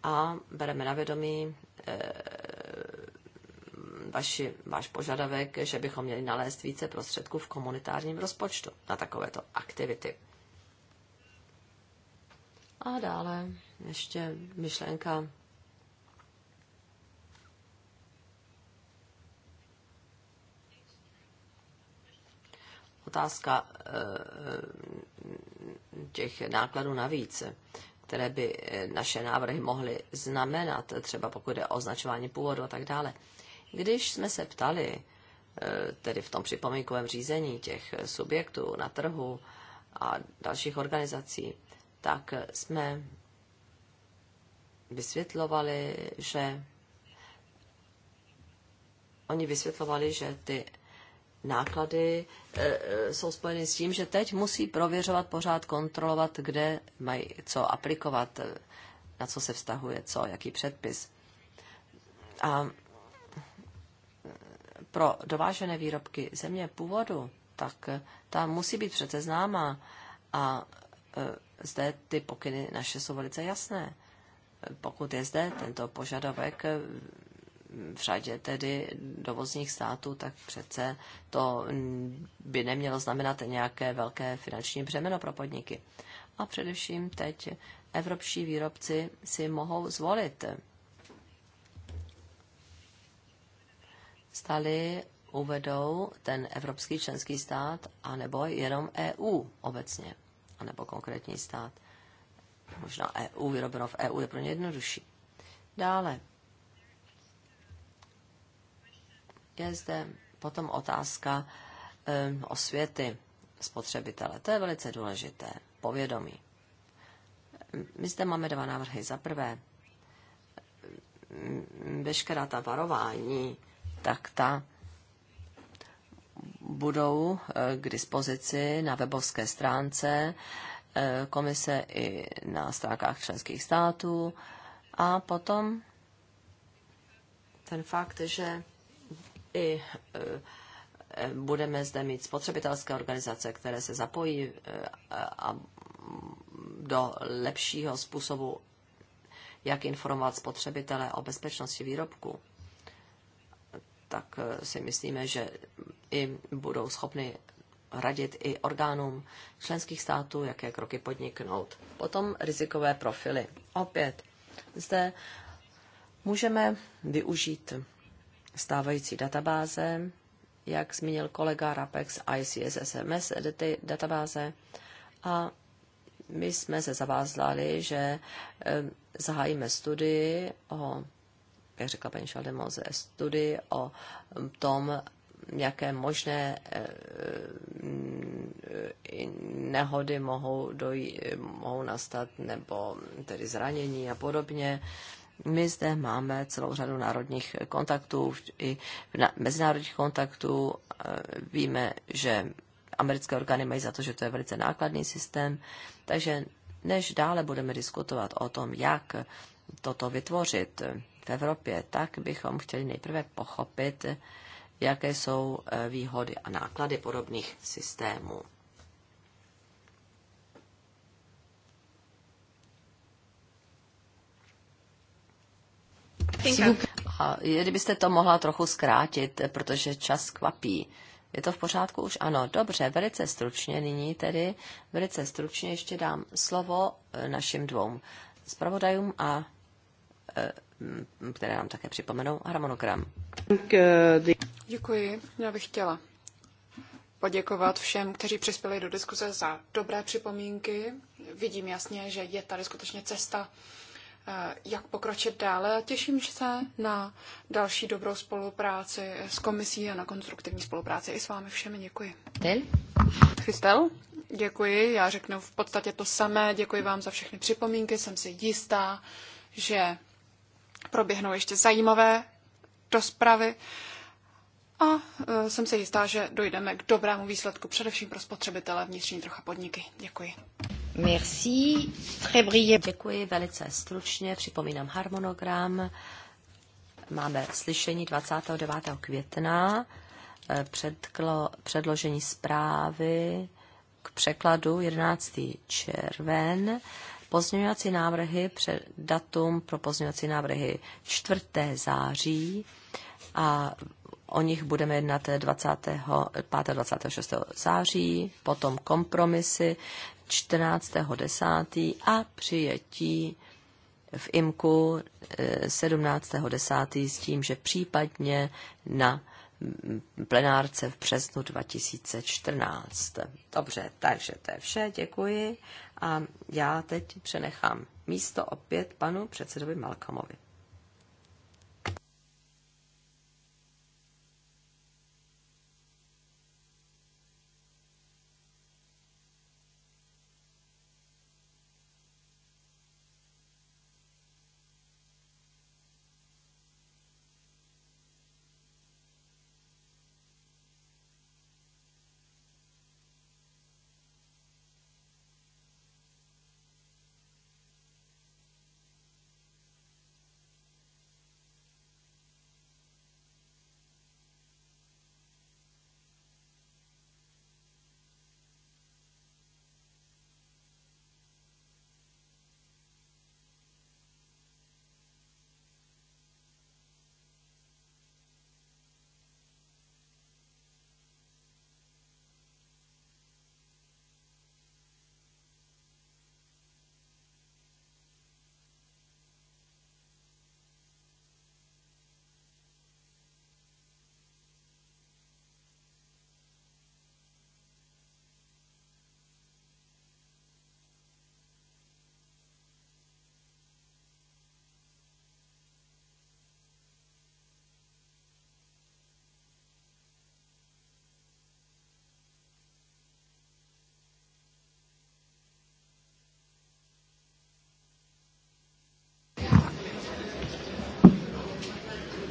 S4: a bereme na vědomí eh, vaši, váš požadavek, že bychom měli nalézt více prostředků v komunitárním rozpočtu na takovéto aktivity. A dále ještě myšlenka otázka eh, těch nákladů navíc které by eh, naše návrhy mohly znamenat, třeba pokud jde o označování původu a tak dále. Když jsme se ptali, eh, tedy v tom připomínkovém řízení těch eh, subjektů na trhu a dalších organizací, tak jsme vysvětlovali, že oni vysvětlovali, že ty náklady eh, eh, jsou spojeny s tím, že teď musí prověřovat, pořád kontrolovat, kde mají co aplikovat, eh, na co se vztahuje co, jaký předpis. A pro dovážené výrobky země původu, tak ta musí být přece známá a zde ty pokyny naše jsou velice jasné. Pokud je zde tento požadavek v řadě tedy dovozních států, tak přece to by nemělo znamenat nějaké velké finanční břemeno pro podniky. A především teď evropští výrobci si mohou zvolit, stali uvedou ten evropský členský stát, anebo jenom EU obecně, anebo konkrétní stát. Možná EU, vyrobeno v EU je pro ně jednodušší. Dále, je zde potom otázka osvěty spotřebitele. To je velice důležité. Povědomí. My zde máme dva návrhy. Za prvé, veškerá ta varování, tak ta budou e, k dispozici na webovské stránce e, komise i na stránkách členských států. A potom ten fakt, že i e, budeme zde mít spotřebitelské organizace, které se zapojí e, a do lepšího způsobu, jak informovat spotřebitele o bezpečnosti výrobku, tak e, si myslíme, že i budou schopny radit i orgánům členských států, jaké kroky podniknout. Potom rizikové profily. Opět zde můžeme využít stávající databáze, jak zmínil kolega Rapex ICS SMS databáze a my jsme se zavázali, že eh, zahájíme studii o, jak řekla paní Šaldemoze, studii o hm, tom, jaké možné eh, hm, nehody mohou, dojít, mohou nastat, nebo tedy zranění a podobně my zde máme celou řadu národních kontaktů i na, mezinárodních kontaktů. Eh, víme, že americké orgány mají za to, že to je velice nákladný systém, takže než dále budeme diskutovat o tom, jak toto vytvořit v Evropě, tak bychom chtěli nejprve pochopit, jaké jsou eh, výhody a náklady podobných systémů. kdybyste to mohla trochu zkrátit, protože čas kvapí. Je to v pořádku už? Ano, dobře, velice stručně nyní tedy, velice stručně ještě dám slovo e, našim dvou zpravodajům a e, které nám také připomenou harmonogram.
S1: Děkuji, já bych chtěla poděkovat všem, kteří přispěli do diskuze za dobré připomínky. Vidím jasně, že je tady skutečně cesta Eh, jak pokročit dále a těším se na další dobrou spolupráci s komisí a na konstruktivní spolupráci i s vámi všemi. Děkuji. Del? Christel? Děkuji, já řeknu v podstatě to samé. Děkuji vám za všechny připomínky, jsem si jistá, že proběhnou ještě zajímavé rozpravy a eh, jsem si jistá, že dojdeme k dobrému výsledku, především pro spotřebitele vnitřní trocha podniky. Děkuji.
S4: Merci. Très brillant. Děkuji velice stručně. Připomínám harmonogram. Máme slyšení 29. května, eh, předklo, předložení zprávy k překladu 11. červen, pozměňovací návrhy, před datum pro pozměňovací návrhy 4. září a O nich budeme jednat 25. 26. září, potom kompromisy 14. 10. a přijetí v IMKU 17. Eh, 10. s tím, že případně na mm, plenárce v březnu 2014. Dobře, takže to je vše, děkuji. A já teď přenechám místo opět panu předsedovi Malkamovi.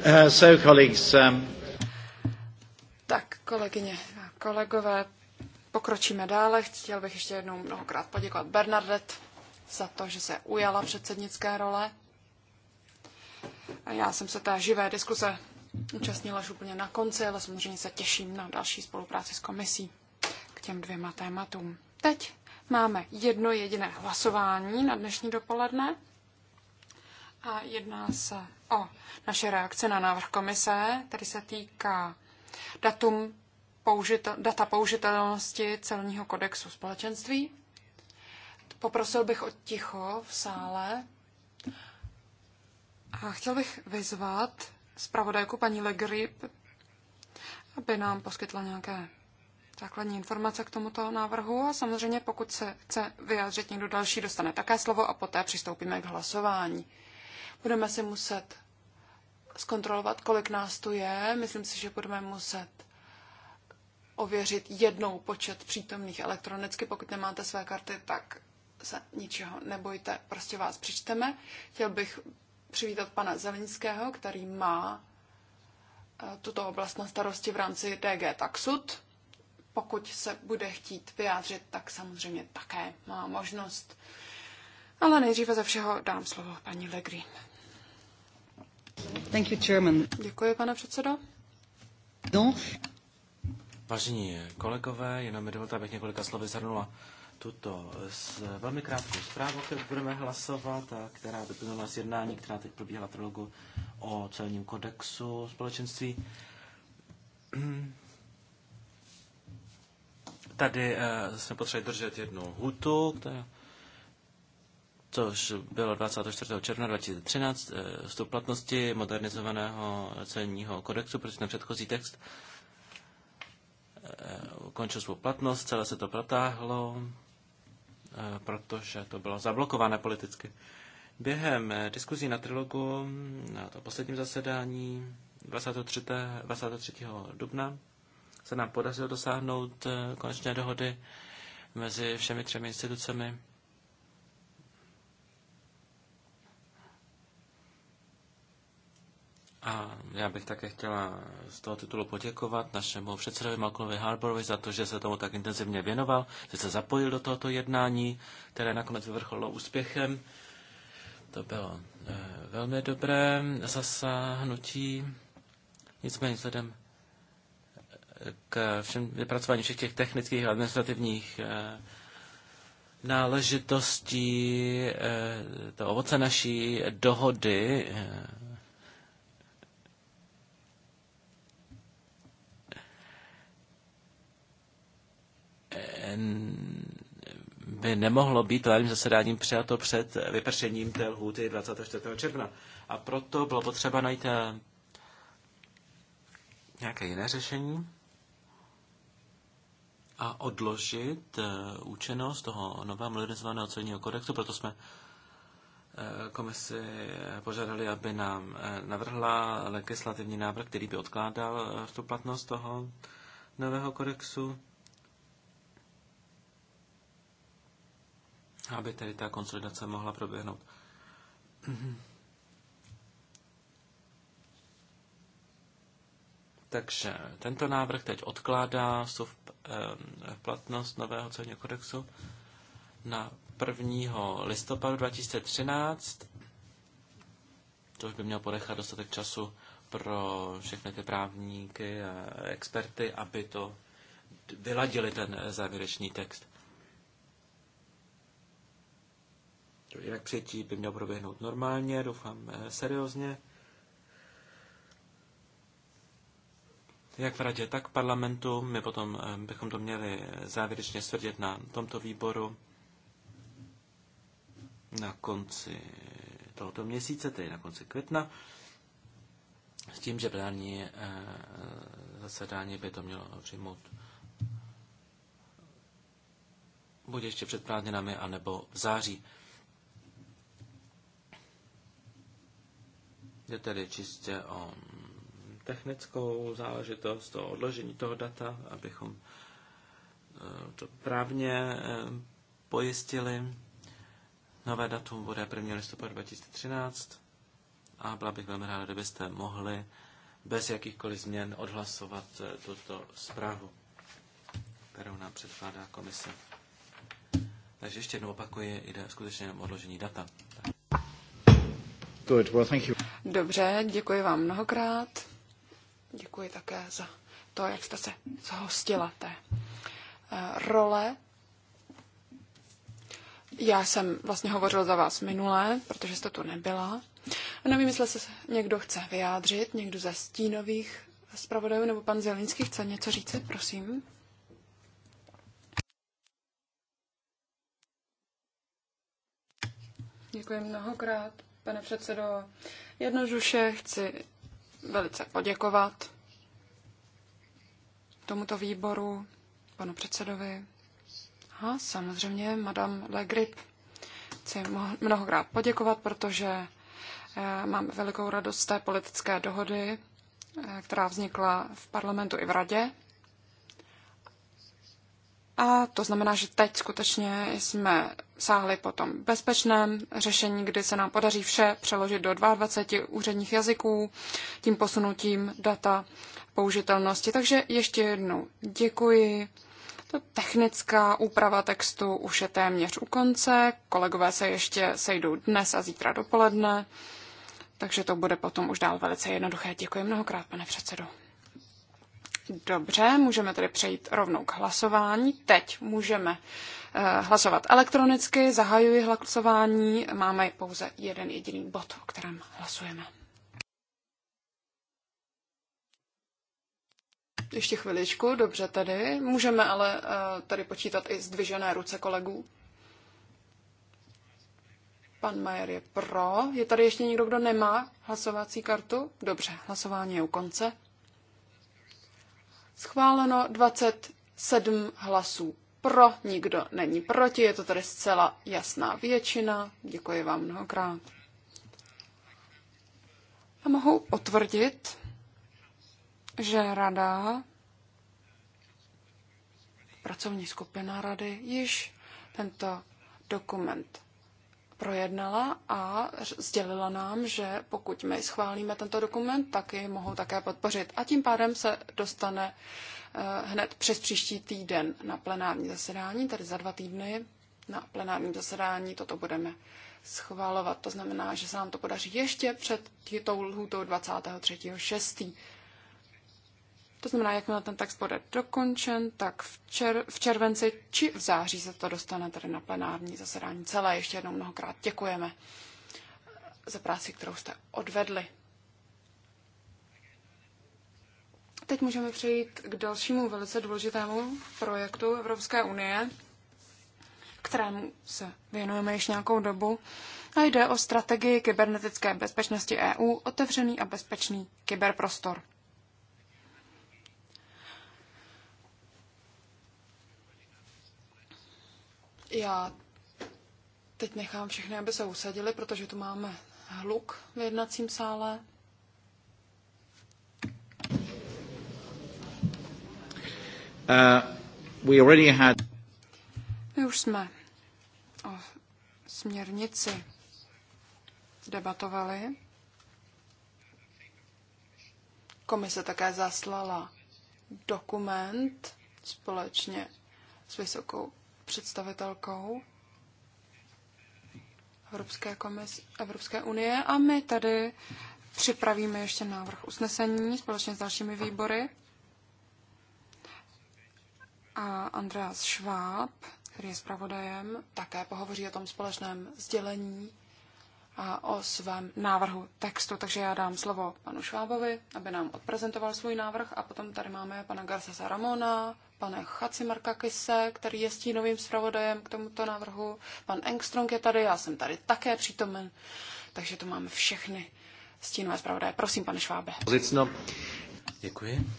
S3: Eh, so, colleagues, um...
S1: Tak, kolegyně a kolegové, pokročíme dále. Chtěl bych ještě jednou mnohokrát poděkovat Bernadette za to, že se ujala předsednické role. A já jsem se té živé diskuse účastnila až úplně na konci, ale samozřejmě se těším na další spolupráci s komisí k těm dvěma tématům. Teď máme jedno jediné hlasování na dnešní dopoledne a jedná se o naše reakce na návrh komise, který se týká datum použito, data použitelnosti celního kodexu společenství. Poprosil bych o ticho v sále a chtěl bych vyzvat zpravodajku paní Legrip, aby nám poskytla nějaké základní informace k tomuto návrhu a samozřejmě pokud se chce vyjádřit někdo další, dostane také slovo a poté přistoupíme k hlasování. Budeme si muset zkontrolovat, kolik nás tu je. Myslím si, že budeme muset ověřit jednou počet přítomných elektronicky. Pokud nemáte své karty, tak se ničeho nebojte, prostě vás přičteme. Chtěl bych přivítat pana Zelenského, který má eh, tuto oblast na starosti v rámci DG Taxud. Pokud se bude chtít vyjádřit, tak samozřejmě také má možnost. Ale nejdříve za všeho dám slovo paní Legreen. Thank you, Chairman. Děkuji, pane předsedo. No.
S2: Vážení kolegové, jenom mi dovolte, abych několika slovy zhrnula tuto s velmi krátkou zprávu, kterou budeme hlasovat a která doplnila z jednání, která teď probíhala trilogu o celním kodexu společenství. Tady eh, jsme potřebovali držet jednu hutu, která což bylo 24. června 2013, eh, vstup platnosti modernizovaného celního kodexu, protože ten předchozí text eh, ukončil svou platnost, celé se to protáhlo, eh, protože to bylo zablokované politicky. Během diskuzí na trilogu, na to posledním zasedání 23. 23. dubna, se nám podařilo dosáhnout konečné dohody mezi všemi třemi institucemi A já bych také chtěla z toho titulu poděkovat našemu předsedovi Malkovi Harborovi za to, že se tomu tak intenzivně věnoval, že se zapojil do tohoto jednání, které nakonec vyvrcholilo úspěchem. To bylo eh, velmi dobré zasáhnutí. Nicméně vzhledem eh, k všem vypracování všech těch technických a administrativních eh, náležitostí to ovoce naší dohody by nemohlo být plenárním zasedáním přijato před vypršením té lhůty 24. června. A proto bylo potřeba najít eh, nějaké jiné řešení a odložit eh, účinnost toho nového modernizovaného celního kodexu. Proto jsme eh, komisi požádali, aby nám navrhla legislativní návrh, který by odkládal tu platnost toho nového kodexu. aby tedy ta konsolidace mohla proběhnout. Takže tento návrh teď odkládá vstup eh, v platnost nového celního kodexu na 1. listopadu 2013, což by mělo podechat dostatek času pro všechny ty právníky a experty, aby to vyladili ten eh, závěrečný text. jinak přijetí by mělo proběhnout normálně, doufám eh, seriózně. Jak v radě, tak v parlamentu. My potom eh, bychom to měli eh, závěrečně stvrdit na tomto výboru na konci tohoto měsíce, tedy na konci května, s tím, že plenární zasedání by to mělo přijmout buď ještě před prázdninami, anebo v září. Jde tedy čistě o technickou záležitost, o odložení toho data, abychom eh, to právně eh, pojistili. Nové datum bude 1. listopad 2013 a byla bych velmi ráda, kdybyste mohli bez jakýchkoliv změn odhlasovat eh, tuto zprávu, kterou nám předkládá komise. Takže ještě jednou opakuji, jde skutečně o odložení data.
S3: Good, well, thank you.
S1: Dobře, děkuji vám mnohokrát. Děkuji také za to, jak jste se zhostila té eh, role. Já jsem vlastně hovořil za vás minule, protože jste tu nebyla. A nevím, jestli se někdo chce vyjádřit, někdo ze stínových zpravodajů nebo pan Zelinský chce něco říct, prosím. Děkuji mnohokrát pane předsedo. Jednoduše chci velice poděkovat tomuto výboru, panu předsedovi a samozřejmě madam Legrip, Chci mnohokrát poděkovat, protože eh, mám velikou radost z té politické dohody, eh, která vznikla v parlamentu i v radě. A to znamená, že teď skutečně jsme sáhli po tom bezpečném řešení, kdy se nám podaří vše přeložit do 22 úředních jazyků, tím posunutím data použitelnosti. Takže ještě jednou děkuji. To technická úprava textu už je téměř u konce. Kolegové se ještě sejdou dnes a zítra dopoledne, takže to bude potom už dál velice jednoduché. Děkuji mnohokrát, pane předsedo. Dobře, můžeme tedy přejít rovnou k hlasování. Teď můžeme eh, hlasovat elektronicky. Zahajuji hlasování. Máme pouze jeden jediný bod, o kterém hlasujeme. Ještě chviličku, dobře tady. Můžeme ale eh, tady počítat i zdvižené ruce kolegů. Pan Majer je pro. Je tady ještě někdo, kdo nemá hlasovací kartu? Dobře, hlasování je u konce. Schváleno 27 hlasů pro, nikdo není proti, je to tedy zcela jasná většina. Děkuji vám mnohokrát. A mohu potvrdit, že rada, pracovní skupina rady, již tento dokument projednala a sdělila nám, že pokud my schválíme tento dokument, tak ji mohou také podpořit. A tím pádem se dostane eh, hned přes příští týden na plenární zasedání, tedy za dva týdny na plenárním zasedání toto budeme schvalovat. To znamená, že se nám to podaří ještě před tou lhůtou 23.6. To znamená, jakmile ten text bude dokončen, tak v, čer, v červenci či v září se to dostane tady na plenární zasedání celé. Ještě jednou mnohokrát děkujeme za práci, kterou jste odvedli. Teď můžeme přejít k dalšímu velice důležitému projektu Evropské unie, kterému se věnujeme již nějakou dobu. A jde o strategii kybernetické bezpečnosti EU, otevřený a bezpečný kyberprostor. Já teď nechám všechny, aby se usadili, protože tu máme hluk v jednacím sále.
S3: Uh, we already had...
S1: My už jsme o směrnici debatovali. Komise také zaslala dokument společně s vysokou představitelkou Evropské, komis, Evropské unie a my tady připravíme ještě návrh usnesení společně s dalšími výbory. A Andreas Schwab, který je zpravodajem, také pohovoří o tom společném sdělení a o svém návrhu textu. Takže já dám slovo panu Švábovi, aby nám odprezentoval svůj návrh a potom tady máme pana Garcesa Ramona, pane Chacimarkakise, který je stínovým zpravodajem k tomuto návrhu. Pan Engstrong je tady, já jsem tady také přítomen, takže tu máme všechny stínové zpravodaje. Prosím, pane Švábe. Pozicno.
S2: Děkuji.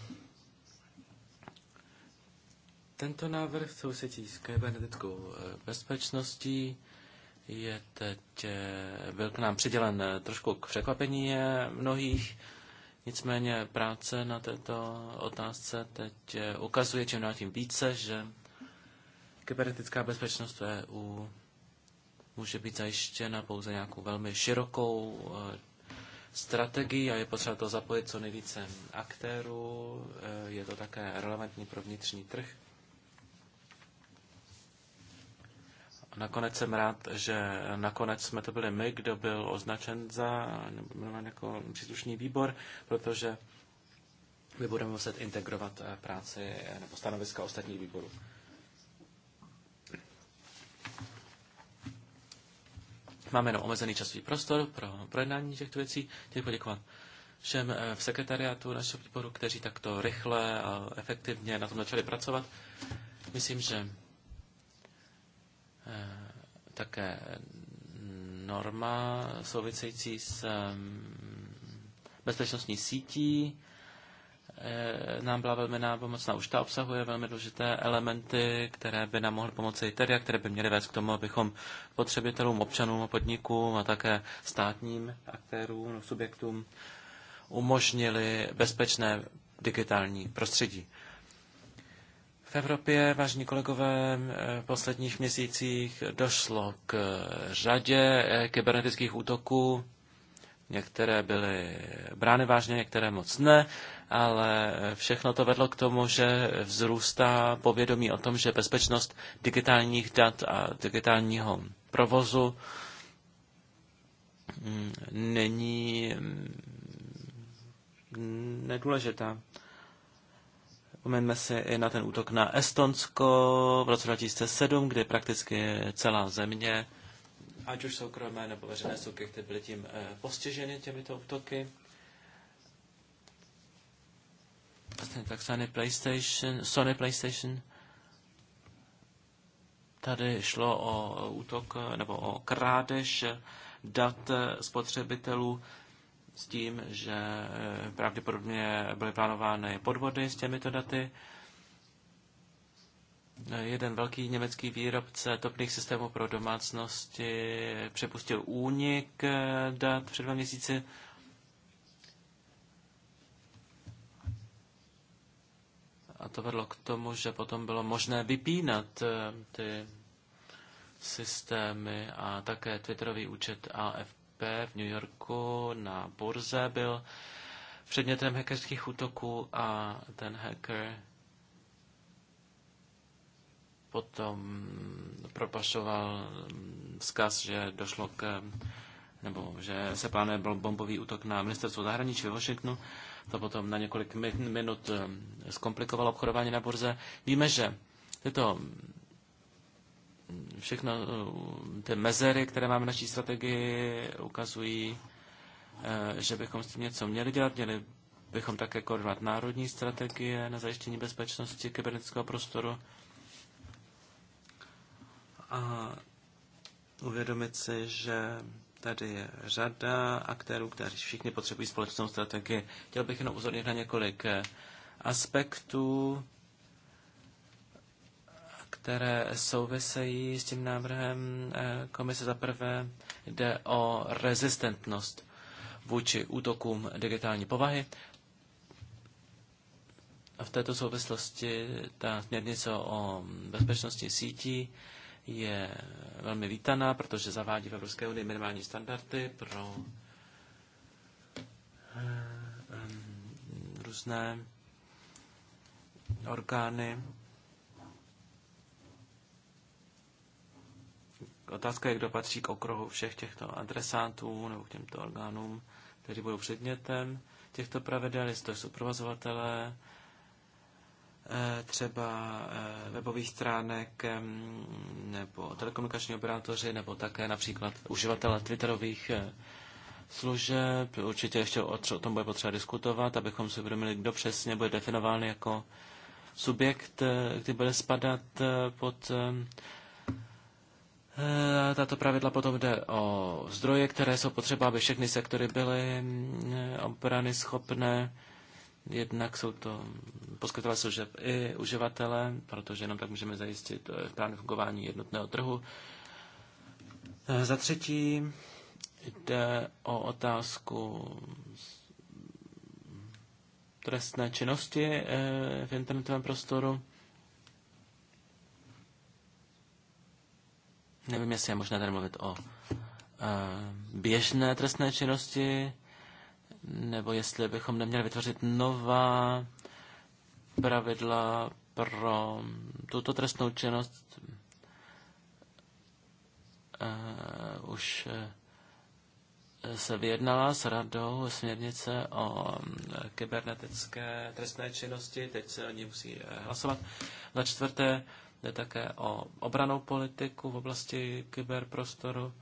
S2: Tento návrh souvisí s kybernetickou eh, bezpečností je teď, eh, byl k nám přidělen eh, trošku k překvapení mnohých Nicméně práce na této otázce teď eh, ukazuje čím dál tím více, že kybernetická bezpečnost v EU může být zajištěna pouze nějakou velmi širokou eh, strategii a je potřeba to zapojit co nejvíce aktérů. Eh, je to také relevantní pro vnitřní trh. nakonec jsem rád, že nakonec jsme to byli my, kdo byl označen za jako příslušný výbor, protože my budeme muset integrovat eh, práci eh, nebo stanoviska ostatních výborů. Máme jenom omezený časový prostor pro projednání těchto věcí. Chtěl poděkovat všem eh, v sekretariátu našeho výboru, kteří takto rychle a efektivně na tom začali pracovat. Myslím, že Eh, také norma související s bezpečnostní sítí eh, nám byla velmi nápomocná. Už ta obsahuje velmi důležité elementy, které by nám mohly pomoci i tedy, a které by měly vést k tomu, abychom potřebitelům, občanům, podnikům a také státním aktérům, subjektům umožnili bezpečné digitální prostředí. V Evropě, vážení kolegové, v posledních měsících došlo k řadě eh, kybernetických útoků. Některé byly brány vážně, některé moc ne, ale všechno to vedlo k tomu, že vzrůstá povědomí o tom, že bezpečnost digitálních dat a digitálního provozu mm, není mm, nedůležitá. Vzpomeňme si i na ten útok na Estonsko v roce 2007, kdy prakticky celá země, ať už soukromé nebo veřejné které byly tím eh, postiženy těmito útoky. Vlastně tak Sony PlayStation, Sony PlayStation. Tady šlo o útok eh, nebo o krádež dat eh, spotřebitelů s tím, že eh, pravděpodobně byly plánovány podvody s těmito daty. Eh, jeden velký německý výrobce topných systémů pro domácnosti přepustil únik eh, dat před dva měsíci. A to vedlo k tomu, že potom bylo možné vypínat ty systémy a také Twitterový účet AFP v New Yorku na burze byl předmětem hackerských útoků a ten hacker potom propašoval vzkaz, že došlo k nebo že se plánuje byl bombový útok na ministerstvo zahraničí ve Washingtonu. To potom na několik minut eh, zkomplikovalo obchodování na burze. Víme, že tyto všechno eh, ty mezery, které máme v naší strategii, ukazují, eh, že bychom s tím něco měli dělat. Měli bychom také koordinovat národní strategie na zajištění bezpečnosti kybernetického prostoru a uvědomit si, že tady je řada aktérů, kteří všichni potřebují společnou strategii. Chtěl bych jenom uzornit na několik eh, aspektů které souvisejí s tím návrhem eh, komise. Za prvé jde o rezistentnost vůči útokům digitální povahy. A v této souvislosti ta směrnice o bezpečnosti sítí je velmi vítaná, protože zavádí v Evropské unii minimální standardy pro eh, různé orgány otázka je, kdo patří k okruhu všech těchto adresátů nebo k těmto orgánům, kteří budou předmětem těchto pravidel, jestli to jsou provozovatelé, eh, třeba eh, webových stránek nebo telekomunikační operátoři nebo také například uživatelé Twitterových eh, služeb. Určitě ještě o tom bude potřeba diskutovat, abychom si uvědomili, kdo přesně bude definován jako subjekt, který bude spadat pod Eh, tato pravidla potom jde o zdroje, které jsou potřeba, aby všechny sektory byly eh, obrany schopné. Jednak jsou to poskytovatele služeb i uživatele, protože jenom tak můžeme zajistit eh, správné fungování jednotného trhu. Za třetí jde o otázku trestné činnosti v internetovém prostoru. Nevím, jestli je možné tady mluvit o eh, běžné trestné činnosti, nebo jestli bychom neměli vytvořit nová pravidla pro tuto trestnou činnost. Eh, už eh, se vyjednala s radou směrnice o kybernetické trestné činnosti, teď se o ní musí hlasovat. Za čtvrté, Jde také o obranou politiku v oblasti kyberprostoru.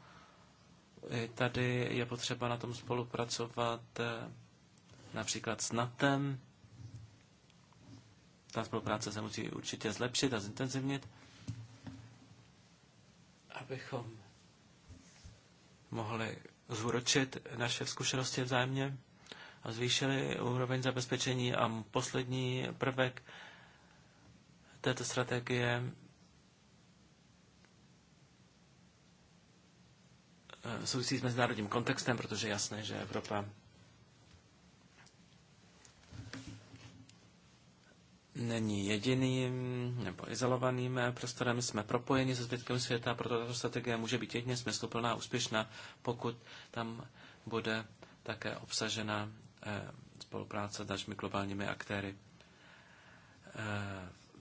S2: I tady je potřeba na tom spolupracovat eh, například s NATEM. Ta spolupráce se musí určitě zlepšit a zintenzivnit, abychom mohli zúročit naše zkušenosti vzájemně a zvýšili úroveň zabezpečení. A poslední prvek této strategie eh, souvisí s mezinárodním kontextem, protože je jasné, že Evropa není jediným nebo izolovaným eh, prostorem. Jsme propojeni se zbytkem světa, proto tato strategie může být jedině smysluplná a úspěšná, pokud tam bude také obsažena eh, spolupráce s dalšími globálními aktéry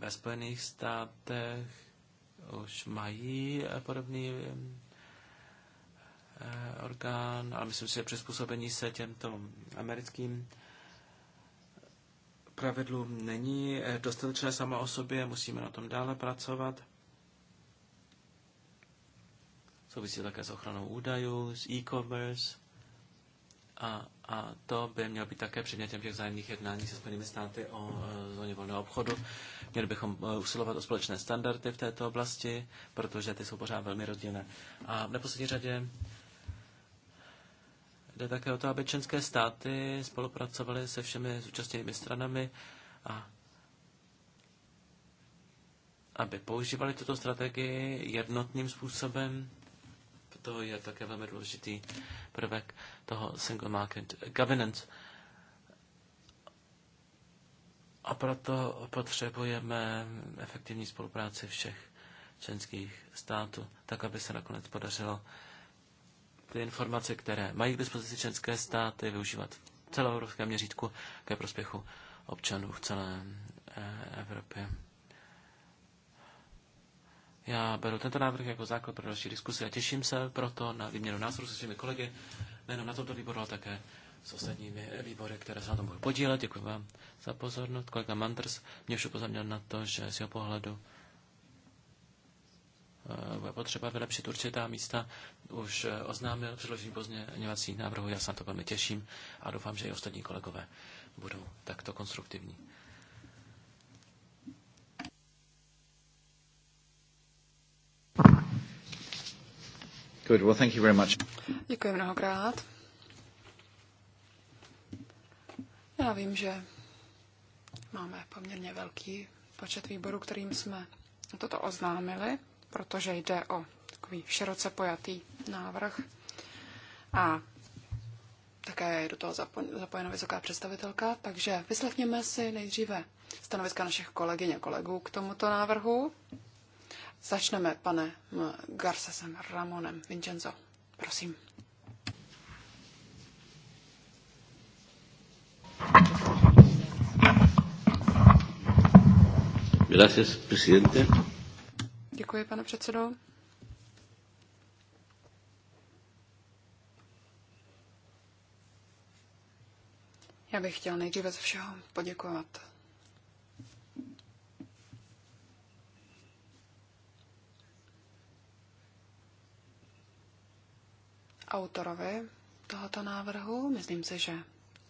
S2: ve Spojených státech už mají eh, podobný eh, orgán, ale myslím si, že přizpůsobení se těmto americkým pravidlům není eh, dostatečné sama o sobě, musíme na tom dále pracovat. Souvisí také s ochranou údajů, s e-commerce a, a to by mělo být také předmětem těch zájemných jednání se Spojenými státy o zóně volného obchodu. Měli bychom eh, usilovat o společné standardy v této oblasti, protože ty jsou pořád velmi rozdílné. A v neposlední řadě jde také o to, aby členské státy spolupracovaly se všemi zúčastněnými stranami a aby používali tuto strategii jednotným způsobem. To je také velmi důležitý prvek toho Single Market Governance. A proto potřebujeme efektivní spolupráci všech členských států, tak aby se nakonec podařilo ty informace, které mají k dispozici členské státy, využívat v celoevropském měřítku ke prospěchu občanů v celé eh, Evropě. Já beru tento návrh jako základ pro další diskusi a těším se proto na výměnu názorů se svými kolegy, nejenom na tomto výboru, ale také s ostatními výbory, které se na tom budou podílet. Děkuji vám za pozornost. Kolega Manders mě už upozornil na to, že z jeho pohledu eh, bude potřeba vylepšit určitá místa. Už eh, oznámil předložení pozměňovacích návrhu. já se na to velmi těším a doufám, že i ostatní kolegové budou takto konstruktivní.
S3: Good, well, thank you very much.
S1: Děkuji mnohokrát. Já vím, že máme poměrně velký počet výborů, kterým jsme toto oznámili, protože jde o takový široce pojatý návrh. A také je do toho zapojena vysoká představitelka, takže vyslechněme si nejdříve stanoviska našich kolegyň a kolegů k tomuto návrhu. Začneme, pane Garcesem Ramonem. Vincenzo, prosím.
S2: Gracias, presidente.
S1: Děkuji, pane předsedo. Já bych chtěl nejdříve ze všeho poděkovat autorovi tohoto návrhu. Myslím si, že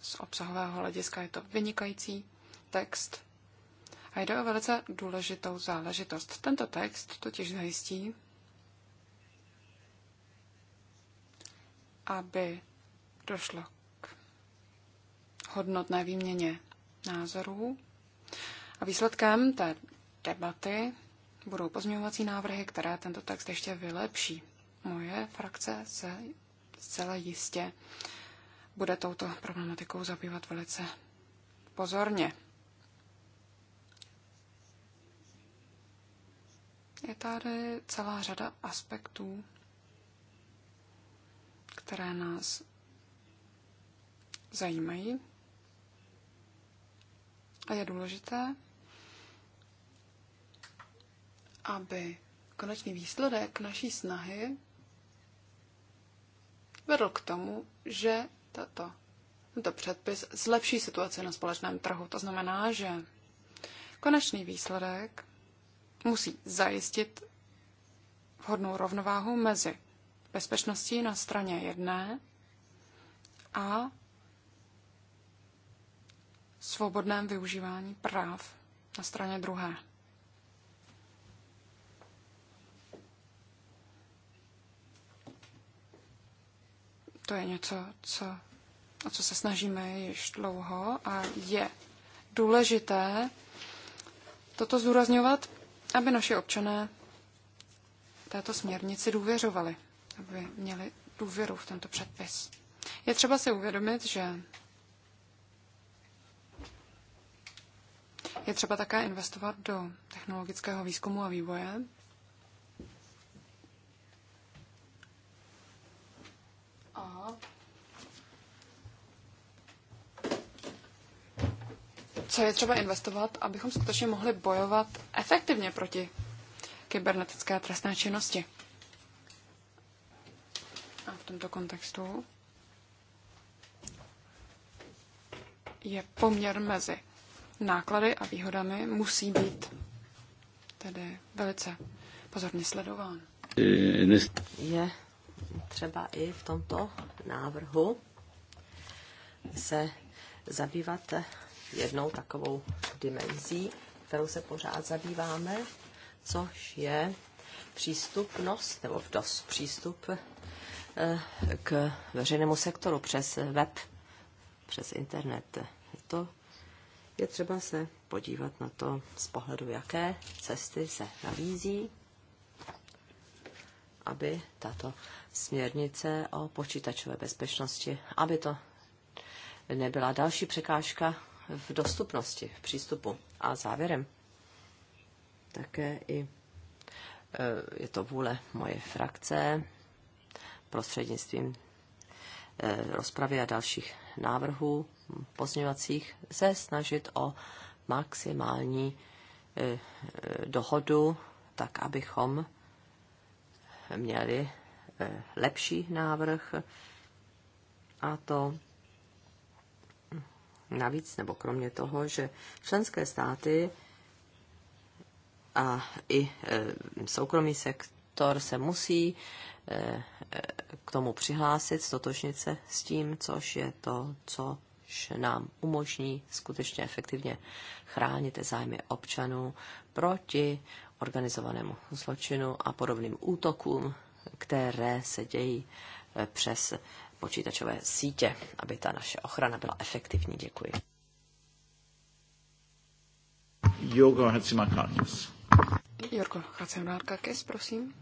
S1: z obsahového hlediska je to vynikající text. A jde o velice důležitou záležitost. Tento text totiž zajistí, aby došlo k hodnotné výměně názorů. A výsledkem té debaty budou pozměňovací návrhy, které tento text ještě vylepší. Moje frakce se zcela jistě bude touto problematikou zabývat velice pozorně. Je vlastně tady celá řada aspektů, které nás zajímají. A je důležité, aby konečný výsledek naší snahy vedl k tomu, že tato, tento předpis zlepší situaci na společném trhu. To znamená, že konečný výsledek musí zajistit vhodnou rovnováhu mezi bezpečností na straně jedné a svobodném využívání práv na straně druhé. To je něco, co, o co se snažíme již dlouho a je důležité toto zúrazňovat, aby naši občané této směrnici důvěřovali, aby měli důvěru v tento předpis. Je třeba si uvědomit, že je třeba také investovat do technologického výzkumu a vývoje, co je třeba investovat, abychom skutečně mohli bojovat efektivně proti kybernetické trestné činnosti. A v tomto kontextu je poměr mezi náklady a výhodami musí být tedy velice pozorně sledován. Je třeba i v tomto
S4: návrhu se zabývat jednou takovou dimenzí, kterou se pořád zabýváme, což je přístupnost nebo dost přístup eh, k veřejnému sektoru přes web, přes internet. To je třeba se podívat na to z pohledu, jaké cesty se nabízí, aby tato směrnice o počítačové bezpečnosti, aby to nebyla další překážka v dostupnosti, v přístupu. A závěrem také i eh, je to vůle moje frakce prostřednictvím eh, rozpravy a dalších návrhů pozměňovacích se snažit o maximální eh, dohodu, tak abychom měli lepší návrh a to navíc nebo kromě toho, že členské státy a i e, soukromý sektor se musí e, e, k tomu přihlásit, stotožnit se s tím, což je to, co nám umožní skutečně efektivně chránit zájmy občanů proti organizovanému zločinu a podobným útokům, které se dějí přes počítačové sítě, aby ta naše ochrana byla efektivní. Děkuji.
S3: Jorgo Hatzimarkakis.
S1: Jorgo Hatzimarkakis, prosím.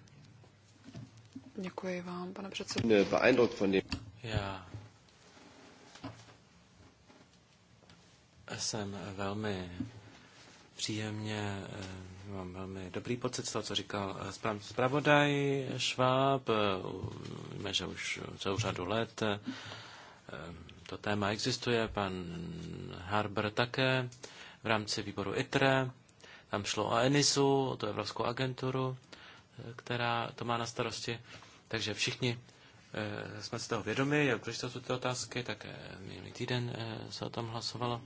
S1: Děkuji vám, pane předsedo.
S2: Já jsem velmi příjemně eh, Mám velmi dobrý pocit z toho, co říkal eh, zpravodaj Šváb. Eh, víme, že už celou řadu let eh, to téma existuje. Pan Harber také v rámci výboru ITRE. Tam šlo o ENISu, o tu Evropskou agenturu, která to má na starosti. Takže všichni jsme si toho vědomi, jak to jsou ty otázky, tak minulý týden se o tom hlasovalo.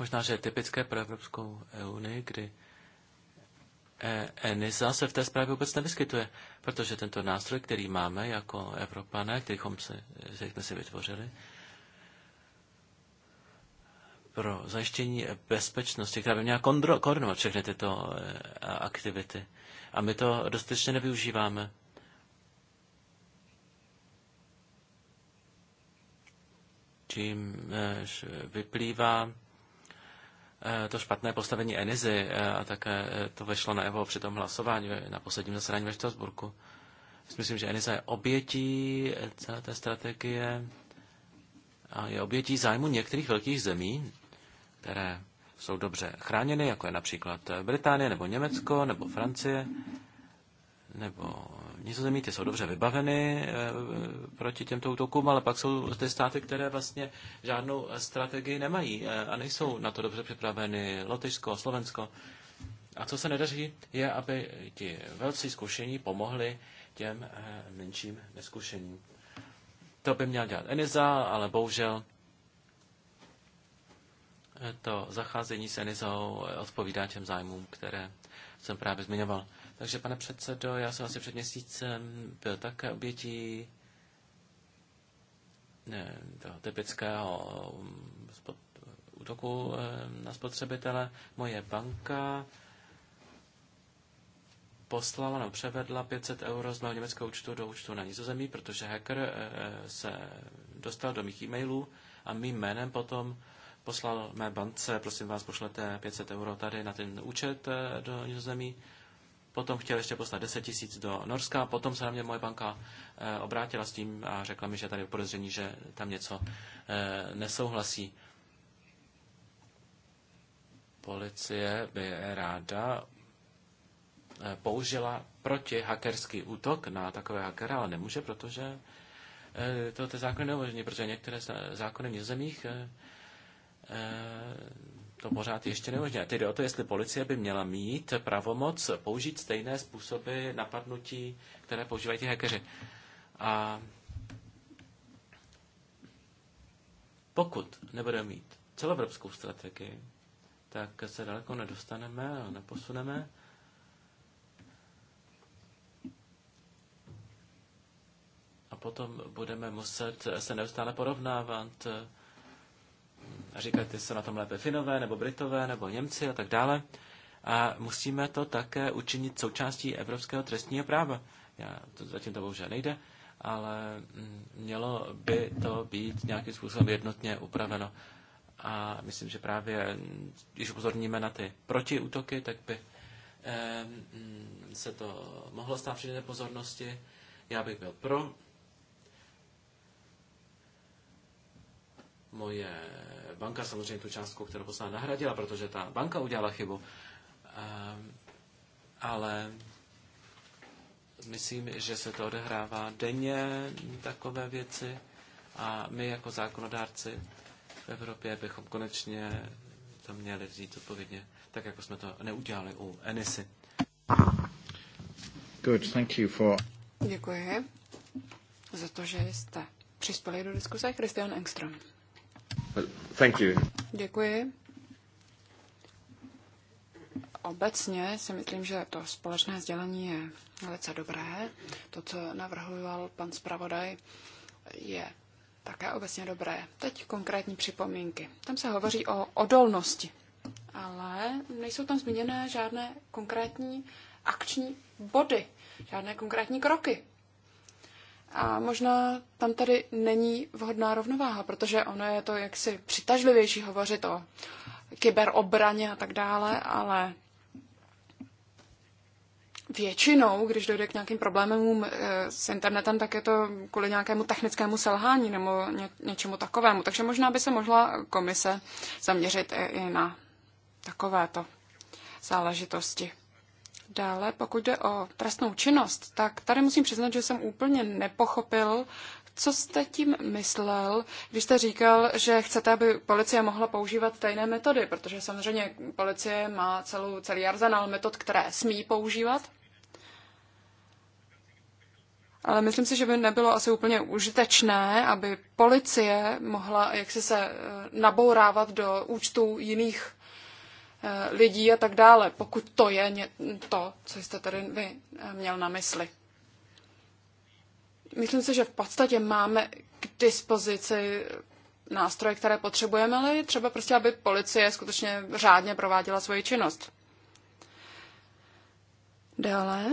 S2: Možná, že je typické pro Evropskou unii, kdy eh, ENISA se v té zprávě vůbec nevyskytuje, protože tento nástroj, který máme jako Evropané, který jsme si vytvořili, pro zajištění bezpečnosti, která by měla koordinovat všechny tyto eh, aktivity. A my to dostatečně nevyužíváme. Čím eh, vyplývá Eh, to špatné postavení Enizy eh, a také eh, to vešlo na jeho při tom hlasování na posledním zasedání ve Štrasburku. Myslím, že Eniza je obětí celé té strategie a je obětí zájmu některých velkých zemí, které jsou dobře chráněny, jako je například Británie nebo Německo nebo Francie nebo Nizozemí ty jsou dobře vybaveny eh, proti těmto útokům, ale pak jsou ty státy, které vlastně žádnou strategii nemají eh, a nejsou na to dobře připraveny. Lotyšsko, Slovensko. A co se nedaří, je, aby ti velcí zkušení pomohli těm eh, menším neskušením. To by měl dělat Eniza, ale bohužel to zacházení s Enizou odpovídá těm zájmům, které jsem právě zmiňoval. Takže, pane předsedo, já jsem asi před měsícem byl také obětí ne, toho typického um, spod, útoku um, na spotřebitele. Moje banka poslala, no, převedla 500 euro z mého německého účtu do účtu na nizozemí, protože hacker eh, se dostal do mých e-mailů a mým jménem potom poslal mé bance, prosím vás, pošlete 500 euro tady na ten účet eh, do nizozemí. zemí Potom chtěl ještě poslat 10 tisíc do Norska, potom se na mě moje banka eh, obrátila s tím a řekla mi, že tady je podezření, že tam něco eh, nesouhlasí. Policie by ráda eh, použila proti hackerský útok na takové hackera, ale nemůže, protože to je zákony neumožní, protože některé zákony v zemích to pořád ještě nemožné. Tedy o to, jestli policie by měla mít pravomoc použít stejné způsoby napadnutí, které používají ti hackeři. A pokud nebudeme mít celoevropskou strategii, tak se daleko nedostaneme a neposuneme. A potom budeme muset se neustále porovnávat a říkat, ty jsou na tom lépe Finové, nebo Britové, nebo Němci a tak dále. A musíme to také učinit součástí evropského trestního práva. Já, to zatím to bohužel nejde, ale mm, mělo by to být nějakým způsobem jednotně upraveno. A myslím, že právě, mm, když upozorníme na ty protiútoky, tak by eh, mm, se to mohlo stát při pozornosti. Já bych byl pro moje banka samozřejmě tu částku, kterou poslala, nahradila, protože ta banka udělala chybu. Ehm, ale myslím, že se to odehrává denně takové věci a my jako zákonodárci v Evropě bychom konečně to měli vzít odpovědně, tak jako jsme to neudělali u Enisy.
S3: Good, thank you for...
S1: Děkuji za to, že jste přispěli do diskuse. Christian Engström. Thank you. Děkuji. Obecně si myslím, že to společné sdělení je velice dobré. To, co navrhoval pan zpravodaj, je také obecně dobré. Teď konkrétní připomínky. Tam se hovoří o odolnosti, ale nejsou tam zmíněné žádné konkrétní akční body, žádné konkrétní kroky. A možná tam tady není vhodná rovnováha, protože ono je to jaksi přitažlivější hovořit o kyberobraně a tak dále, ale většinou, když dojde k nějakým problémům eh, s internetem, tak je to kvůli nějakému technickému selhání nebo ně, něčemu takovému. Takže možná by se mohla komise zaměřit i, i na takovéto záležitosti. Dále, pokud jde o trestnou činnost, tak tady musím přiznat, že jsem úplně nepochopil, co jste tím myslel, když jste říkal, že chcete, aby policie mohla používat tajné metody, protože samozřejmě policie má celou, celý arzenál metod, které smí používat. Ale myslím si, že by nebylo asi úplně užitečné, aby policie mohla jaksi se eh, nabourávat do účtů jiných Eh, lidí a tak dále, pokud to je to, co jste tady vy eh, měl na mysli. Myslím si, že v podstatě máme k dispozici nástroje, které potřebujeme, ale je třeba prostě, aby policie skutečně řádně prováděla svoji činnost. Dále.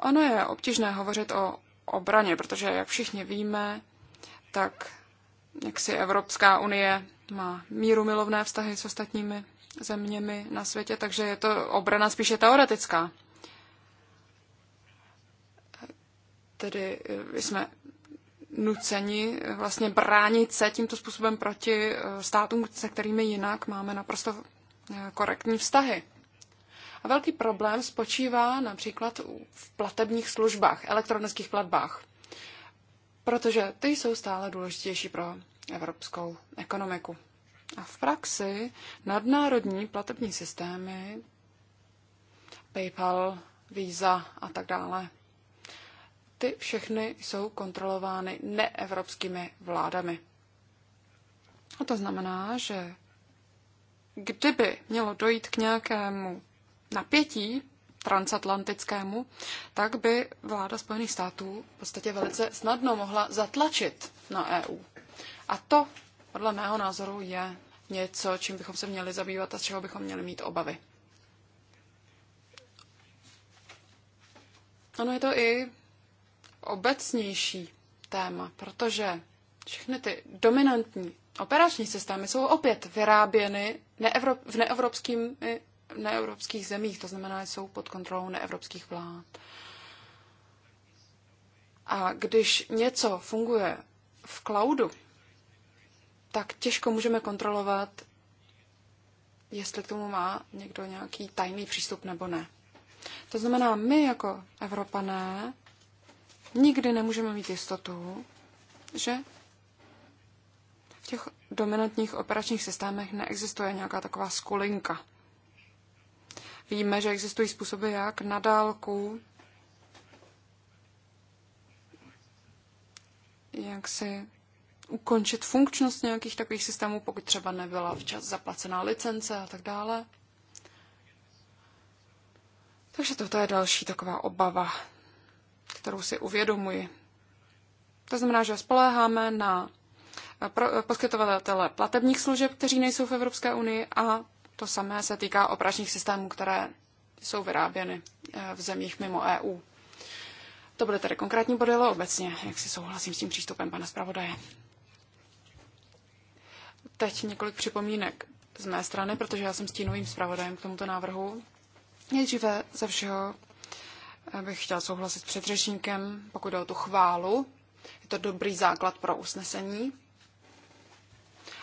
S1: Ono je obtížné hovořit o obraně, protože, jak všichni víme, tak jak si Evropská unie má míru milovné vztahy s ostatními zeměmi na světě, takže je to obrana spíše teoretická. Tedy eh, jsme nuceni eh, vlastně bránit se tímto způsobem proti eh, státům, se kterými jinak máme naprosto korektní vztahy. A velký problém spočívá například v platebních službách, elektronických platbách protože ty jsou stále důležitější pro evropskou ekonomiku. A v praxi nadnárodní platební systémy, PayPal, Visa a tak dále, ty všechny jsou kontrolovány neevropskými vládami. A to znamená, že kdyby mělo dojít k nějakému napětí transatlantickému, tak by vláda Spojených států v podstatě velice snadno mohla zatlačit na EU. A to, podle mého názoru, je něco, čím bychom se měli zabývat a z čeho bychom měli mít obavy. Ono je to i obecnější téma, protože všechny ty dominantní operační systémy jsou opět vyráběny neevrop, v neevropskými neevropských zemích, to znamená, že jsou pod kontrolou neevropských vlád. A když něco funguje v cloudu, tak těžko můžeme kontrolovat, jestli k tomu má někdo nějaký tajný přístup nebo ne. To znamená, my jako Evropané nikdy nemůžeme mít jistotu, že v těch dominantních operačních systémech neexistuje nějaká taková skulinka. Víme, že existují způsoby, jak na dálku jak si ukončit funkčnost nějakých takových systémů, pokud třeba nebyla včas zaplacená licence a tak dále. Takže toto je další taková obava, kterou si uvědomuji. To znamená, že spoléháme na poskytovatele platebních služeb, kteří nejsou v Evropské unii a to samé se týká operačních systémů, které jsou vyráběny eh, v zemích mimo EU. To bude tedy konkrétní body, ale obecně, jak si souhlasím s tím přístupem pana zpravodaje. Teď několik připomínek z mé strany, protože já jsem stínovým zpravodajem k tomuto návrhu. Nejdříve ze všeho eh, bych chtěl souhlasit s předřečníkem, pokud jde o tu chválu. Je to dobrý základ pro usnesení.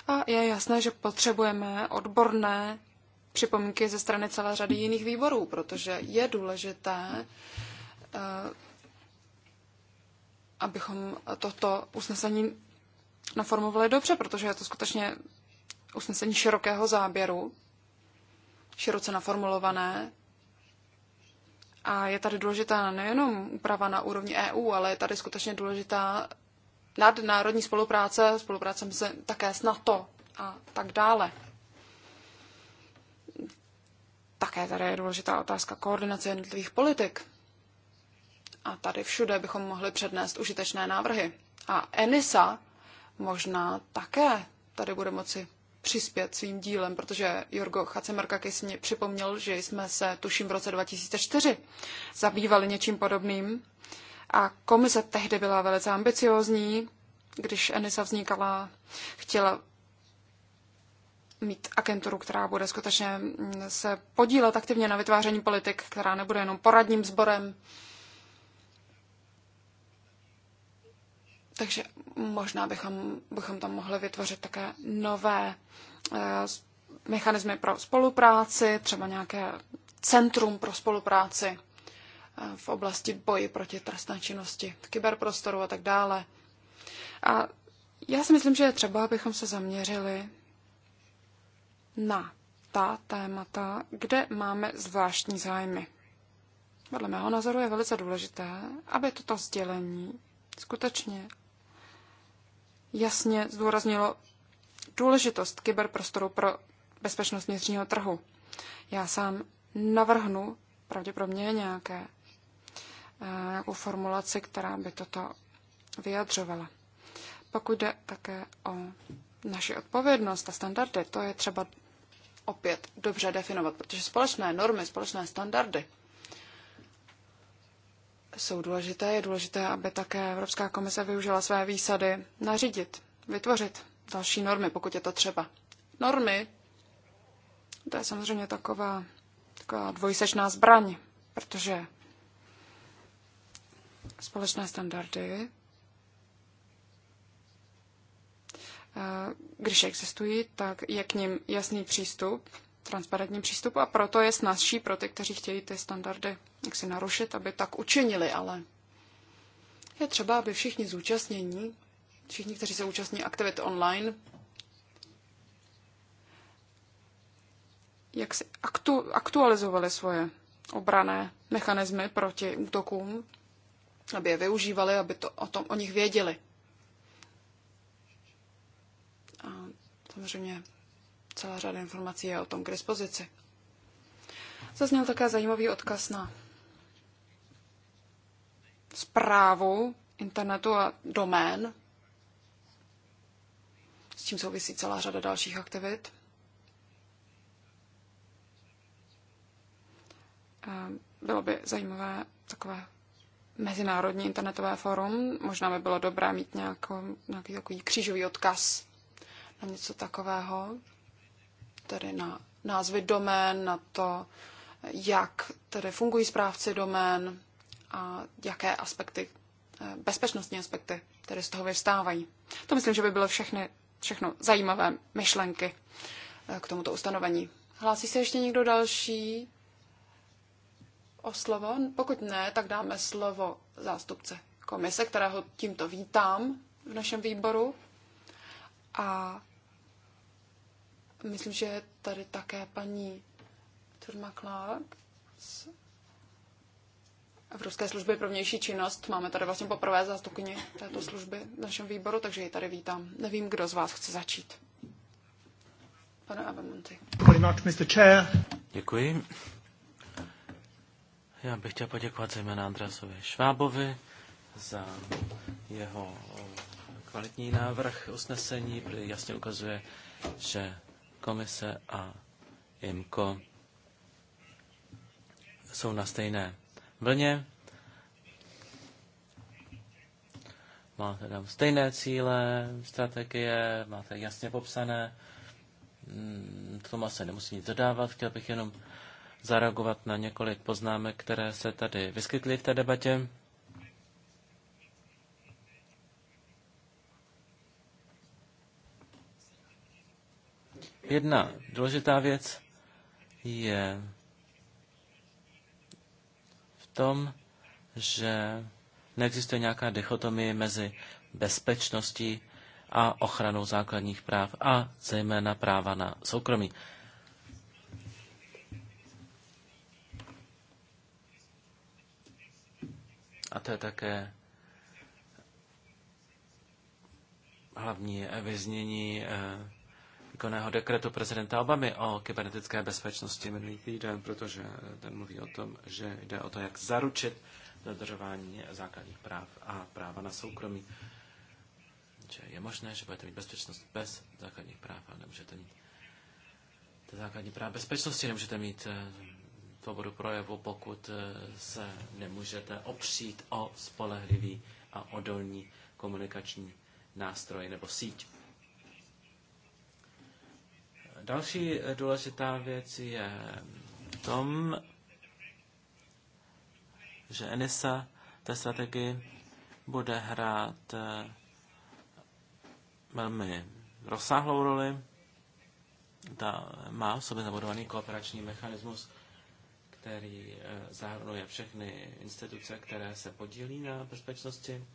S1: A je jasné, že potřebujeme odborné připomínky ze strany celé řady jiných výborů, protože je důležité, eh, abychom toto usnesení naformovali dobře, protože je to skutečně usnesení širokého záběru, široce naformulované. A je tady důležitá nejenom úprava na úrovni EU, ale je tady skutečně důležitá nadnárodní spolupráce, spolupráce mezi, také s NATO a tak dále. Také tady je důležitá otázka koordinace jednotlivých politik. A tady všude bychom mohli přednést užitečné návrhy. A Enisa možná také tady bude moci přispět svým dílem, protože Jorgo Chacemarkakis mě připomněl, že jsme se, tuším, v roce 2004 zabývali něčím podobným a komise tehdy byla velice ambiciózní, když Enisa vznikala, chtěla mít agenturu, která bude skutečně mm, se podílet aktivně na vytváření politik, která nebude jenom poradním sborem. Takže možná bychom, bychom tam mohli vytvořit také nové eh, mechanismy pro spolupráci, třeba nějaké centrum pro spolupráci v oblasti boji proti trestné činnosti, kyberprostoru a tak dále. A já si myslím, že je třeba, abychom se zaměřili na ta témata, kde máme zvláštní zájmy. Podle mého názoru je velice důležité, aby toto sdělení skutečně jasně zdůraznilo důležitost kyberprostoru pro bezpečnost vnitřního trhu. Já sám navrhnu pravděpodobně nějaké Eh, nějakou formulaci, která by toto vyjadřovala. Pokud jde také o naši odpovědnost a standardy, to je třeba opět dobře definovat, protože společné normy, společné standardy jsou důležité. Je důležité, aby také Evropská komise využila své výsady nařídit, vytvořit další normy, pokud je to třeba. Normy, to je samozřejmě taková, taková dvojsečná zbraň, protože společné standardy, eh, když existují, tak je k ním jasný přístup, transparentní přístup a proto je snazší pro ty, kteří chtějí ty standardy jak si narušit, aby tak učinili, ale je třeba, aby všichni zúčastnění, všichni, kteří se účastní aktivit online, jak si aktu, aktualizovali svoje obrané mechanismy proti útokům, aby je využívali, aby to, o, tom, o nich věděli. A samozřejmě celá řada informací je o tom k dispozici. Zazněl také zajímavý odkaz na zprávu internetu a domén. S tím souvisí celá řada dalších aktivit. Bylo by zajímavé takové Mezinárodní internetové forum. Možná by bylo dobré mít nějakou, nějaký takový křížový odkaz na něco takového, tedy na názvy domén, na to, jak tedy fungují správci domén a jaké aspekty, eh, bezpečnostní aspekty které z toho vyvstávají. To myslím, že by bylo všechny, všechno zajímavé myšlenky eh, k tomuto ustanovení. Hlásí se ještě někdo další? o slovo? Pokud ne, tak dáme slovo zástupce komise, kterého tímto vítám v našem výboru. A myslím, že je tady také paní Turma Clark z Evropské služby pro vnější činnost. Máme tady vlastně poprvé zástupkyni této služby v našem výboru, takže ji tady vítám. Nevím, kdo z vás chce začít. Pane Abemonti.
S2: Děkuji. Já bych chtěl poděkovat zejména Andrasovi Švábovi za jeho eh, kvalitní návrh usnesení, který jasně ukazuje, že komise a IMCO jsou na stejné vlně. Máte tam stejné cíle, strategie, máte jasně popsané. Hmm, k tomu asi nemusím nic dodávat, chtěl bych jenom zareagovat na několik poznámek, které se tady vyskytly v té debatě. Jedna důležitá věc je v tom, že neexistuje nějaká dichotomie mezi bezpečností a ochranou základních práv a zejména práva na soukromí. A to je také hlavní vyznění eh, výkonného dekretu prezidenta Obamy o kybernetické bezpečnosti minulý týden, protože ten mluví o tom, že jde o to, jak zaručit dodržování základních práv a práva na soukromí. Že je možné, že budete mít bezpečnost bez základních práv, ale nemůžete mít základní práva bezpečnosti, nemůžete mít eh, svobodu projevu, pokud eh, se nemůžete opřít o spolehlivý a odolný komunikační nástroj nebo síť. Další eh, důležitá věc je v tom, že Enisa té strategii bude hrát eh, velmi rozsáhlou roli. Ta má v sobě zabudovaný kooperační mechanismus, který eh, zahrnuje všechny instituce, které se podílí na bezpečnosti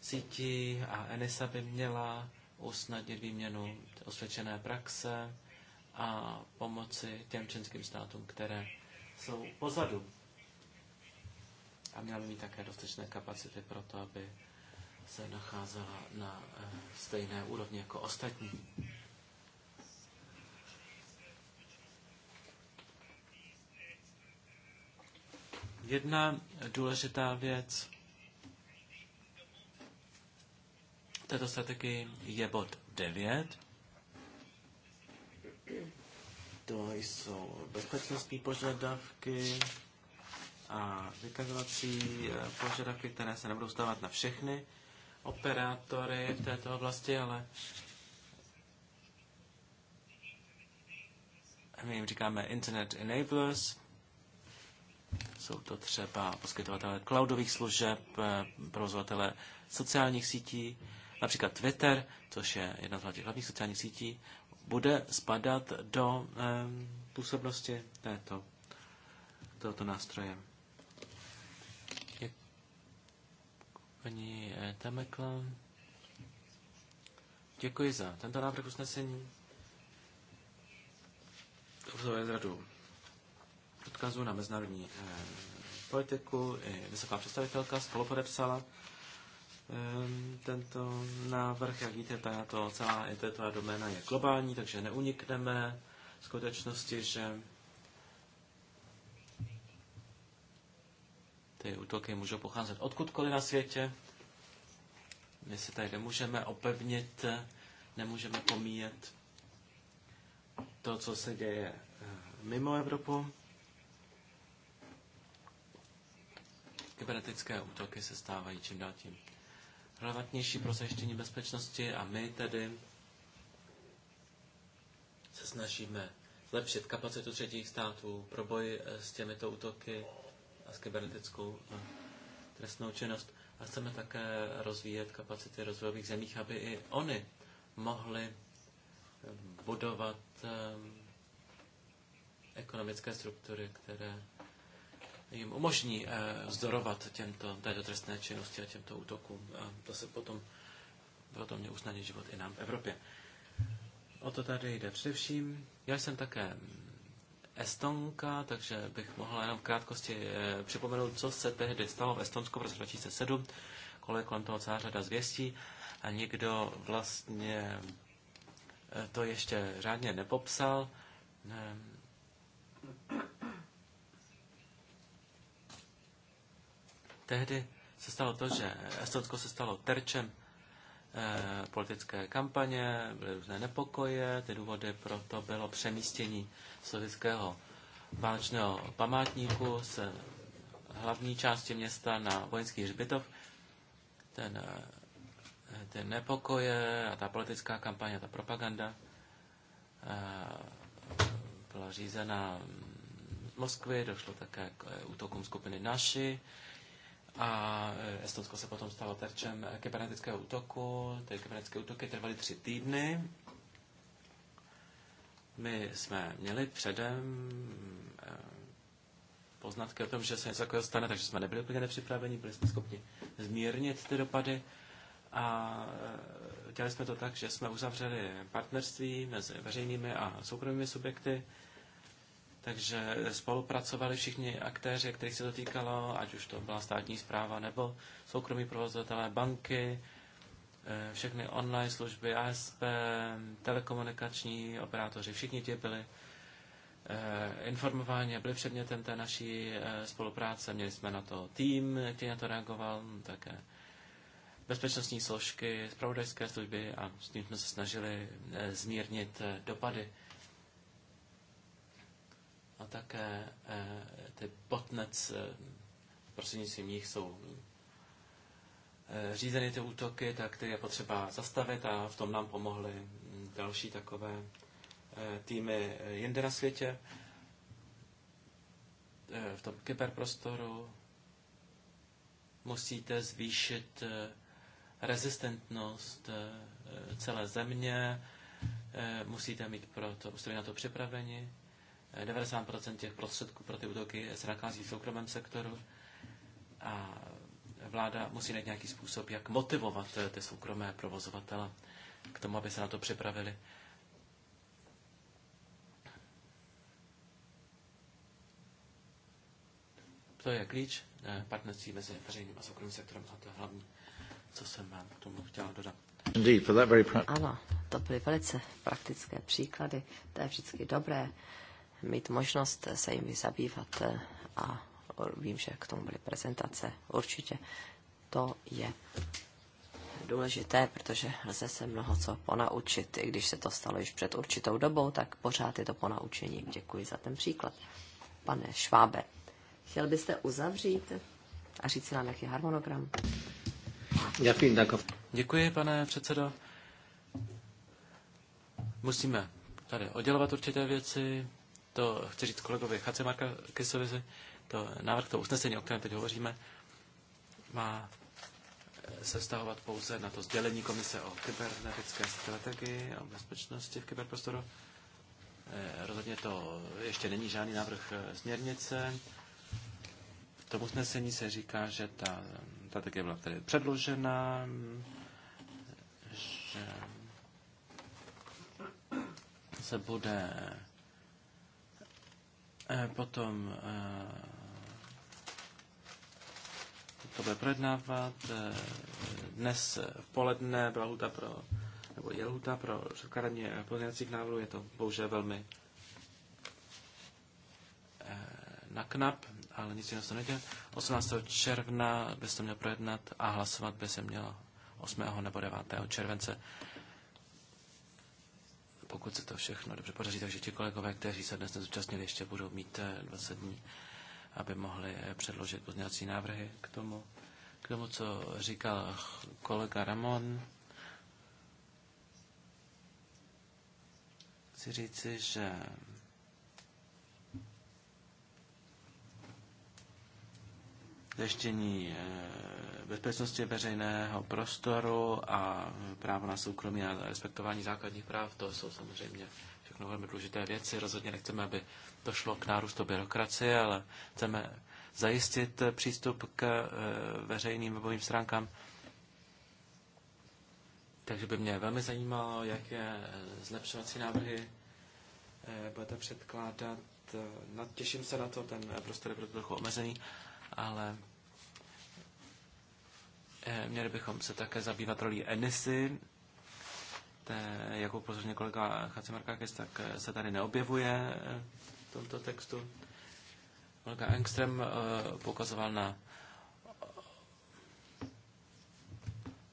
S2: sítí a ENISA by měla usnadnit výměnu osvědčené praxe a pomoci těm členským státům, které jsou pozadu. A měla by mít také dostatečné kapacity pro to, aby se nacházela na eh, stejné úrovni jako ostatní. Jedna důležitá věc této strategii je bod 9. To jsou bezpečnostní požadavky a vykazovací eh, požadavky, které se nebudou stávat na všechny operátory v této oblasti, ale my jim říkáme Internet Enablers, jsou to třeba poskytovatele cloudových služeb, eh, provozovatele sociálních sítí, například Twitter, což je jedna z těch hlavních sociálních sítí, bude spadat do eh, působnosti této, tohoto nástroje. paní eh, Temekla, děkuji za tento návrh usnesení. Obzoruje z radu odkazu na mezinárodní eh, politiku. I vysoká představitelka spolupodepsala ehm, tento návrh. Jak víte, to celá internetová doména je globální, takže neunikneme skutečnosti, že ty útoky můžou pocházet odkudkoliv na světě. My se tady nemůžeme opevnit, nemůžeme pomíjet to, co se děje eh, mimo Evropu. Kybernetické útoky se stávají čím dál tím relevantnější pro zajištění bezpečnosti a my tedy se snažíme zlepšit kapacitu třetích států pro boj eh, s těmito útoky a s kybernetickou eh, trestnou činnost. A chceme také rozvíjet kapacity rozvojových zemích, aby i oni mohli eh, budovat ekonomické struktury, které jim umožní eh, vzdorovat těmto, této trestné činnosti a těmto útokům. A to se potom, potom mě usnadní život i nám v Evropě. O to tady jde především. Já jsem také Estonka, takže bych mohla jenom v krátkosti eh, připomenout, co se tehdy stalo v Estonsku v roce 2007. kolik kolem toho celá řada zvěstí a nikdo vlastně eh, to ještě řádně nepopsal. tehdy se stalo to, že Estonsko se stalo terčem eh, politické kampaně, byly různé nepokoje, ty důvody pro to bylo přemístění sovětského válečného památníku z hlavní části města na vojenský hřbitov. Ten, eh, ty nepokoje a ta politická kampaně, ta propaganda eh, byla řízena z Moskvy, došlo také k eh, útokům skupiny Naši, a e, Estonsko se potom stalo terčem kybernetického útoku. Ty kybernetické útoky trvaly tři týdny. My jsme měli předem e, poznatky o tom, že se něco takového stane, takže jsme nebyli úplně nepřipraveni, byli jsme schopni zmírnit ty dopady. A e, dělali jsme to tak, že jsme uzavřeli partnerství mezi veřejnými a soukromými subjekty takže spolupracovali všichni aktéři, kterých se to týkalo, ať už to byla státní zpráva nebo soukromí provozovatelé banky, eh, všechny online služby, ASP, telekomunikační operátoři, všichni ti byli eh, informováni, byli předmětem té naší eh, spolupráce, měli jsme na to tým, který na to reagoval, no, také bezpečnostní složky, zpravodajské služby a s tím jsme se snažili zmírnit dopady a také eh, ty botnec, eh, prostřednictvím nich jsou eh, řízeny ty útoky, tak ty je potřeba zastavit a v tom nám pomohly hm, další takové týmy jinde na světě, v tom kyberprostoru. Musíte zvýšit rezistentnost celé země, musíte mít pro to, na to připraveni. 90% těch prostředků pro ty útoky se nachází v soukromém sektoru a vláda musí najít nějaký způsob, jak motivovat ty soukromé provozovatele k tomu, aby se na to připravili. To je klíč eh, partnerství mezi veřejným a soukromým sektorem a to je hlavní, co jsem vám k tomu chtěla dodat.
S4: Ano, to byly velice praktické příklady. To je vždycky dobré mít možnost se jimi zabývat eh, a vím, že k tomu byly prezentace. Určitě to je důležité, protože lze se mnoho co ponaučit. I když se to stalo již před určitou dobou, tak pořád je to ponaučení. Děkuji za ten příklad. Pane Švábe, chtěl byste uzavřít a říct nám, jaký harmonogram?
S2: Děkuji, pane předsedo. Musíme tady oddělovat určité věci to chci říct kolegovi Marka Kisovi, to návrh to usnesení, o kterém teď hovoříme, má se vztahovat pouze na to sdělení komise o kybernetické strategii a bezpečnosti v kyberprostoru. Eh, rozhodně to ještě není žádný návrh eh, směrnice. V tom usnesení se říká, že ta strategie byla tady předložena, že se bude Eh, potom eh, to bude projednávat. Eh, dnes v poledne byla huta pro, nebo je huta pro předkladání pozměňovacích návrhů. Je to bohužel velmi knap, ale nic jiného se neděje. 18. června by se to měl projednat a hlasovat by se mělo 8. nebo 9. července pokud se to všechno dobře podaří, takže ti kolegové, kteří se dnes nezúčastnili, ještě budou mít 20 eh, dní, aby mohli eh, předložit pozměňovací návrhy k tomu, k tomu, co říkal kolega Ramon. Chci říci, že zajištění eh, bezpečnosti veřejného prostoru a právo na soukromí a respektování základních práv, to jsou samozřejmě všechno velmi důležité věci. Rozhodně nechceme, aby to šlo k nárůstu byrokracie, ale chceme zajistit přístup k eh, veřejným webovým stránkám. Takže by mě velmi zajímalo, jaké eh, zlepšovací návrhy budete předkládat. No, těším se na to, ten prostor je trochu omezený, ale Eh, měli bychom se také zabývat rolí Enisy. Té, jak upozorně kolega Chacimarkakis, tak eh, se tady neobjevuje eh, v tomto textu. Kolega Engström poukazoval na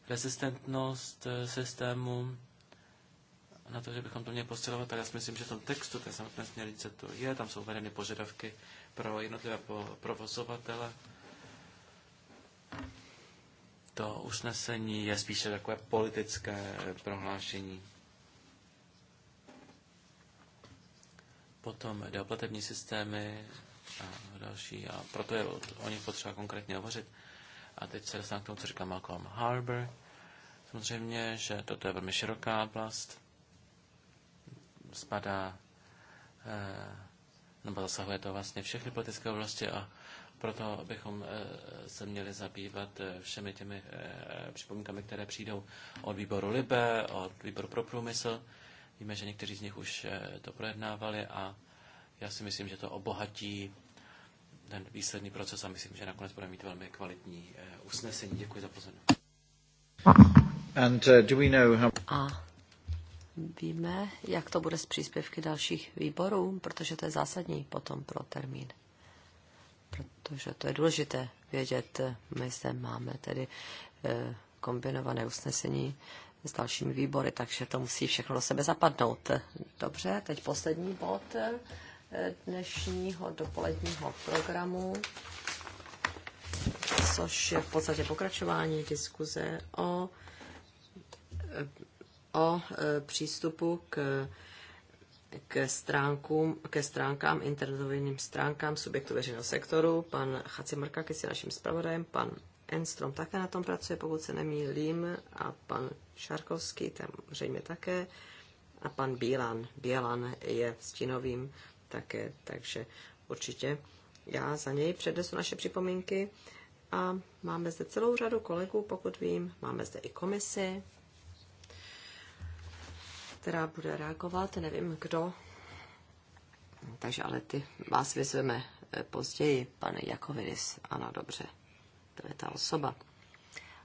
S2: rezistentnost systému, na to, že bychom to měli posilovat, ale já si myslím, že v tom textu té samotné směrnice to je, tam jsou uvedeny požadavky pro jednotlivé provozovatele. Po to usnesení je spíše takové politické prohlášení. Potom jde o platební systémy a další, a proto je o nich potřeba konkrétně hovořit. A teď se dostanu k tomu, co říká Malcolm Harbour. Samozřejmě, že toto je velmi široká oblast. Spadá, eh, nebo zasahuje to vlastně všechny politické oblasti a proto bychom eh, se měli zabývat eh, všemi těmi eh, připomínkami, které přijdou od výboru Libe, od výboru pro průmysl. Víme, že někteří z nich už to projednávali a já si myslím, že to obohatí ten výsledný proces a myslím, že nakonec budeme mít velmi kvalitní
S3: usnesení. Děkuji za pozornost. And, uh, do we know how... A
S4: víme, jak to bude s příspěvky dalších výborů, protože to je zásadní potom pro termín protože to je důležité vědět. My zde máme tedy eh, kombinované usnesení s dalšími výbory, takže to musí všechno do sebe zapadnout. Dobře, teď poslední bod eh, dnešního dopoledního programu, což je v podstatě pokračování diskuze o, eh, o přístupu k ke, stránkům, ke stránkám, internetovým stránkám subjektu veřejného sektoru. Pan který je naším zpravodajem, pan Enstrom také na tom pracuje, pokud se nemýlím, a pan Šarkovský tam zřejmě také, a pan Bílan. Bílan je stínovým také, takže určitě já za něj přednesu naše připomínky. A máme zde celou řadu kolegů, pokud vím, máme zde i komisi, která bude reagovat. Nevím, kdo. Takže ale ty vás vyzveme eh, později, pane Jakovinis. Ano, dobře. To je ta osoba.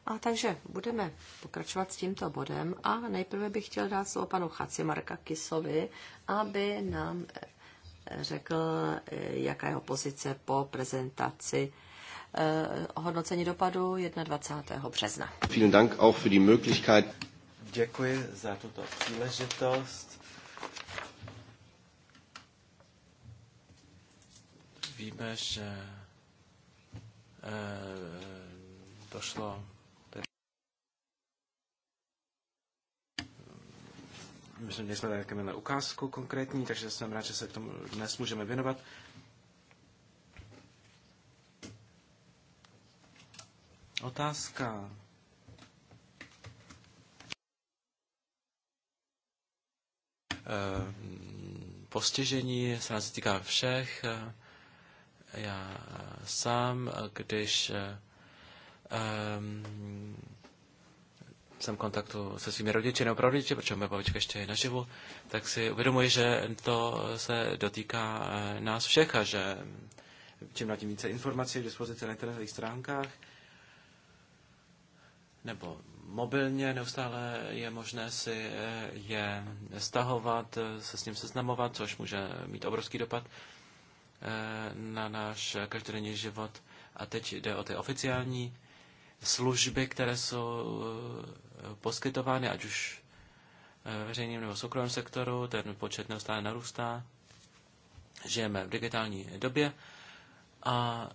S4: A takže budeme pokračovat s tímto bodem a nejprve bych chtěl dát slovo panu Marka Kisovi, aby nám eh, řekl, eh, jaká jeho pozice po prezentaci hodnocení dopadu 21. března.
S3: Vielen Dank auch für die Möglichkeit
S2: děkuji za tuto příležitost. Víme, že eh, došlo Myslím, že jsme také na ukázku konkrétní, takže jsem rád, že se k tomu dnes můžeme věnovat. Otázka Eh, postižení se nás týká všech. Eh, já sám, když um, jsem v kontaktu se svými rodiči nebo prarodiči, protože moje babička ještě je naživu, tak si uvědomuji, že to se dotýká nás všech a že čím na tím více informací v dispozici na internetových stránkách nebo mobilně, neustále je možné si eh, je stahovat, eh, se s ním seznamovat, což může mít obrovský dopad eh, na náš každodenní život. A teď jde o ty oficiální služby, které jsou poskytovány, ať už veřejným nebo soukromém sektoru, ten počet neustále narůstá. Žijeme v digitální době a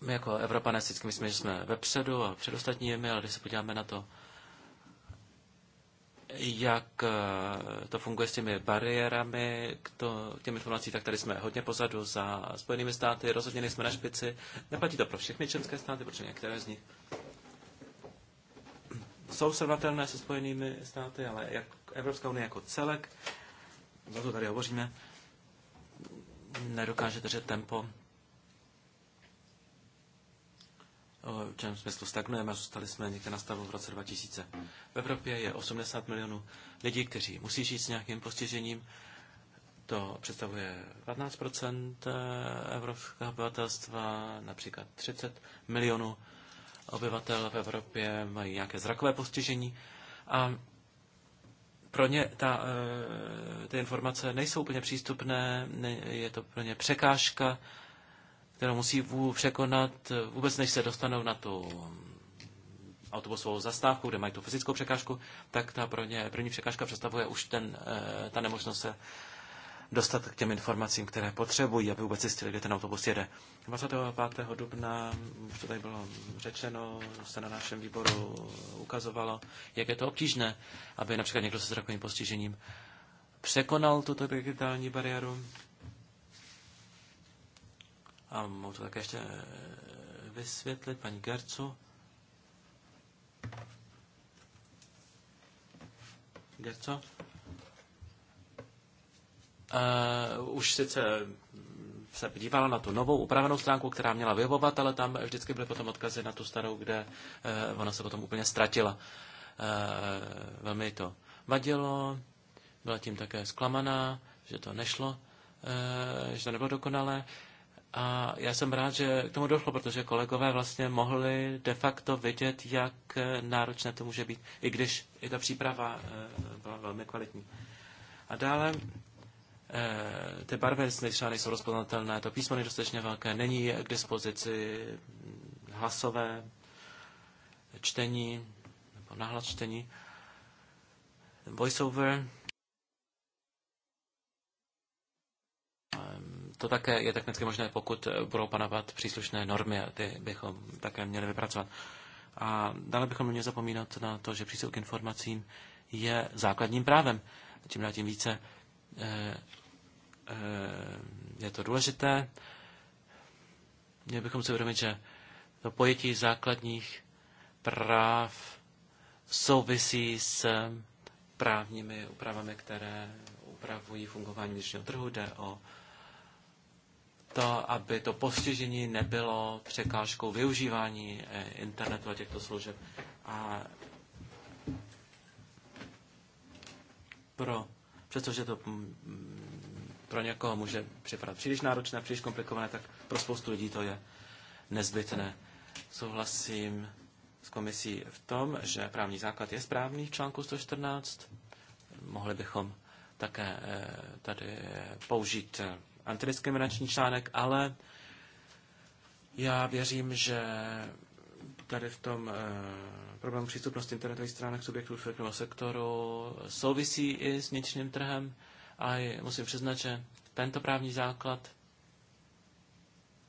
S2: my jako Evropané vždycky myslíme, že jsme vepředu a před ostatními, ale když se podíváme na to, jak eh, to funguje s těmi bariérami k, to, k těm informacím, tak tady jsme hodně pozadu za Spojenými státy, rozhodně nejsme na špici. Neplatí to pro všechny členské státy, protože některé z nich jsou srovnatelné se Spojenými státy, ale jak Evropská unie jako celek, za to tady hovoříme, nedokáže držet tempo v určitém smyslu stagnujeme, zůstali jsme někde na stavu v roce 2000. V Evropě je 80 milionů lidí, kteří musí žít s nějakým postižením. To představuje 15 eh, evropského obyvatelstva, například 30 milionů obyvatel v Evropě mají nějaké zrakové postižení. A pro ně ta, eh, ty informace nejsou úplně přístupné, je to pro ně překážka kterou musí překonat vůbec, než se dostanou na tu autobusovou zastávku, kde mají tu fyzickou překážku, tak ta pro ně první překážka představuje už ten, eh, ta nemožnost se dostat k těm informacím, které potřebují, aby vůbec zjistili, kde ten autobus jede. 25. dubna, už to tady bylo řečeno, se na našem výboru ukazovalo, jak je to obtížné, aby například někdo se zrakovým postižením překonal tuto digitální bariéru. A mohu to také ještě eh, vysvětlit paní Gercu. Gerco? Uh, už sice se dívala na tu novou upravenou stránku, která měla vyhovovat, ale tam vždycky byly potom odkazy na tu starou, kde uh, ona se potom úplně ztratila. Uh, velmi to vadilo, byla tím také zklamaná, že to nešlo, uh, že to nebylo dokonalé. Uh, a já jsem rád, že k tomu došlo, protože kolegové vlastně mohli de facto vidět, jak náročné to může být, i když i ta příprava eh, byla velmi kvalitní. A dále eh, ty barvy třeba nejsou rozpoznatelné, to písmo není dostatečně velké, není k dispozici hlasové čtení nebo nahlas čtení. Voiceover ehm, to také je technicky možné, pokud eh, budou panovat příslušné normy a ty bychom také měli vypracovat. A dále bychom měli zapomínat na to, že přístup k informacím je základním právem. Čím dál tím více eh, eh, je to důležité. Měli bychom si uvědomit, že to pojetí základních práv souvisí s právními úpravami, které upravují fungování vnitřního trhu. Jde o to, aby to postižení nebylo překážkou využívání eh, internetu a těchto služeb. A pro, přestože to mm, pro někoho může připadat příliš náročné, příliš komplikované, tak pro spoustu lidí to je nezbytné. Souhlasím s komisí v tom, že právní základ je správný v článku 114. Mohli bychom také eh, tady eh, použít antidiskriminační článek, ale já věřím, že tady v tom e, problému přístupnosti internetových stránek subjektů firmního sektoru souvisí i s vnitřním trhem a musím přiznat, že tento právní základ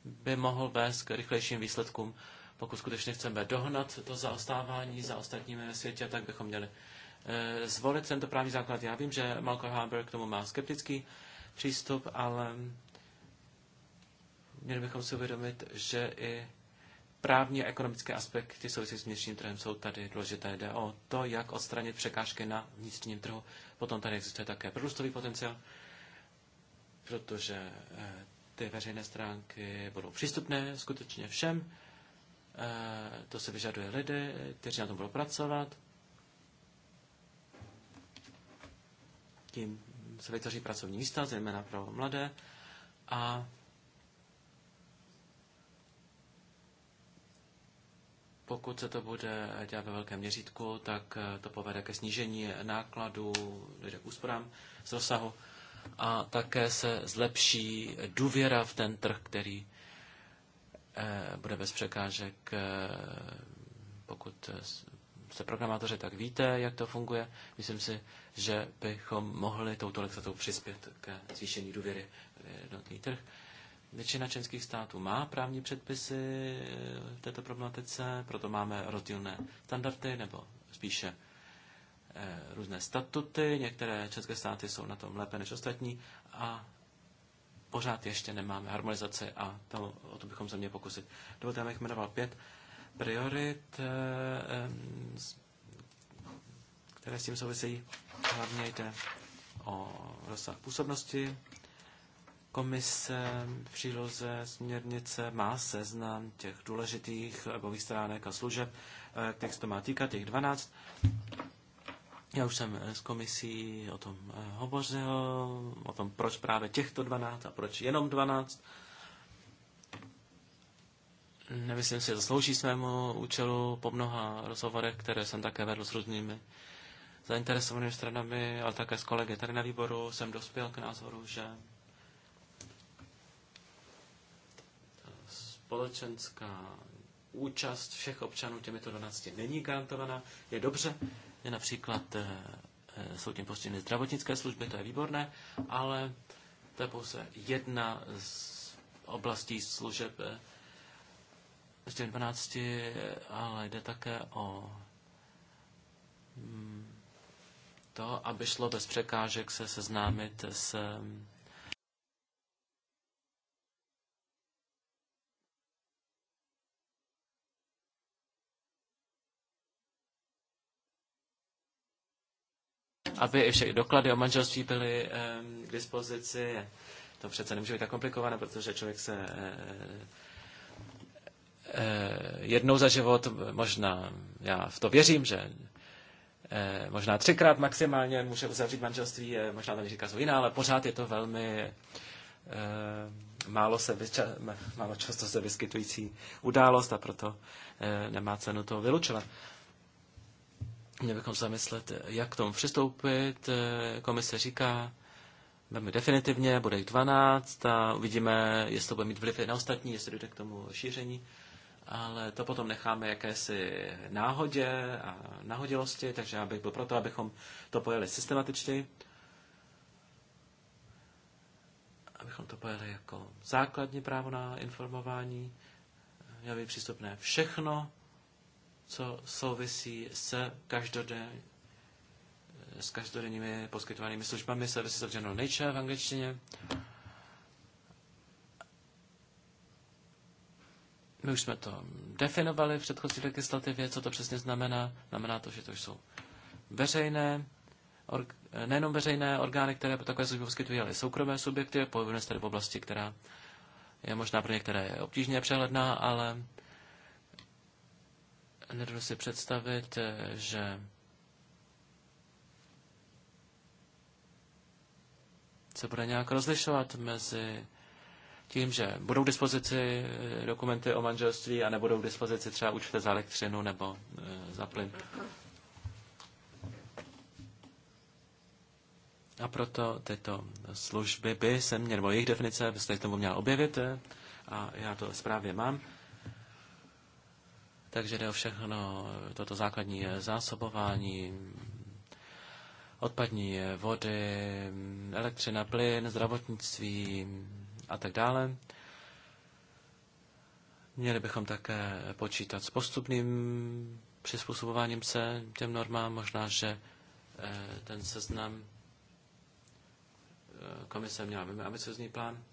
S2: by mohl vést k rychlejším výsledkům. Pokud skutečně chceme dohnat to zaostávání za ostatními ve světě, tak bychom měli e, zvolit tento právní základ. Já vím, že Malcolm Haber k tomu má skeptický přístup, ale měli bychom si uvědomit, že i právní a ekonomické aspekty souvisí s vnitřním trhem jsou tady důležité. Jde o to, jak odstranit překážky na vnitřním trhu. Potom tady existuje také průstový potenciál, protože eh, ty veřejné stránky budou přístupné skutečně všem. Eh, to se vyžaduje lidé, kteří na tom budou pracovat. Tím se vytvoří pracovní místa, zejména pro mladé. A pokud se to bude dělat ve velkém měřítku, tak eh, to povede ke snížení nákladů, dojde k úsporám z rozsahu a také se zlepší důvěra v ten trh, který eh, bude bez překážek, eh, pokud jste programátoři, tak víte, jak to funguje. Myslím si, že bychom mohli touto legislativou přispět ke zvýšení důvěry v jednotný trh. Většina členských států má právní předpisy eh, v této problematice, proto máme rozdílné standardy nebo spíše eh, různé statuty. Některé české státy jsou na tom lépe než ostatní a pořád ještě nemáme harmonizaci a to, o to bychom se měli pokusit. Dovolte, abych jmenoval pět priorit, eh, které s tím souvisejí. Hlavně jde o rozsah působnosti. Komise v příloze směrnice má seznam těch důležitých webových stránek a služeb, eh, kterých se to má týkat, těch 12. Já už jsem eh, s komisí o tom hovořil, o tom, proč právě těchto 12 a proč jenom 12. Nemyslím si, zaslouží svému účelu po mnoha rozhovorech, které jsem také vedl s různými zainteresovanými stranami, ale také s kolegy tady na výboru, jsem dospěl k názoru, že společenská účast všech občanů těmito 12 není garantovaná. Je dobře, je například eh, eh, jsou tím postiženy zdravotnické služby, to je výborné, ale to je pouze jedna z oblastí služeb, eh, z těch 12, ale jde také o mm, to, aby šlo bez překážek se seznámit s aby i všechny doklady o manželství byly k dispozici. To přece nemůže být tak komplikované, protože člověk se eh, Eh, jednou za život, možná, já v to věřím, že eh, možná třikrát maximálně může uzavřít manželství, eh, možná tam říká jsou jiná, ale pořád je to velmi málo, se, málo často se vyskytující událost a proto nemá cenu to vylučovat. Měli bychom zamyslet, jak k tomu přistoupit. Komise říká, velmi definitivně, bude jich 12 a uvidíme, jestli to bude mít vliv na ostatní, jestli dojde k tomu šíření ale to potom necháme jakési náhodě a nahodilosti, takže já bych byl proto, abychom to pojeli systematičně. Abychom to pojeli jako základní právo na informování, měl by přístupné všechno, co souvisí s, každoden, s každodenními poskytovanými službami, Se of general nature v angličtině. My už jsme to definovali v předchozí legislativě, co to přesně znamená. Znamená to, že to jsou veřejné, org, nejenom veřejné orgány, které takové služby poskytují, ale soukromé subjekty. Pohybujeme se tady v oblasti, která je možná pro některé je obtížně přehledná, ale nedovedu si představit, že se bude nějak rozlišovat mezi tím, že budou k dispozici eh, dokumenty o manželství a nebudou k dispozici třeba účty za elektřinu nebo eh, za plyn. A proto tyto služby by se mě, nebo jejich definice by se k tomu měla objevit eh, a já to zprávě mám. Takže jde o všechno toto základní zásobování, odpadní vody, mm, elektřina, plyn, zdravotnictví, a tak dále. Měli bychom také počítat s postupným přizpůsobováním se těm normám. Možná, že eh, ten seznam eh, komise měla velmi ambiciozní plán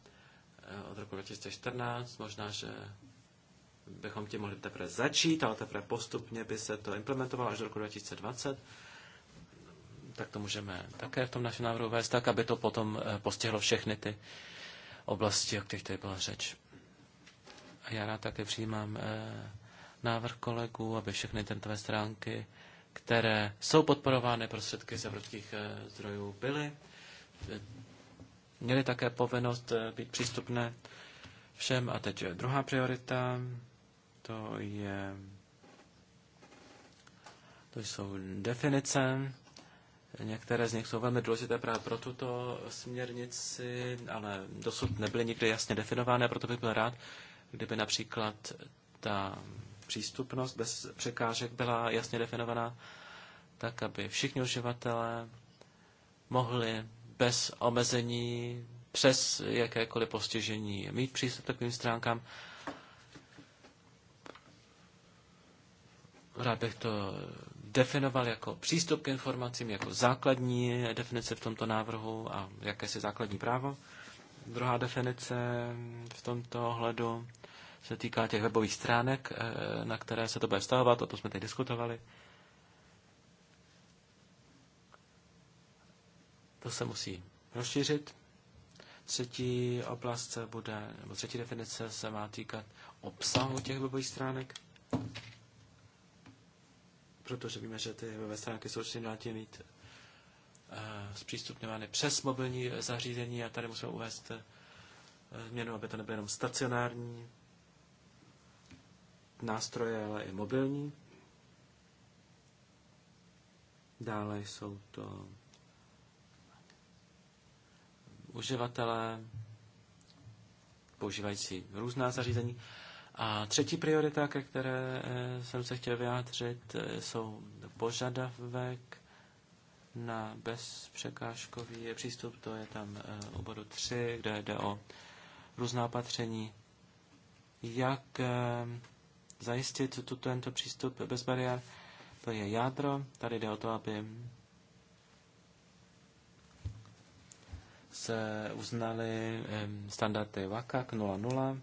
S2: eh, od roku 2014. Možná, že bychom tím mohli teprve začít, ale teprve postupně by se to implementovalo až do roku 2020. Tak to můžeme také v tom našem návrhu vést tak, aby to potom postihlo všechny ty oblasti, o kterých tady byla řeč. A já rád také přijímám eh, návrh kolegů, aby všechny tentové stránky, které jsou podporovány prostředky z evropských eh, zdrojů, byly. Měly také povinnost eh, být přístupné všem. A teď druhá priorita, to je to jsou definice Některé z nich jsou velmi důležité právě pro tuto směrnici, ale dosud nebyly nikdy jasně definované. proto bych byl rád, kdyby například ta přístupnost bez překážek byla jasně definovaná, tak aby všichni uživatelé mohli bez omezení, přes jakékoliv postižení mít přístup k takovým stránkám. Rád bych to definoval jako přístup k informacím, jako základní definice v tomto návrhu a jaké se základní právo. Druhá definice v tomto ohledu se týká těch webových stránek, eh, na které se to bude vztahovat, o tom jsme teď diskutovali. To se musí rozšířit. Třetí oblast se bude, nebo třetí definice se má týkat obsahu těch webových stránek protože víme, že ty webové stránky jsou určitě nátěny mít eh, zpřístupňovány přes mobilní zařízení a tady musíme uvést eh, změnu, aby to nebylo jenom stacionární nástroje, ale i mobilní. Dále jsou to uživatelé používající různá zařízení. A třetí priorita, ke které eh, jsem se chtěl vyjádřit, eh, jsou požadavek na bezpřekážkový přístup, to je tam eh, u bodu 3, kde jde o různá opatření, jak zajistit tuto, tento přístup bez bariér. To je jádro, tady jde o to, aby se uznaly standardy WACAC 00,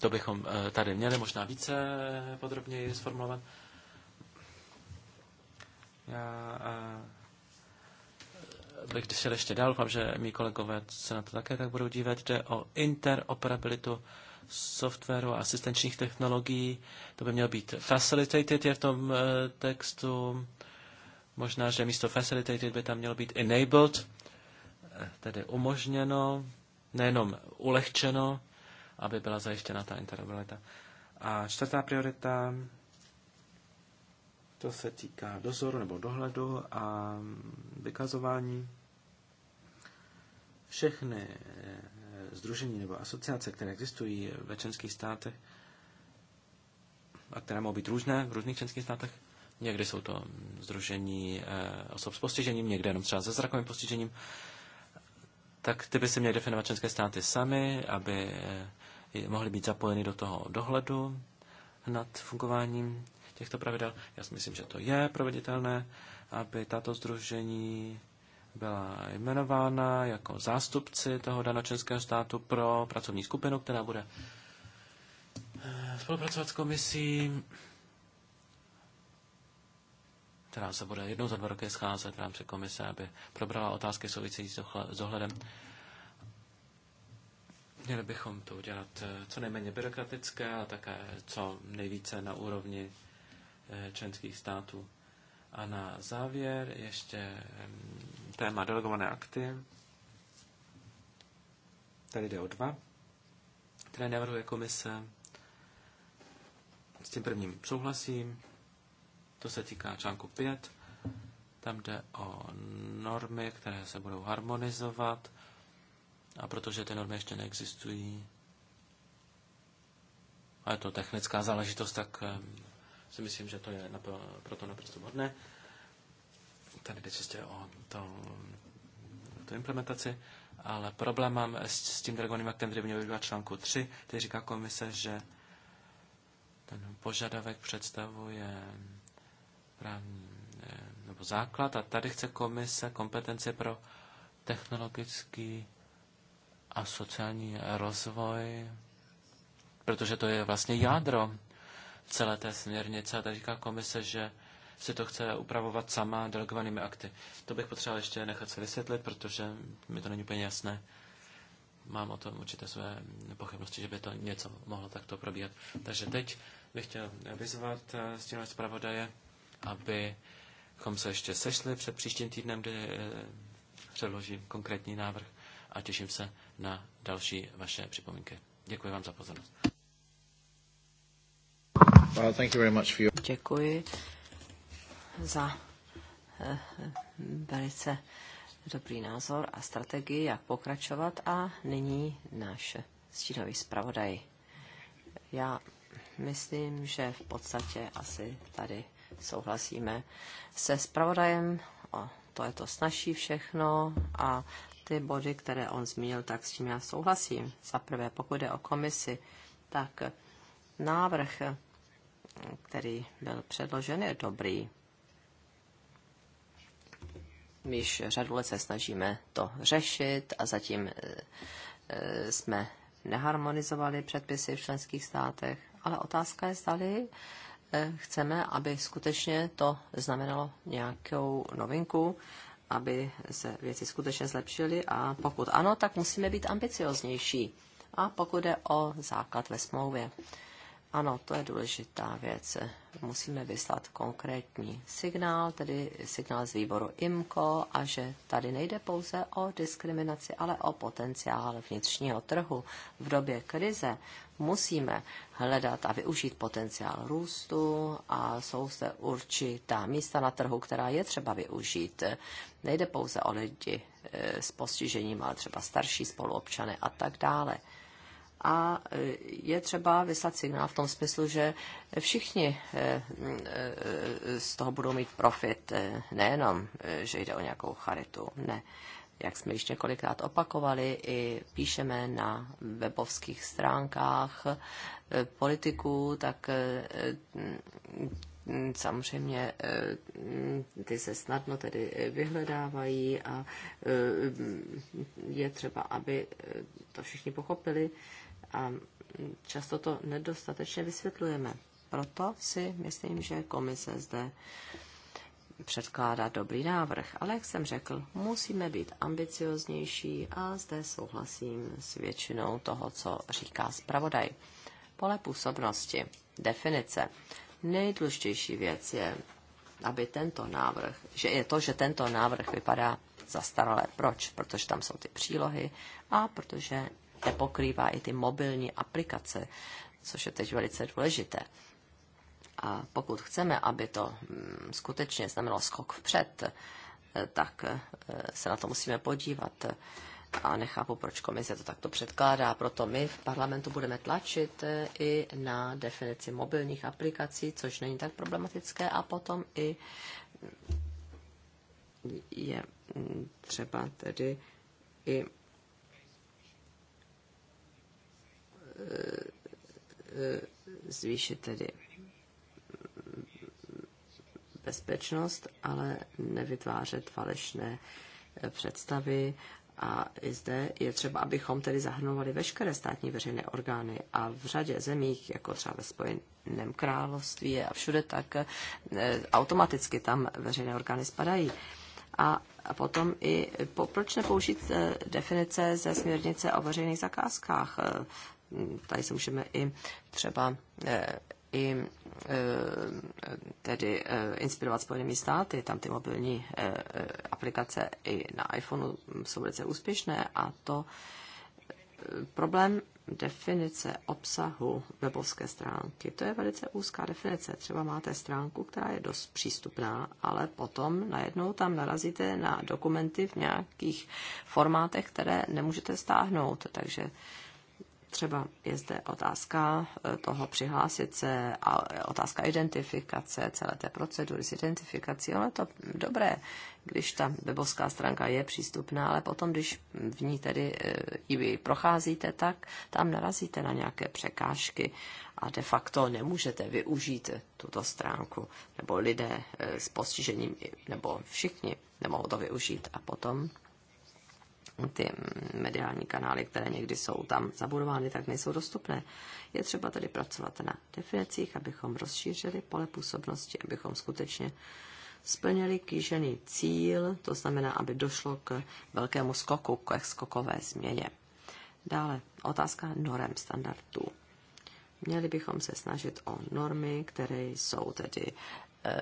S2: To bychom eh, tady měli možná více podrobněji sformulovat. Já eh, bych šel ještě dál, doufám, že mý kolegové se na to také tak budou dívat. Jde o interoperabilitu softwaru a asistenčních technologií. To by mělo být facilitated je v tom eh, textu. Možná, že místo facilitated by tam mělo být enabled, tedy umožněno, nejenom ulehčeno, aby byla zajištěna ta interoperabilita. A čtvrtá priorita, to se týká dozoru nebo dohledu a vykazování. Všechny združení eh, nebo asociace, které existují ve členských státech a které mohou být různé v různých členských státech, někdy jsou to združení eh, osob s postižením, někde jenom třeba se zrakovým postižením, tak ty by si měly definovat členské státy sami, aby eh, mohly být zapojeny do toho dohledu nad fungováním těchto pravidel. Já si myslím, že to je proveditelné, aby tato združení byla jmenována jako zástupci toho danočenského státu pro pracovní skupinu, která bude eh, spolupracovat s komisí která se bude jednou za dva roky scházet v rámci komise, aby probrala otázky související s ohledem. Měli bychom to udělat eh, co nejméně byrokratické, ale také co nejvíce na úrovni eh, členských států. A na závěr ještě mm, téma delegované akty. Tady jde o dva, které navrhuje komise. S tím prvním souhlasím, to se týká článku 5. Tam jde o normy, které se budou harmonizovat. A protože ty normy ještě neexistují, a je to technická záležitost, tak ehm, si myslím, že to je proto naprosto vhodné. Tady jde čistě o to, tu implementaci, ale problém mám s, s tím Dragonem aktem, který by měl být článku 3, který říká komise, že ten požadavek představuje právní eh, nebo základ a tady chce komise kompetence pro technologický a sociální rozvoj, protože to je vlastně jádro celé té směrnice a tady říká komise, že si to chce upravovat sama delegovanými akty. To bych potřeboval ještě nechat se vysvětlit, protože mi to není úplně jasné. Mám o tom určité své pochybnosti, že by to něco mohlo takto probíhat. Takže teď bych chtěl vyzvat eh, stínové zpravodaje, abychom se ještě sešli před příštím týdnem, kdy eh, předložím konkrétní návrh a těším se na další vaše připomínky. Děkuji vám za pozornost.
S3: Well, thank you very much for your... Děkuji
S4: za eh, velice dobrý názor a strategii, jak pokračovat. A nyní náš stínový zpravodaj. Já myslím, že v podstatě asi tady souhlasíme se zpravodajem, A to je to snažší všechno a ty body, které on zmínil, tak s tím já souhlasím. Za prvé, pokud jde o komisi, tak návrh, který byl předložen, je dobrý. My již řadu let se snažíme to řešit a zatím e, e, jsme neharmonizovali předpisy v členských státech, ale otázka je, zdali Eh, chceme, aby skutečně to znamenalo nějakou novinku, aby se věci skutečně zlepšily a pokud ano, tak musíme být ambicioznější. A pokud je o základ ve smlouvě. Ano, to je důležitá věc. Musíme vyslat konkrétní signál, tedy signál z výboru IMCO, a že tady nejde pouze o diskriminaci, ale o potenciál vnitřního trhu. V době krize musíme hledat a využít potenciál růstu a jsou zde určitá místa na trhu, která je třeba využít. Nejde pouze o lidi eh, s postižením, ale třeba starší spoluobčany a tak dále a je třeba vyslat signál v tom smyslu, že všichni eh, eh, z toho budou mít profit, eh, nejenom, že jde o nějakou charitu, ne. Jak jsme již několikrát opakovali, i píšeme na webovských stránkách politiků, tak samozřejmě ty se snadno tedy vyhledávají a je třeba, aby to všichni pochopili, a často to nedostatečně vysvětlujeme. Proto si myslím, že komise zde předkládá dobrý návrh. Ale jak jsem řekl, musíme být ambicioznější a zde souhlasím s většinou toho, co říká zpravodaj. Pole působnosti, definice. Nejdůležitější věc je, aby tento návrh, že je to, že tento návrh vypadá zastaralé. Proč? Protože tam jsou ty přílohy a protože pokrývá i ty mobilní aplikace, což je teď velice důležité. A pokud chceme, aby to mm, skutečně znamenalo skok vpřed, eh, tak eh, se na to musíme podívat. A nechápu, proč komise to takto předkládá. Proto my v parlamentu budeme tlačit eh, i na definici mobilních aplikací, což není tak problematické. A potom i mm, je mm, třeba tedy i zvýšit tedy bezpečnost, ale nevytvářet falešné představy. A i zde je třeba, abychom tedy zahrnovali veškeré státní veřejné orgány a v řadě zemích, jako třeba ve Spojeném království a všude, tak eh, automaticky tam veřejné orgány spadají. A potom i, proč nepoužít eh, definice ze směrnice o veřejných zakázkách? Eh, tady se můžeme i třeba eh, i eh, tedy eh, inspirovat Spojenými státy. Tam ty mobilní aplikace i na iPhoneu jsou velice úspěšné a to problém definice obsahu webovské stránky. To je velice úzká definice. Třeba máte stránku, která je dost přístupná, ale potom najednou tam narazíte na dokumenty v nějakých formátech, které nemůžete stáhnout. Takže třeba je zde otázka eh, toho přihlásit se a eh, otázka identifikace, celé té procedury s identifikací. Ono je to dobré, když ta webovská stránka je přístupná, ale potom, když v ní tedy eh, i vy procházíte, tak tam narazíte na nějaké překážky a de facto nemůžete využít tuto stránku, nebo lidé s postižením, nebo všichni nemohou to využít a potom ty mediální kanály, které někdy jsou tam zabudovány, tak nejsou dostupné. Je třeba tady pracovat na definicích, abychom rozšířili pole působnosti, abychom skutečně splnili kýžený cíl, to znamená, aby došlo k velkému skoku, k skokové změně. Dále otázka norem standardů. Měli bychom se snažit o normy, které jsou tedy eh,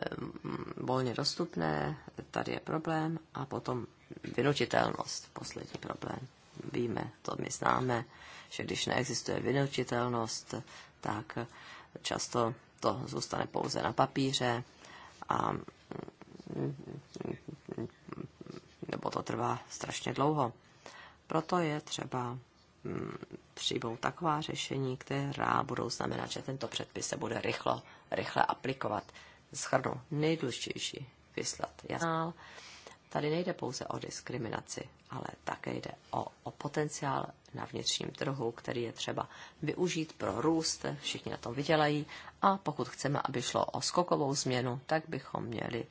S4: volně dostupné, tady je problém, a potom vynutitelnost, poslední problém. Víme, to my známe, že když neexistuje vynutitelnost, tak často to zůstane pouze na papíře a nebo to trvá strašně dlouho. Proto je třeba mm, přijmout taková řešení, která budou znamenat, že tento předpis se bude rychlo, rychle aplikovat. Schrnu nejdůležitější vyslat jasnál Tady nejde pouze o diskriminaci, ale také jde o, o potenciál na vnitřním trhu, který je třeba využít pro růst, všichni na tom vydělají a pokud chceme, aby šlo o skokovou změnu, tak bychom měli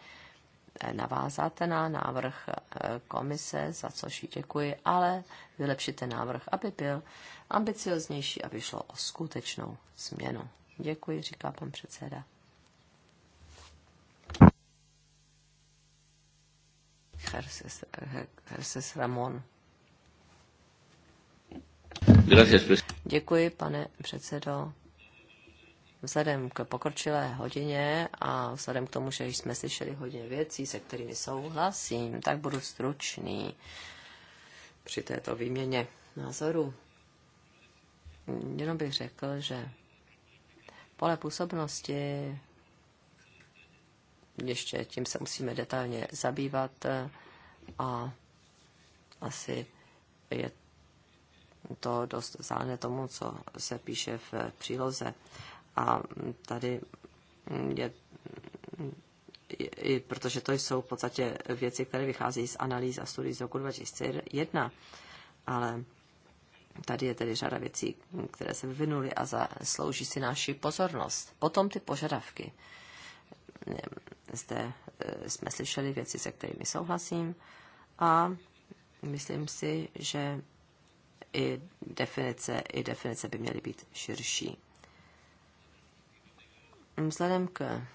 S4: eh, navázat na návrh eh, komise, za což ji děkuji, ale vylepšit ten návrh, aby byl ambicioznější, aby šlo o skutečnou změnu. Děkuji, říká pan předseda. Ramon. Děkuji, pane předsedo. Vzhledem k pokročilé hodině a vzhledem k tomu, že jsme slyšeli hodně věcí, se kterými souhlasím, tak budu stručný při této výměně názorů. Jenom bych řekl, že pole působnosti ještě tím se musíme detailně zabývat a asi je to dost záhne tomu, co se píše v příloze. A tady je, i protože to jsou v podstatě věci, které vychází z analýz a studií z roku 2001, ale tady je tedy řada věcí, které se vyvinuly a zaslouží si naši pozornost. Potom ty požadavky. Eh, zde eh, jsme slyšeli věci, se kterými souhlasím a myslím si, že i definice, i definice by měly být širší. Vzhledem k, eh,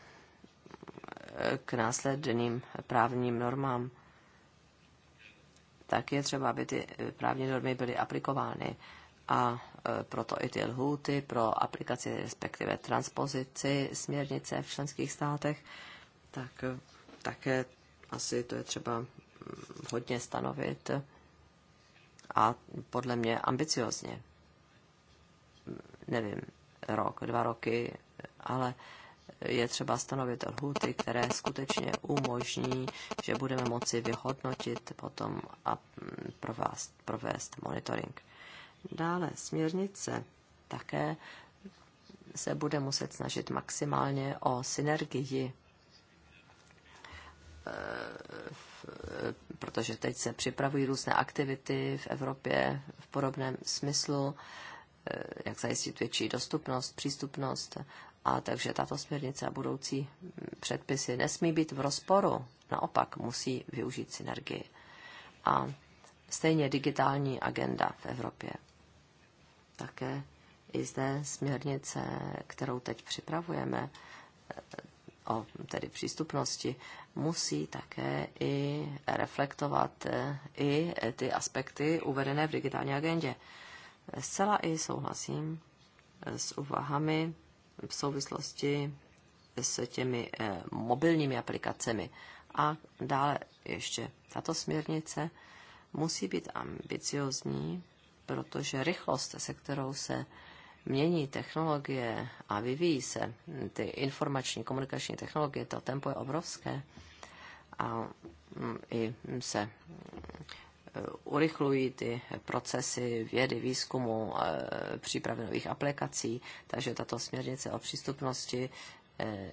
S4: k následným právním normám, tak je třeba, aby ty právní normy byly aplikovány a E, proto i ty lhůty pro aplikaci, respektive transpozici směrnice v členských státech, tak e, také asi to je třeba mm, hodně stanovit a podle mě ambiciozně. Nevím, rok, dva roky, ale je třeba stanovit lhuty, které skutečně umožní, že budeme moci vyhodnotit potom a mm, provést, provést monitoring. Dále směrnice také se bude muset snažit maximálně o synergii, eh, protože teď se připravují různé aktivity v Evropě v podobném smyslu, eh, jak zajistit větší dostupnost, přístupnost. A takže tato směrnice a budoucí předpisy nesmí být v rozporu, naopak musí využít synergii. A stejně digitální agenda v Evropě také i zde směrnice, kterou teď připravujeme, o tedy přístupnosti, musí také i reflektovat e, i ty aspekty uvedené v digitální agendě. Zcela i souhlasím s úvahami v souvislosti s těmi e, mobilními aplikacemi. A dále ještě tato směrnice musí být ambiciozní protože rychlost, se kterou se mění technologie a vyvíjí se ty informační komunikační technologie, to tempo je obrovské a mm, i se
S3: eh,
S4: urychlují ty procesy vědy, výzkumu, eh, přípravy nových aplikací, takže tato směrnice o přístupnosti eh,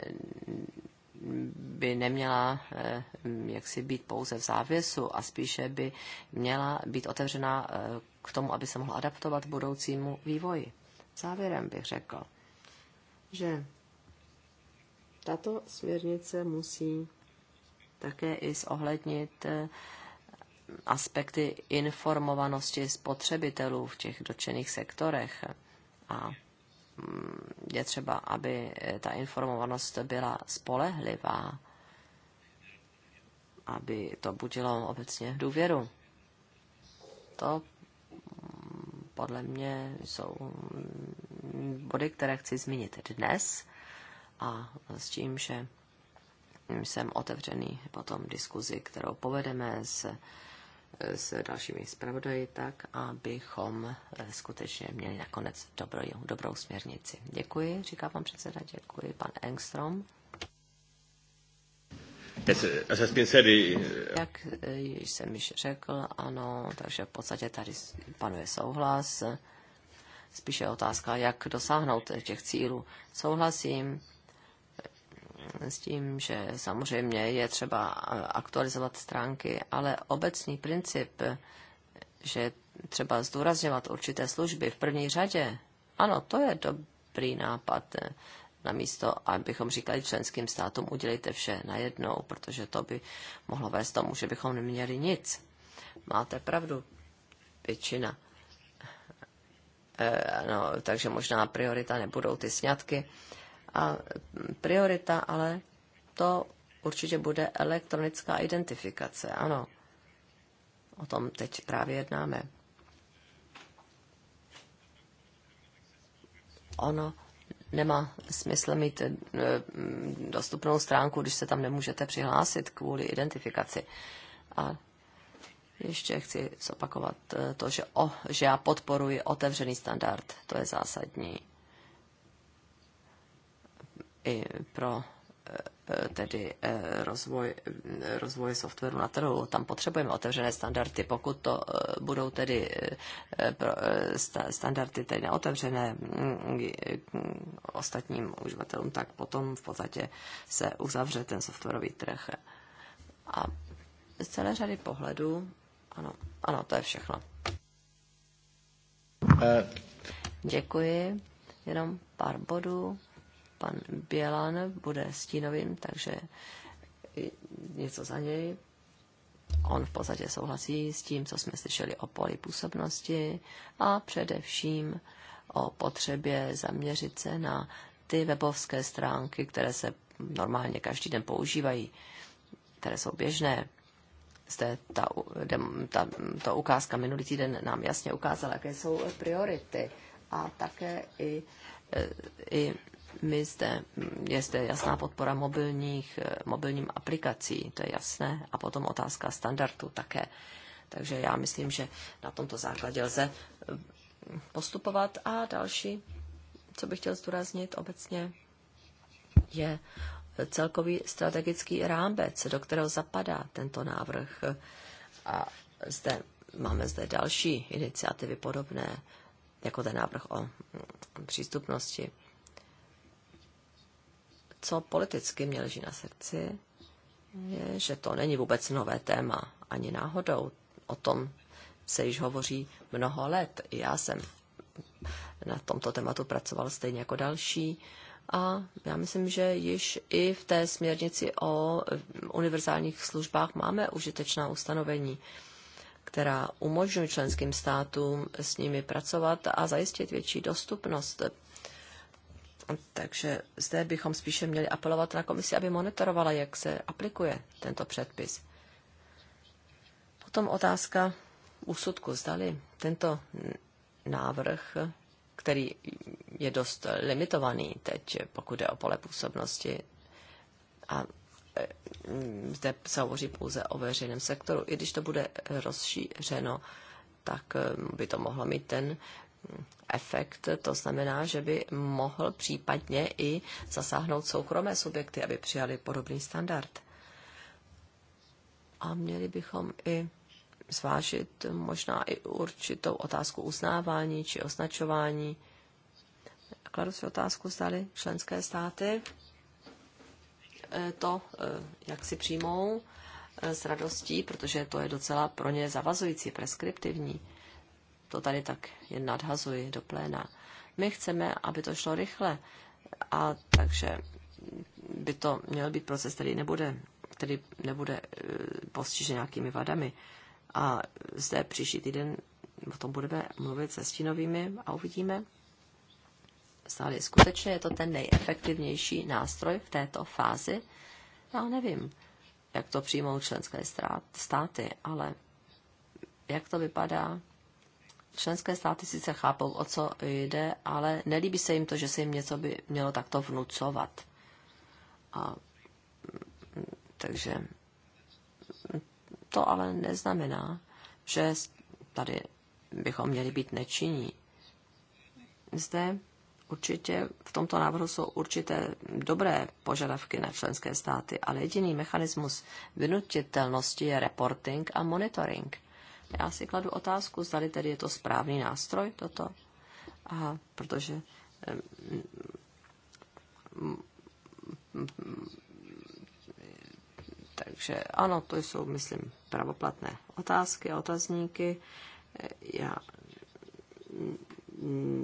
S4: by neměla jaksi být pouze v závěsu a spíše by měla být otevřena k tomu, aby se mohl adaptovat budoucímu vývoji. Závěrem bych řekl, že tato směrnice musí také i zohlednit eh, aspekty informovanosti spotřebitelů v těch dotčených sektorech. A mm, je třeba, aby eh, ta informovanost byla spolehlivá, aby to budilo obecně důvěru. To podle mě jsou body, které chci zmínit dnes a s tím, že jsem otevřený potom diskuzi, kterou povedeme s, s dalšími zpravodaji, tak abychom skutečně měli nakonec dobrou, dobrou směrnici. Děkuji, říká pan předseda, děkuji, pan Engstrom. Uh, uh, jak eh, jsem již řekl, ano, takže v podstatě tady panuje souhlas. Spíše otázka, jak dosáhnout těch cílů. Souhlasím eh, s tím, že samozřejmě je třeba eh, aktualizovat stránky, ale obecný princip, že třeba zdůrazňovat určité služby v první řadě, ano, to je dobrý nápad namísto, abychom říkali členským státům, udělejte vše najednou, protože to by mohlo vést tomu, že bychom neměli nic. Máte pravdu, většina. E, no, takže možná priorita nebudou ty sňatky. A priorita ale to určitě bude elektronická identifikace, ano. O tom teď právě jednáme. Ono nemá smysl mít eh, mm, dostupnou stránku, když se tam nemůžete přihlásit kvůli identifikaci. A ještě chci zopakovat eh, to, že, o, že já podporuji otevřený standard. To je zásadní i pro Eh, tedy eh, rozvoj, eh, rozvoj softwaru na trhu. Tam potřebujeme otevřené standardy. Pokud to budou tedy standardy tedy neotevřené mm, mm, ostatním uživatelům, tak potom v podstatě se uzavře ten softwarový trh. A z celé řady pohledů, ano, ano, to je všechno. Děkuji. Jenom pár bodů pan Bělan bude stínovým, takže něco za něj. On v podstatě souhlasí s tím, co jsme slyšeli o poli působnosti a především o potřebě zaměřit se na ty webovské stránky, které se normálně každý den používají, které jsou běžné. Zde ta, ta, ta ukázka minulý týden nám jasně ukázala, jaké jsou priority a také i, e, i my zde, je zde jasná podpora mobilních, eh, mobilním aplikací, to je jasné, a potom otázka standardu také. Takže já myslím, že na tomto základě lze eh, postupovat. A další, co bych chtěl zdůraznit obecně, je eh, celkový strategický rámec, do kterého zapadá tento návrh. A zde máme zde další iniciativy podobné, jako ten návrh o mm, přístupnosti co politicky mě leží na srdci, je, že to není vůbec nové téma, ani náhodou. O tom se již hovoří mnoho let. Já jsem na tomto tématu pracoval stejně jako další. A já myslím, že již i v té směrnici o univerzálních službách máme užitečná ustanovení, která umožňují členským státům s nimi pracovat a zajistit větší dostupnost takže zde bychom spíše měli apelovat na komisi, aby monitorovala, jak se aplikuje tento předpis. Potom otázka úsudku. Zdali tento návrh, který je dost limitovaný teď, pokud je o pole působnosti, a e, zde se hovoří pouze o veřejném sektoru, i když to bude rozšířeno, tak e, by to mohlo mít ten efekt, to znamená, že by mohl případně i zasáhnout soukromé subjekty, aby přijali podobný standard. A měli bychom i zvážit možná i určitou otázku uznávání či označování. Kladu si otázku, zdali členské státy eh, to, eh, jak si přijmou eh, s radostí, protože to je docela pro ně zavazující, preskriptivní to tady tak jen nadhazuji do pléna. My chceme, aby to šlo rychle a takže by to měl být proces, který nebude, který nebude e, postižen nějakými vadami. A zde příští týden o tom budeme mluvit se stínovými a uvidíme, stále skutečně je to ten nejefektivnější nástroj v této fázi. Já nevím, jak to přijmou členské státy, ale jak to vypadá členské státy sice chápou, o co jde, ale nelíbí se jim to, že se jim něco by mělo takto vnucovat. A, mm, takže mm, to ale neznamená, že tady bychom měli být nečinní. Zde určitě v tomto návrhu jsou určité dobré požadavky na členské státy, ale jediný mechanismus vynutitelnosti je reporting a monitoring. Já si kladu otázku, zda tedy je to správný nástroj toto. A protože takže ano, to jsou, myslím, pravoplatné otázky a otazníky. Já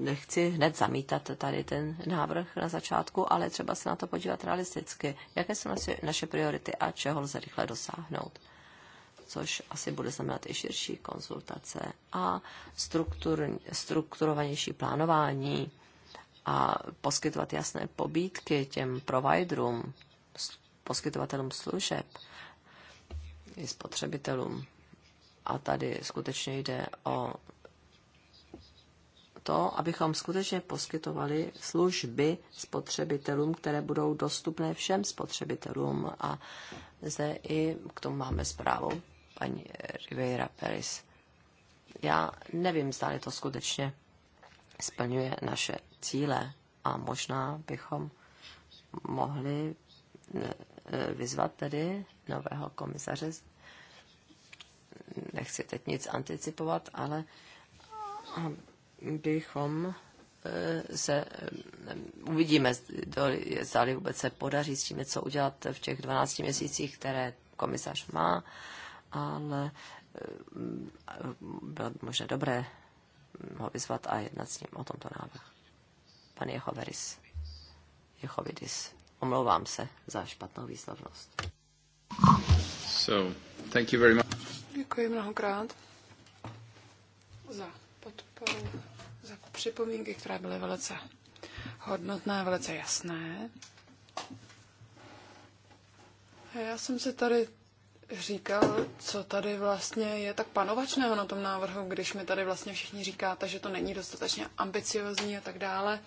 S4: nechci hned zamítat tady ten návrh na začátku, ale třeba se na to podívat realisticky. Jaké jsou naše, naše priority a čeho lze rychle dosáhnout? což asi bude znamenat i širší konzultace a struktur, strukturovanější plánování a poskytovat jasné pobídky těm providerům, poskytovatelům služeb i spotřebitelům. A tady skutečně jde o to, abychom skutečně poskytovali služby spotřebitelům, které budou dostupné všem spotřebitelům. A zde i k tomu máme zprávu paní Rivera Peris. Já nevím, zda to skutečně splňuje naše cíle a možná bychom mohli eh, eh, vyzvat tedy nového komisaře. Nechci teď nic anticipovat, ale bychom eh, se uvidíme, zda vůbec se podaří s tím něco udělat v těch 12 měsících, které komisař má ale eh, bylo by možná dobré ho vyzvat a jednat s ním o tomto návrhu. Pan Jehoveris. Jehovidis. Omlouvám se za špatnou výslovnost.
S1: So, thank you very much. Děkuji mnohokrát za podporu, za připomínky, které byly velice hodnotné, velice jasné. Já jsem se tady říkal, co tady vlastně je tak panovačného na tom návrhu, když mi tady vlastně všichni říkáte, že to není dostatečně ambiciozní a tak dále.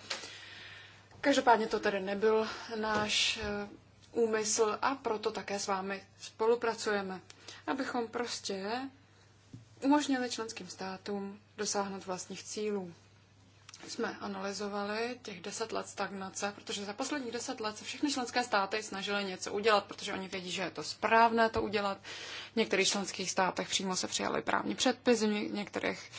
S1: Každopádně to tedy nebyl náš eh, úmysl a proto také s vámi spolupracujeme, abychom prostě umožnili členským státům dosáhnout vlastních cílů jsme analyzovali těch deset let stagnace, protože za posledních deset let se všechny členské státy snažily něco udělat, protože oni vědí, že je to správné to udělat. V některých členských státech přímo se přijaly právní předpisy, v některých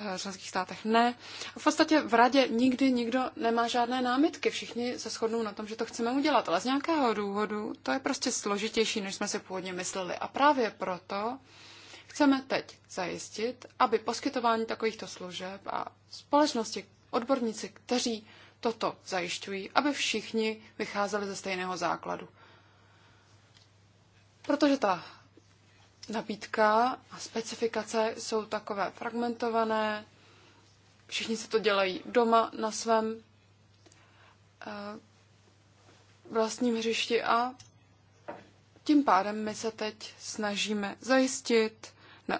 S1: eh, členských státech ne. A v podstatě v radě nikdy nikdo nemá žádné námitky. Všichni se shodnou na tom, že to chceme udělat, ale z nějakého důvodu to je prostě složitější, než jsme si původně mysleli. A právě proto Chceme teď zajistit, aby poskytování takovýchto služeb a společnosti, odborníci, kteří toto zajišťují, aby všichni vycházeli ze stejného základu. Protože ta nabídka a specifikace jsou takové fragmentované, všichni se to dělají doma na svém eh, vlastním hřišti a tím pádem my se teď snažíme zajistit,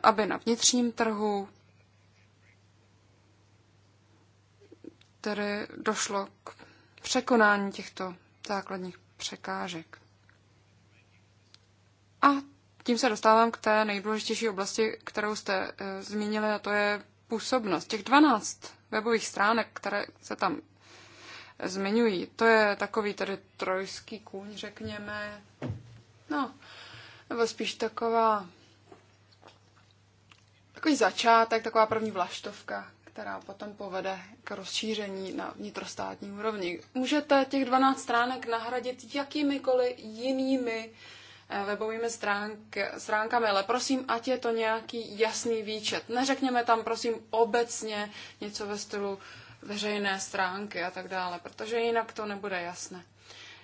S1: aby na vnitřním trhu tedy došlo k překonání těchto základních překážek. A tím se dostávám k té nejdůležitější oblasti, kterou jste e, zmínili, a to je působnost. Těch 12 webových stránek, které se tam eh, zmiňují, to je takový tedy trojský kůň, řekněme, no, nebo spíš taková takový začátek, taková první vlaštovka, která potom povede k rozšíření na vnitrostátní úrovni. Můžete těch 12 stránek nahradit jakýmikoliv jinými eh, webovými stránk, stránkami, ale prosím, ať je to nějaký jasný výčet. Neřekněme tam, prosím, obecně něco ve stylu veřejné stránky a tak dále, protože jinak to nebude jasné.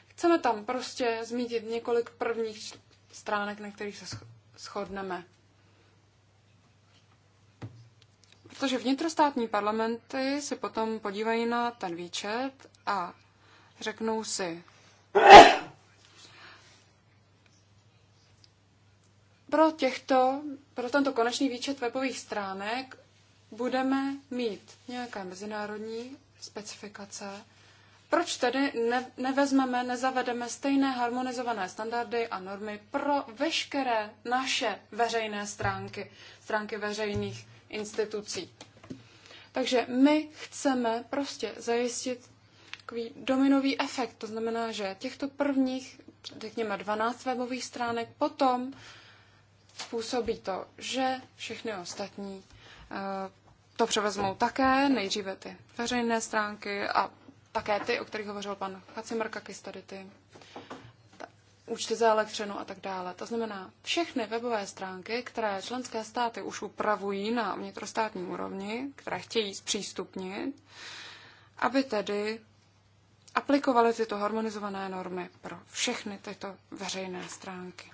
S1: Chceme tam prostě zmítit několik prvních stránek, na kterých se shodneme. Protože vnitrostátní parlamenty si potom podívají na ten výčet a řeknou si, pro těchto, pro tento konečný výčet webových stránek budeme mít nějaké mezinárodní specifikace. Proč tedy ne, nevezmeme, nezavedeme stejné harmonizované standardy a normy pro veškeré naše veřejné stránky, stránky veřejných institucí. Takže my chceme prostě zajistit takový dominový efekt. To znamená, že těchto prvních, řekněme, 12 webových stránek potom způsobí to, že všechny ostatní eh, to převezmou také, nejdříve ty veřejné stránky a také ty, o kterých hovořil pan Chacimarkakis, tady ty účty za elektřinu a tak dále. To znamená, všechny webové stránky, které členské státy už upravují na vnitrostátní úrovni, které chtějí zpřístupnit, aby tedy aplikovaly tyto harmonizované normy pro všechny tyto veřejné stránky.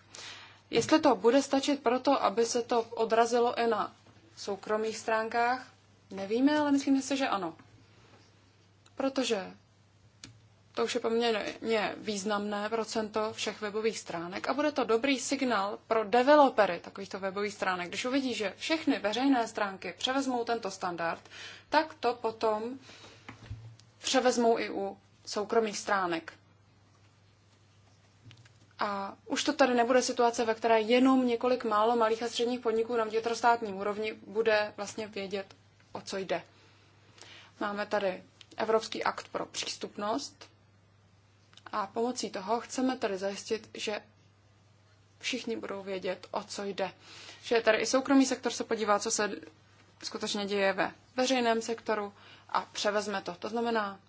S1: Jestli to bude stačit proto, aby se to odrazilo i na soukromých stránkách, nevíme, ale myslíme si, že ano. Protože to už je poměrně významné procento všech webových stránek a bude to dobrý signál pro developery takovýchto webových stránek. Když uvidí, že všechny veřejné stránky převezmou tento standard, tak to potom převezmou i u soukromých stránek. A už to tady nebude situace, ve které jenom několik málo malých a středních podniků na vnitrostátní úrovni bude vlastně vědět, o co jde. Máme tady Evropský akt pro přístupnost, a pomocí toho chceme tady zajistit, že všichni budou vědět, o co jde. Že tady i soukromý sektor se podívá, co se skutečně děje ve veřejném sektoru a převezme to. To znamená,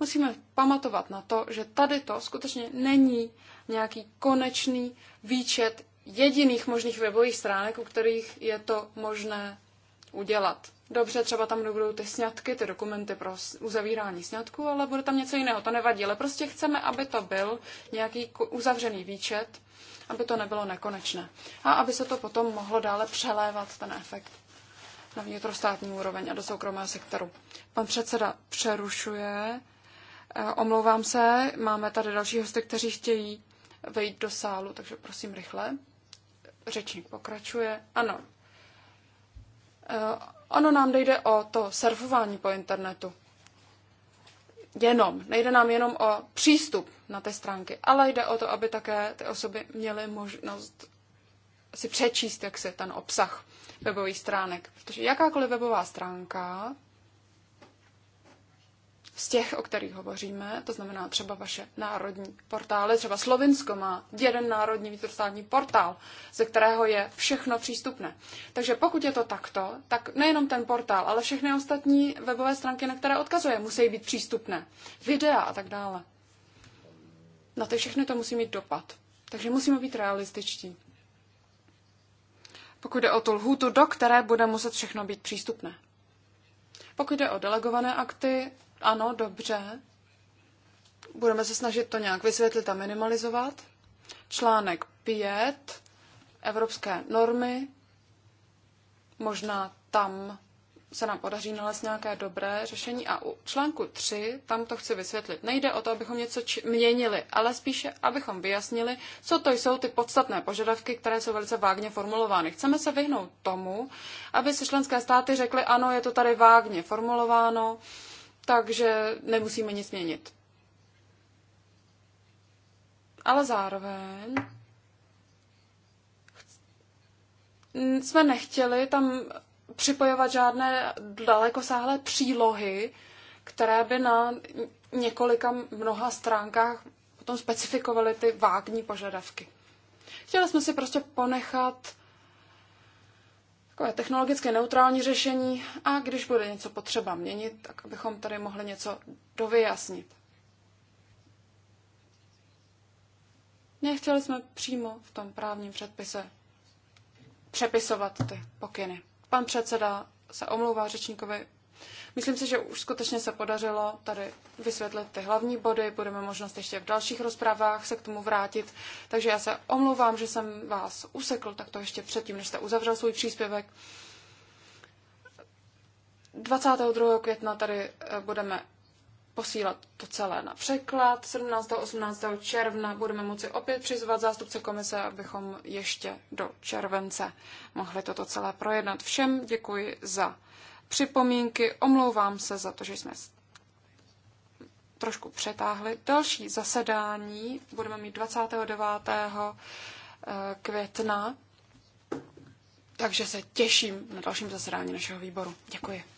S1: musíme pamatovat na to, že tady to skutečně není nějaký konečný výčet jediných možných webových stránek, u kterých je to možné udělat. Dobře, třeba tam nebudou ty sňatky, ty dokumenty pro uzavírání sňatku, ale bude tam něco jiného, to nevadí. Ale prostě chceme, aby to byl nějaký uzavřený výčet, aby to nebylo nekonečné. A aby se to potom mohlo dále přelévat, ten efekt, na vnitrostátní úroveň a do soukromého sektoru. Pan předseda přerušuje. E, omlouvám se, máme tady další hosty, kteří chtějí vejít do sálu, takže prosím rychle. Řečník pokračuje. Ano. E, Ono nám nejde o to surfování po internetu. Jenom. Nejde nám jenom o přístup na ty stránky, ale jde o to, aby také ty osoby měly možnost si přečíst, jak se ten obsah webových stránek. Protože jakákoliv webová stránka z těch, o kterých hovoříme, to znamená třeba vaše národní portály, třeba Slovinsko má jeden národní vnitrostátní portál, ze kterého je všechno přístupné. Takže pokud je to takto, tak nejenom ten portál, ale všechny ostatní webové stránky, na které odkazuje, musí být přístupné. Videa a tak dále. Na ty všechny to musí mít dopad. Takže musíme být realističtí. Pokud jde o tu lhůtu, do které bude muset všechno být přístupné. Pokud jde o delegované akty, ano, dobře. Budeme se snažit to nějak vysvětlit a minimalizovat. Článek 5. Evropské normy. Možná tam se nám podaří nalézt nějaké dobré řešení. A u článku 3, tam to chci vysvětlit. Nejde o to, abychom něco měnili, ale spíše, abychom vyjasnili, co to jsou ty podstatné požadavky, které jsou velice vágně formulovány. Chceme se vyhnout tomu, aby si členské státy řekly, ano, je to tady vágně formulováno, takže nemusíme nic měnit. Ale zároveň jsme nechtěli tam připojovat žádné dalekosáhlé přílohy, které by na několika mnoha stránkách potom specifikovaly ty vágní požadavky. Chtěli jsme si prostě ponechat takové technologické neutrální řešení a když bude něco potřeba měnit, tak abychom tady mohli něco dovyjasnit. Nechtěli jsme přímo v tom právním předpise přepisovat ty pokyny. Pan předseda se omlouvá řečníkovi Myslím si, že už skutečně se podařilo tady vysvětlit ty hlavní body, budeme možnost ještě v dalších rozpravách se k tomu vrátit, takže já se omlouvám, že jsem vás usekl, tak to ještě předtím, než jste uzavřel svůj příspěvek. 22. května tady eh, budeme posílat to celé na překlad. 17. a 18. června budeme moci opět přizvat zástupce komise, abychom ještě do července mohli toto celé projednat. Všem děkuji za připomínky. Omlouvám se za to, že jsme trošku přetáhli. Další zasedání budeme mít 29. Eh, května, takže se těším na dalším zasedání našeho výboru. Děkuji.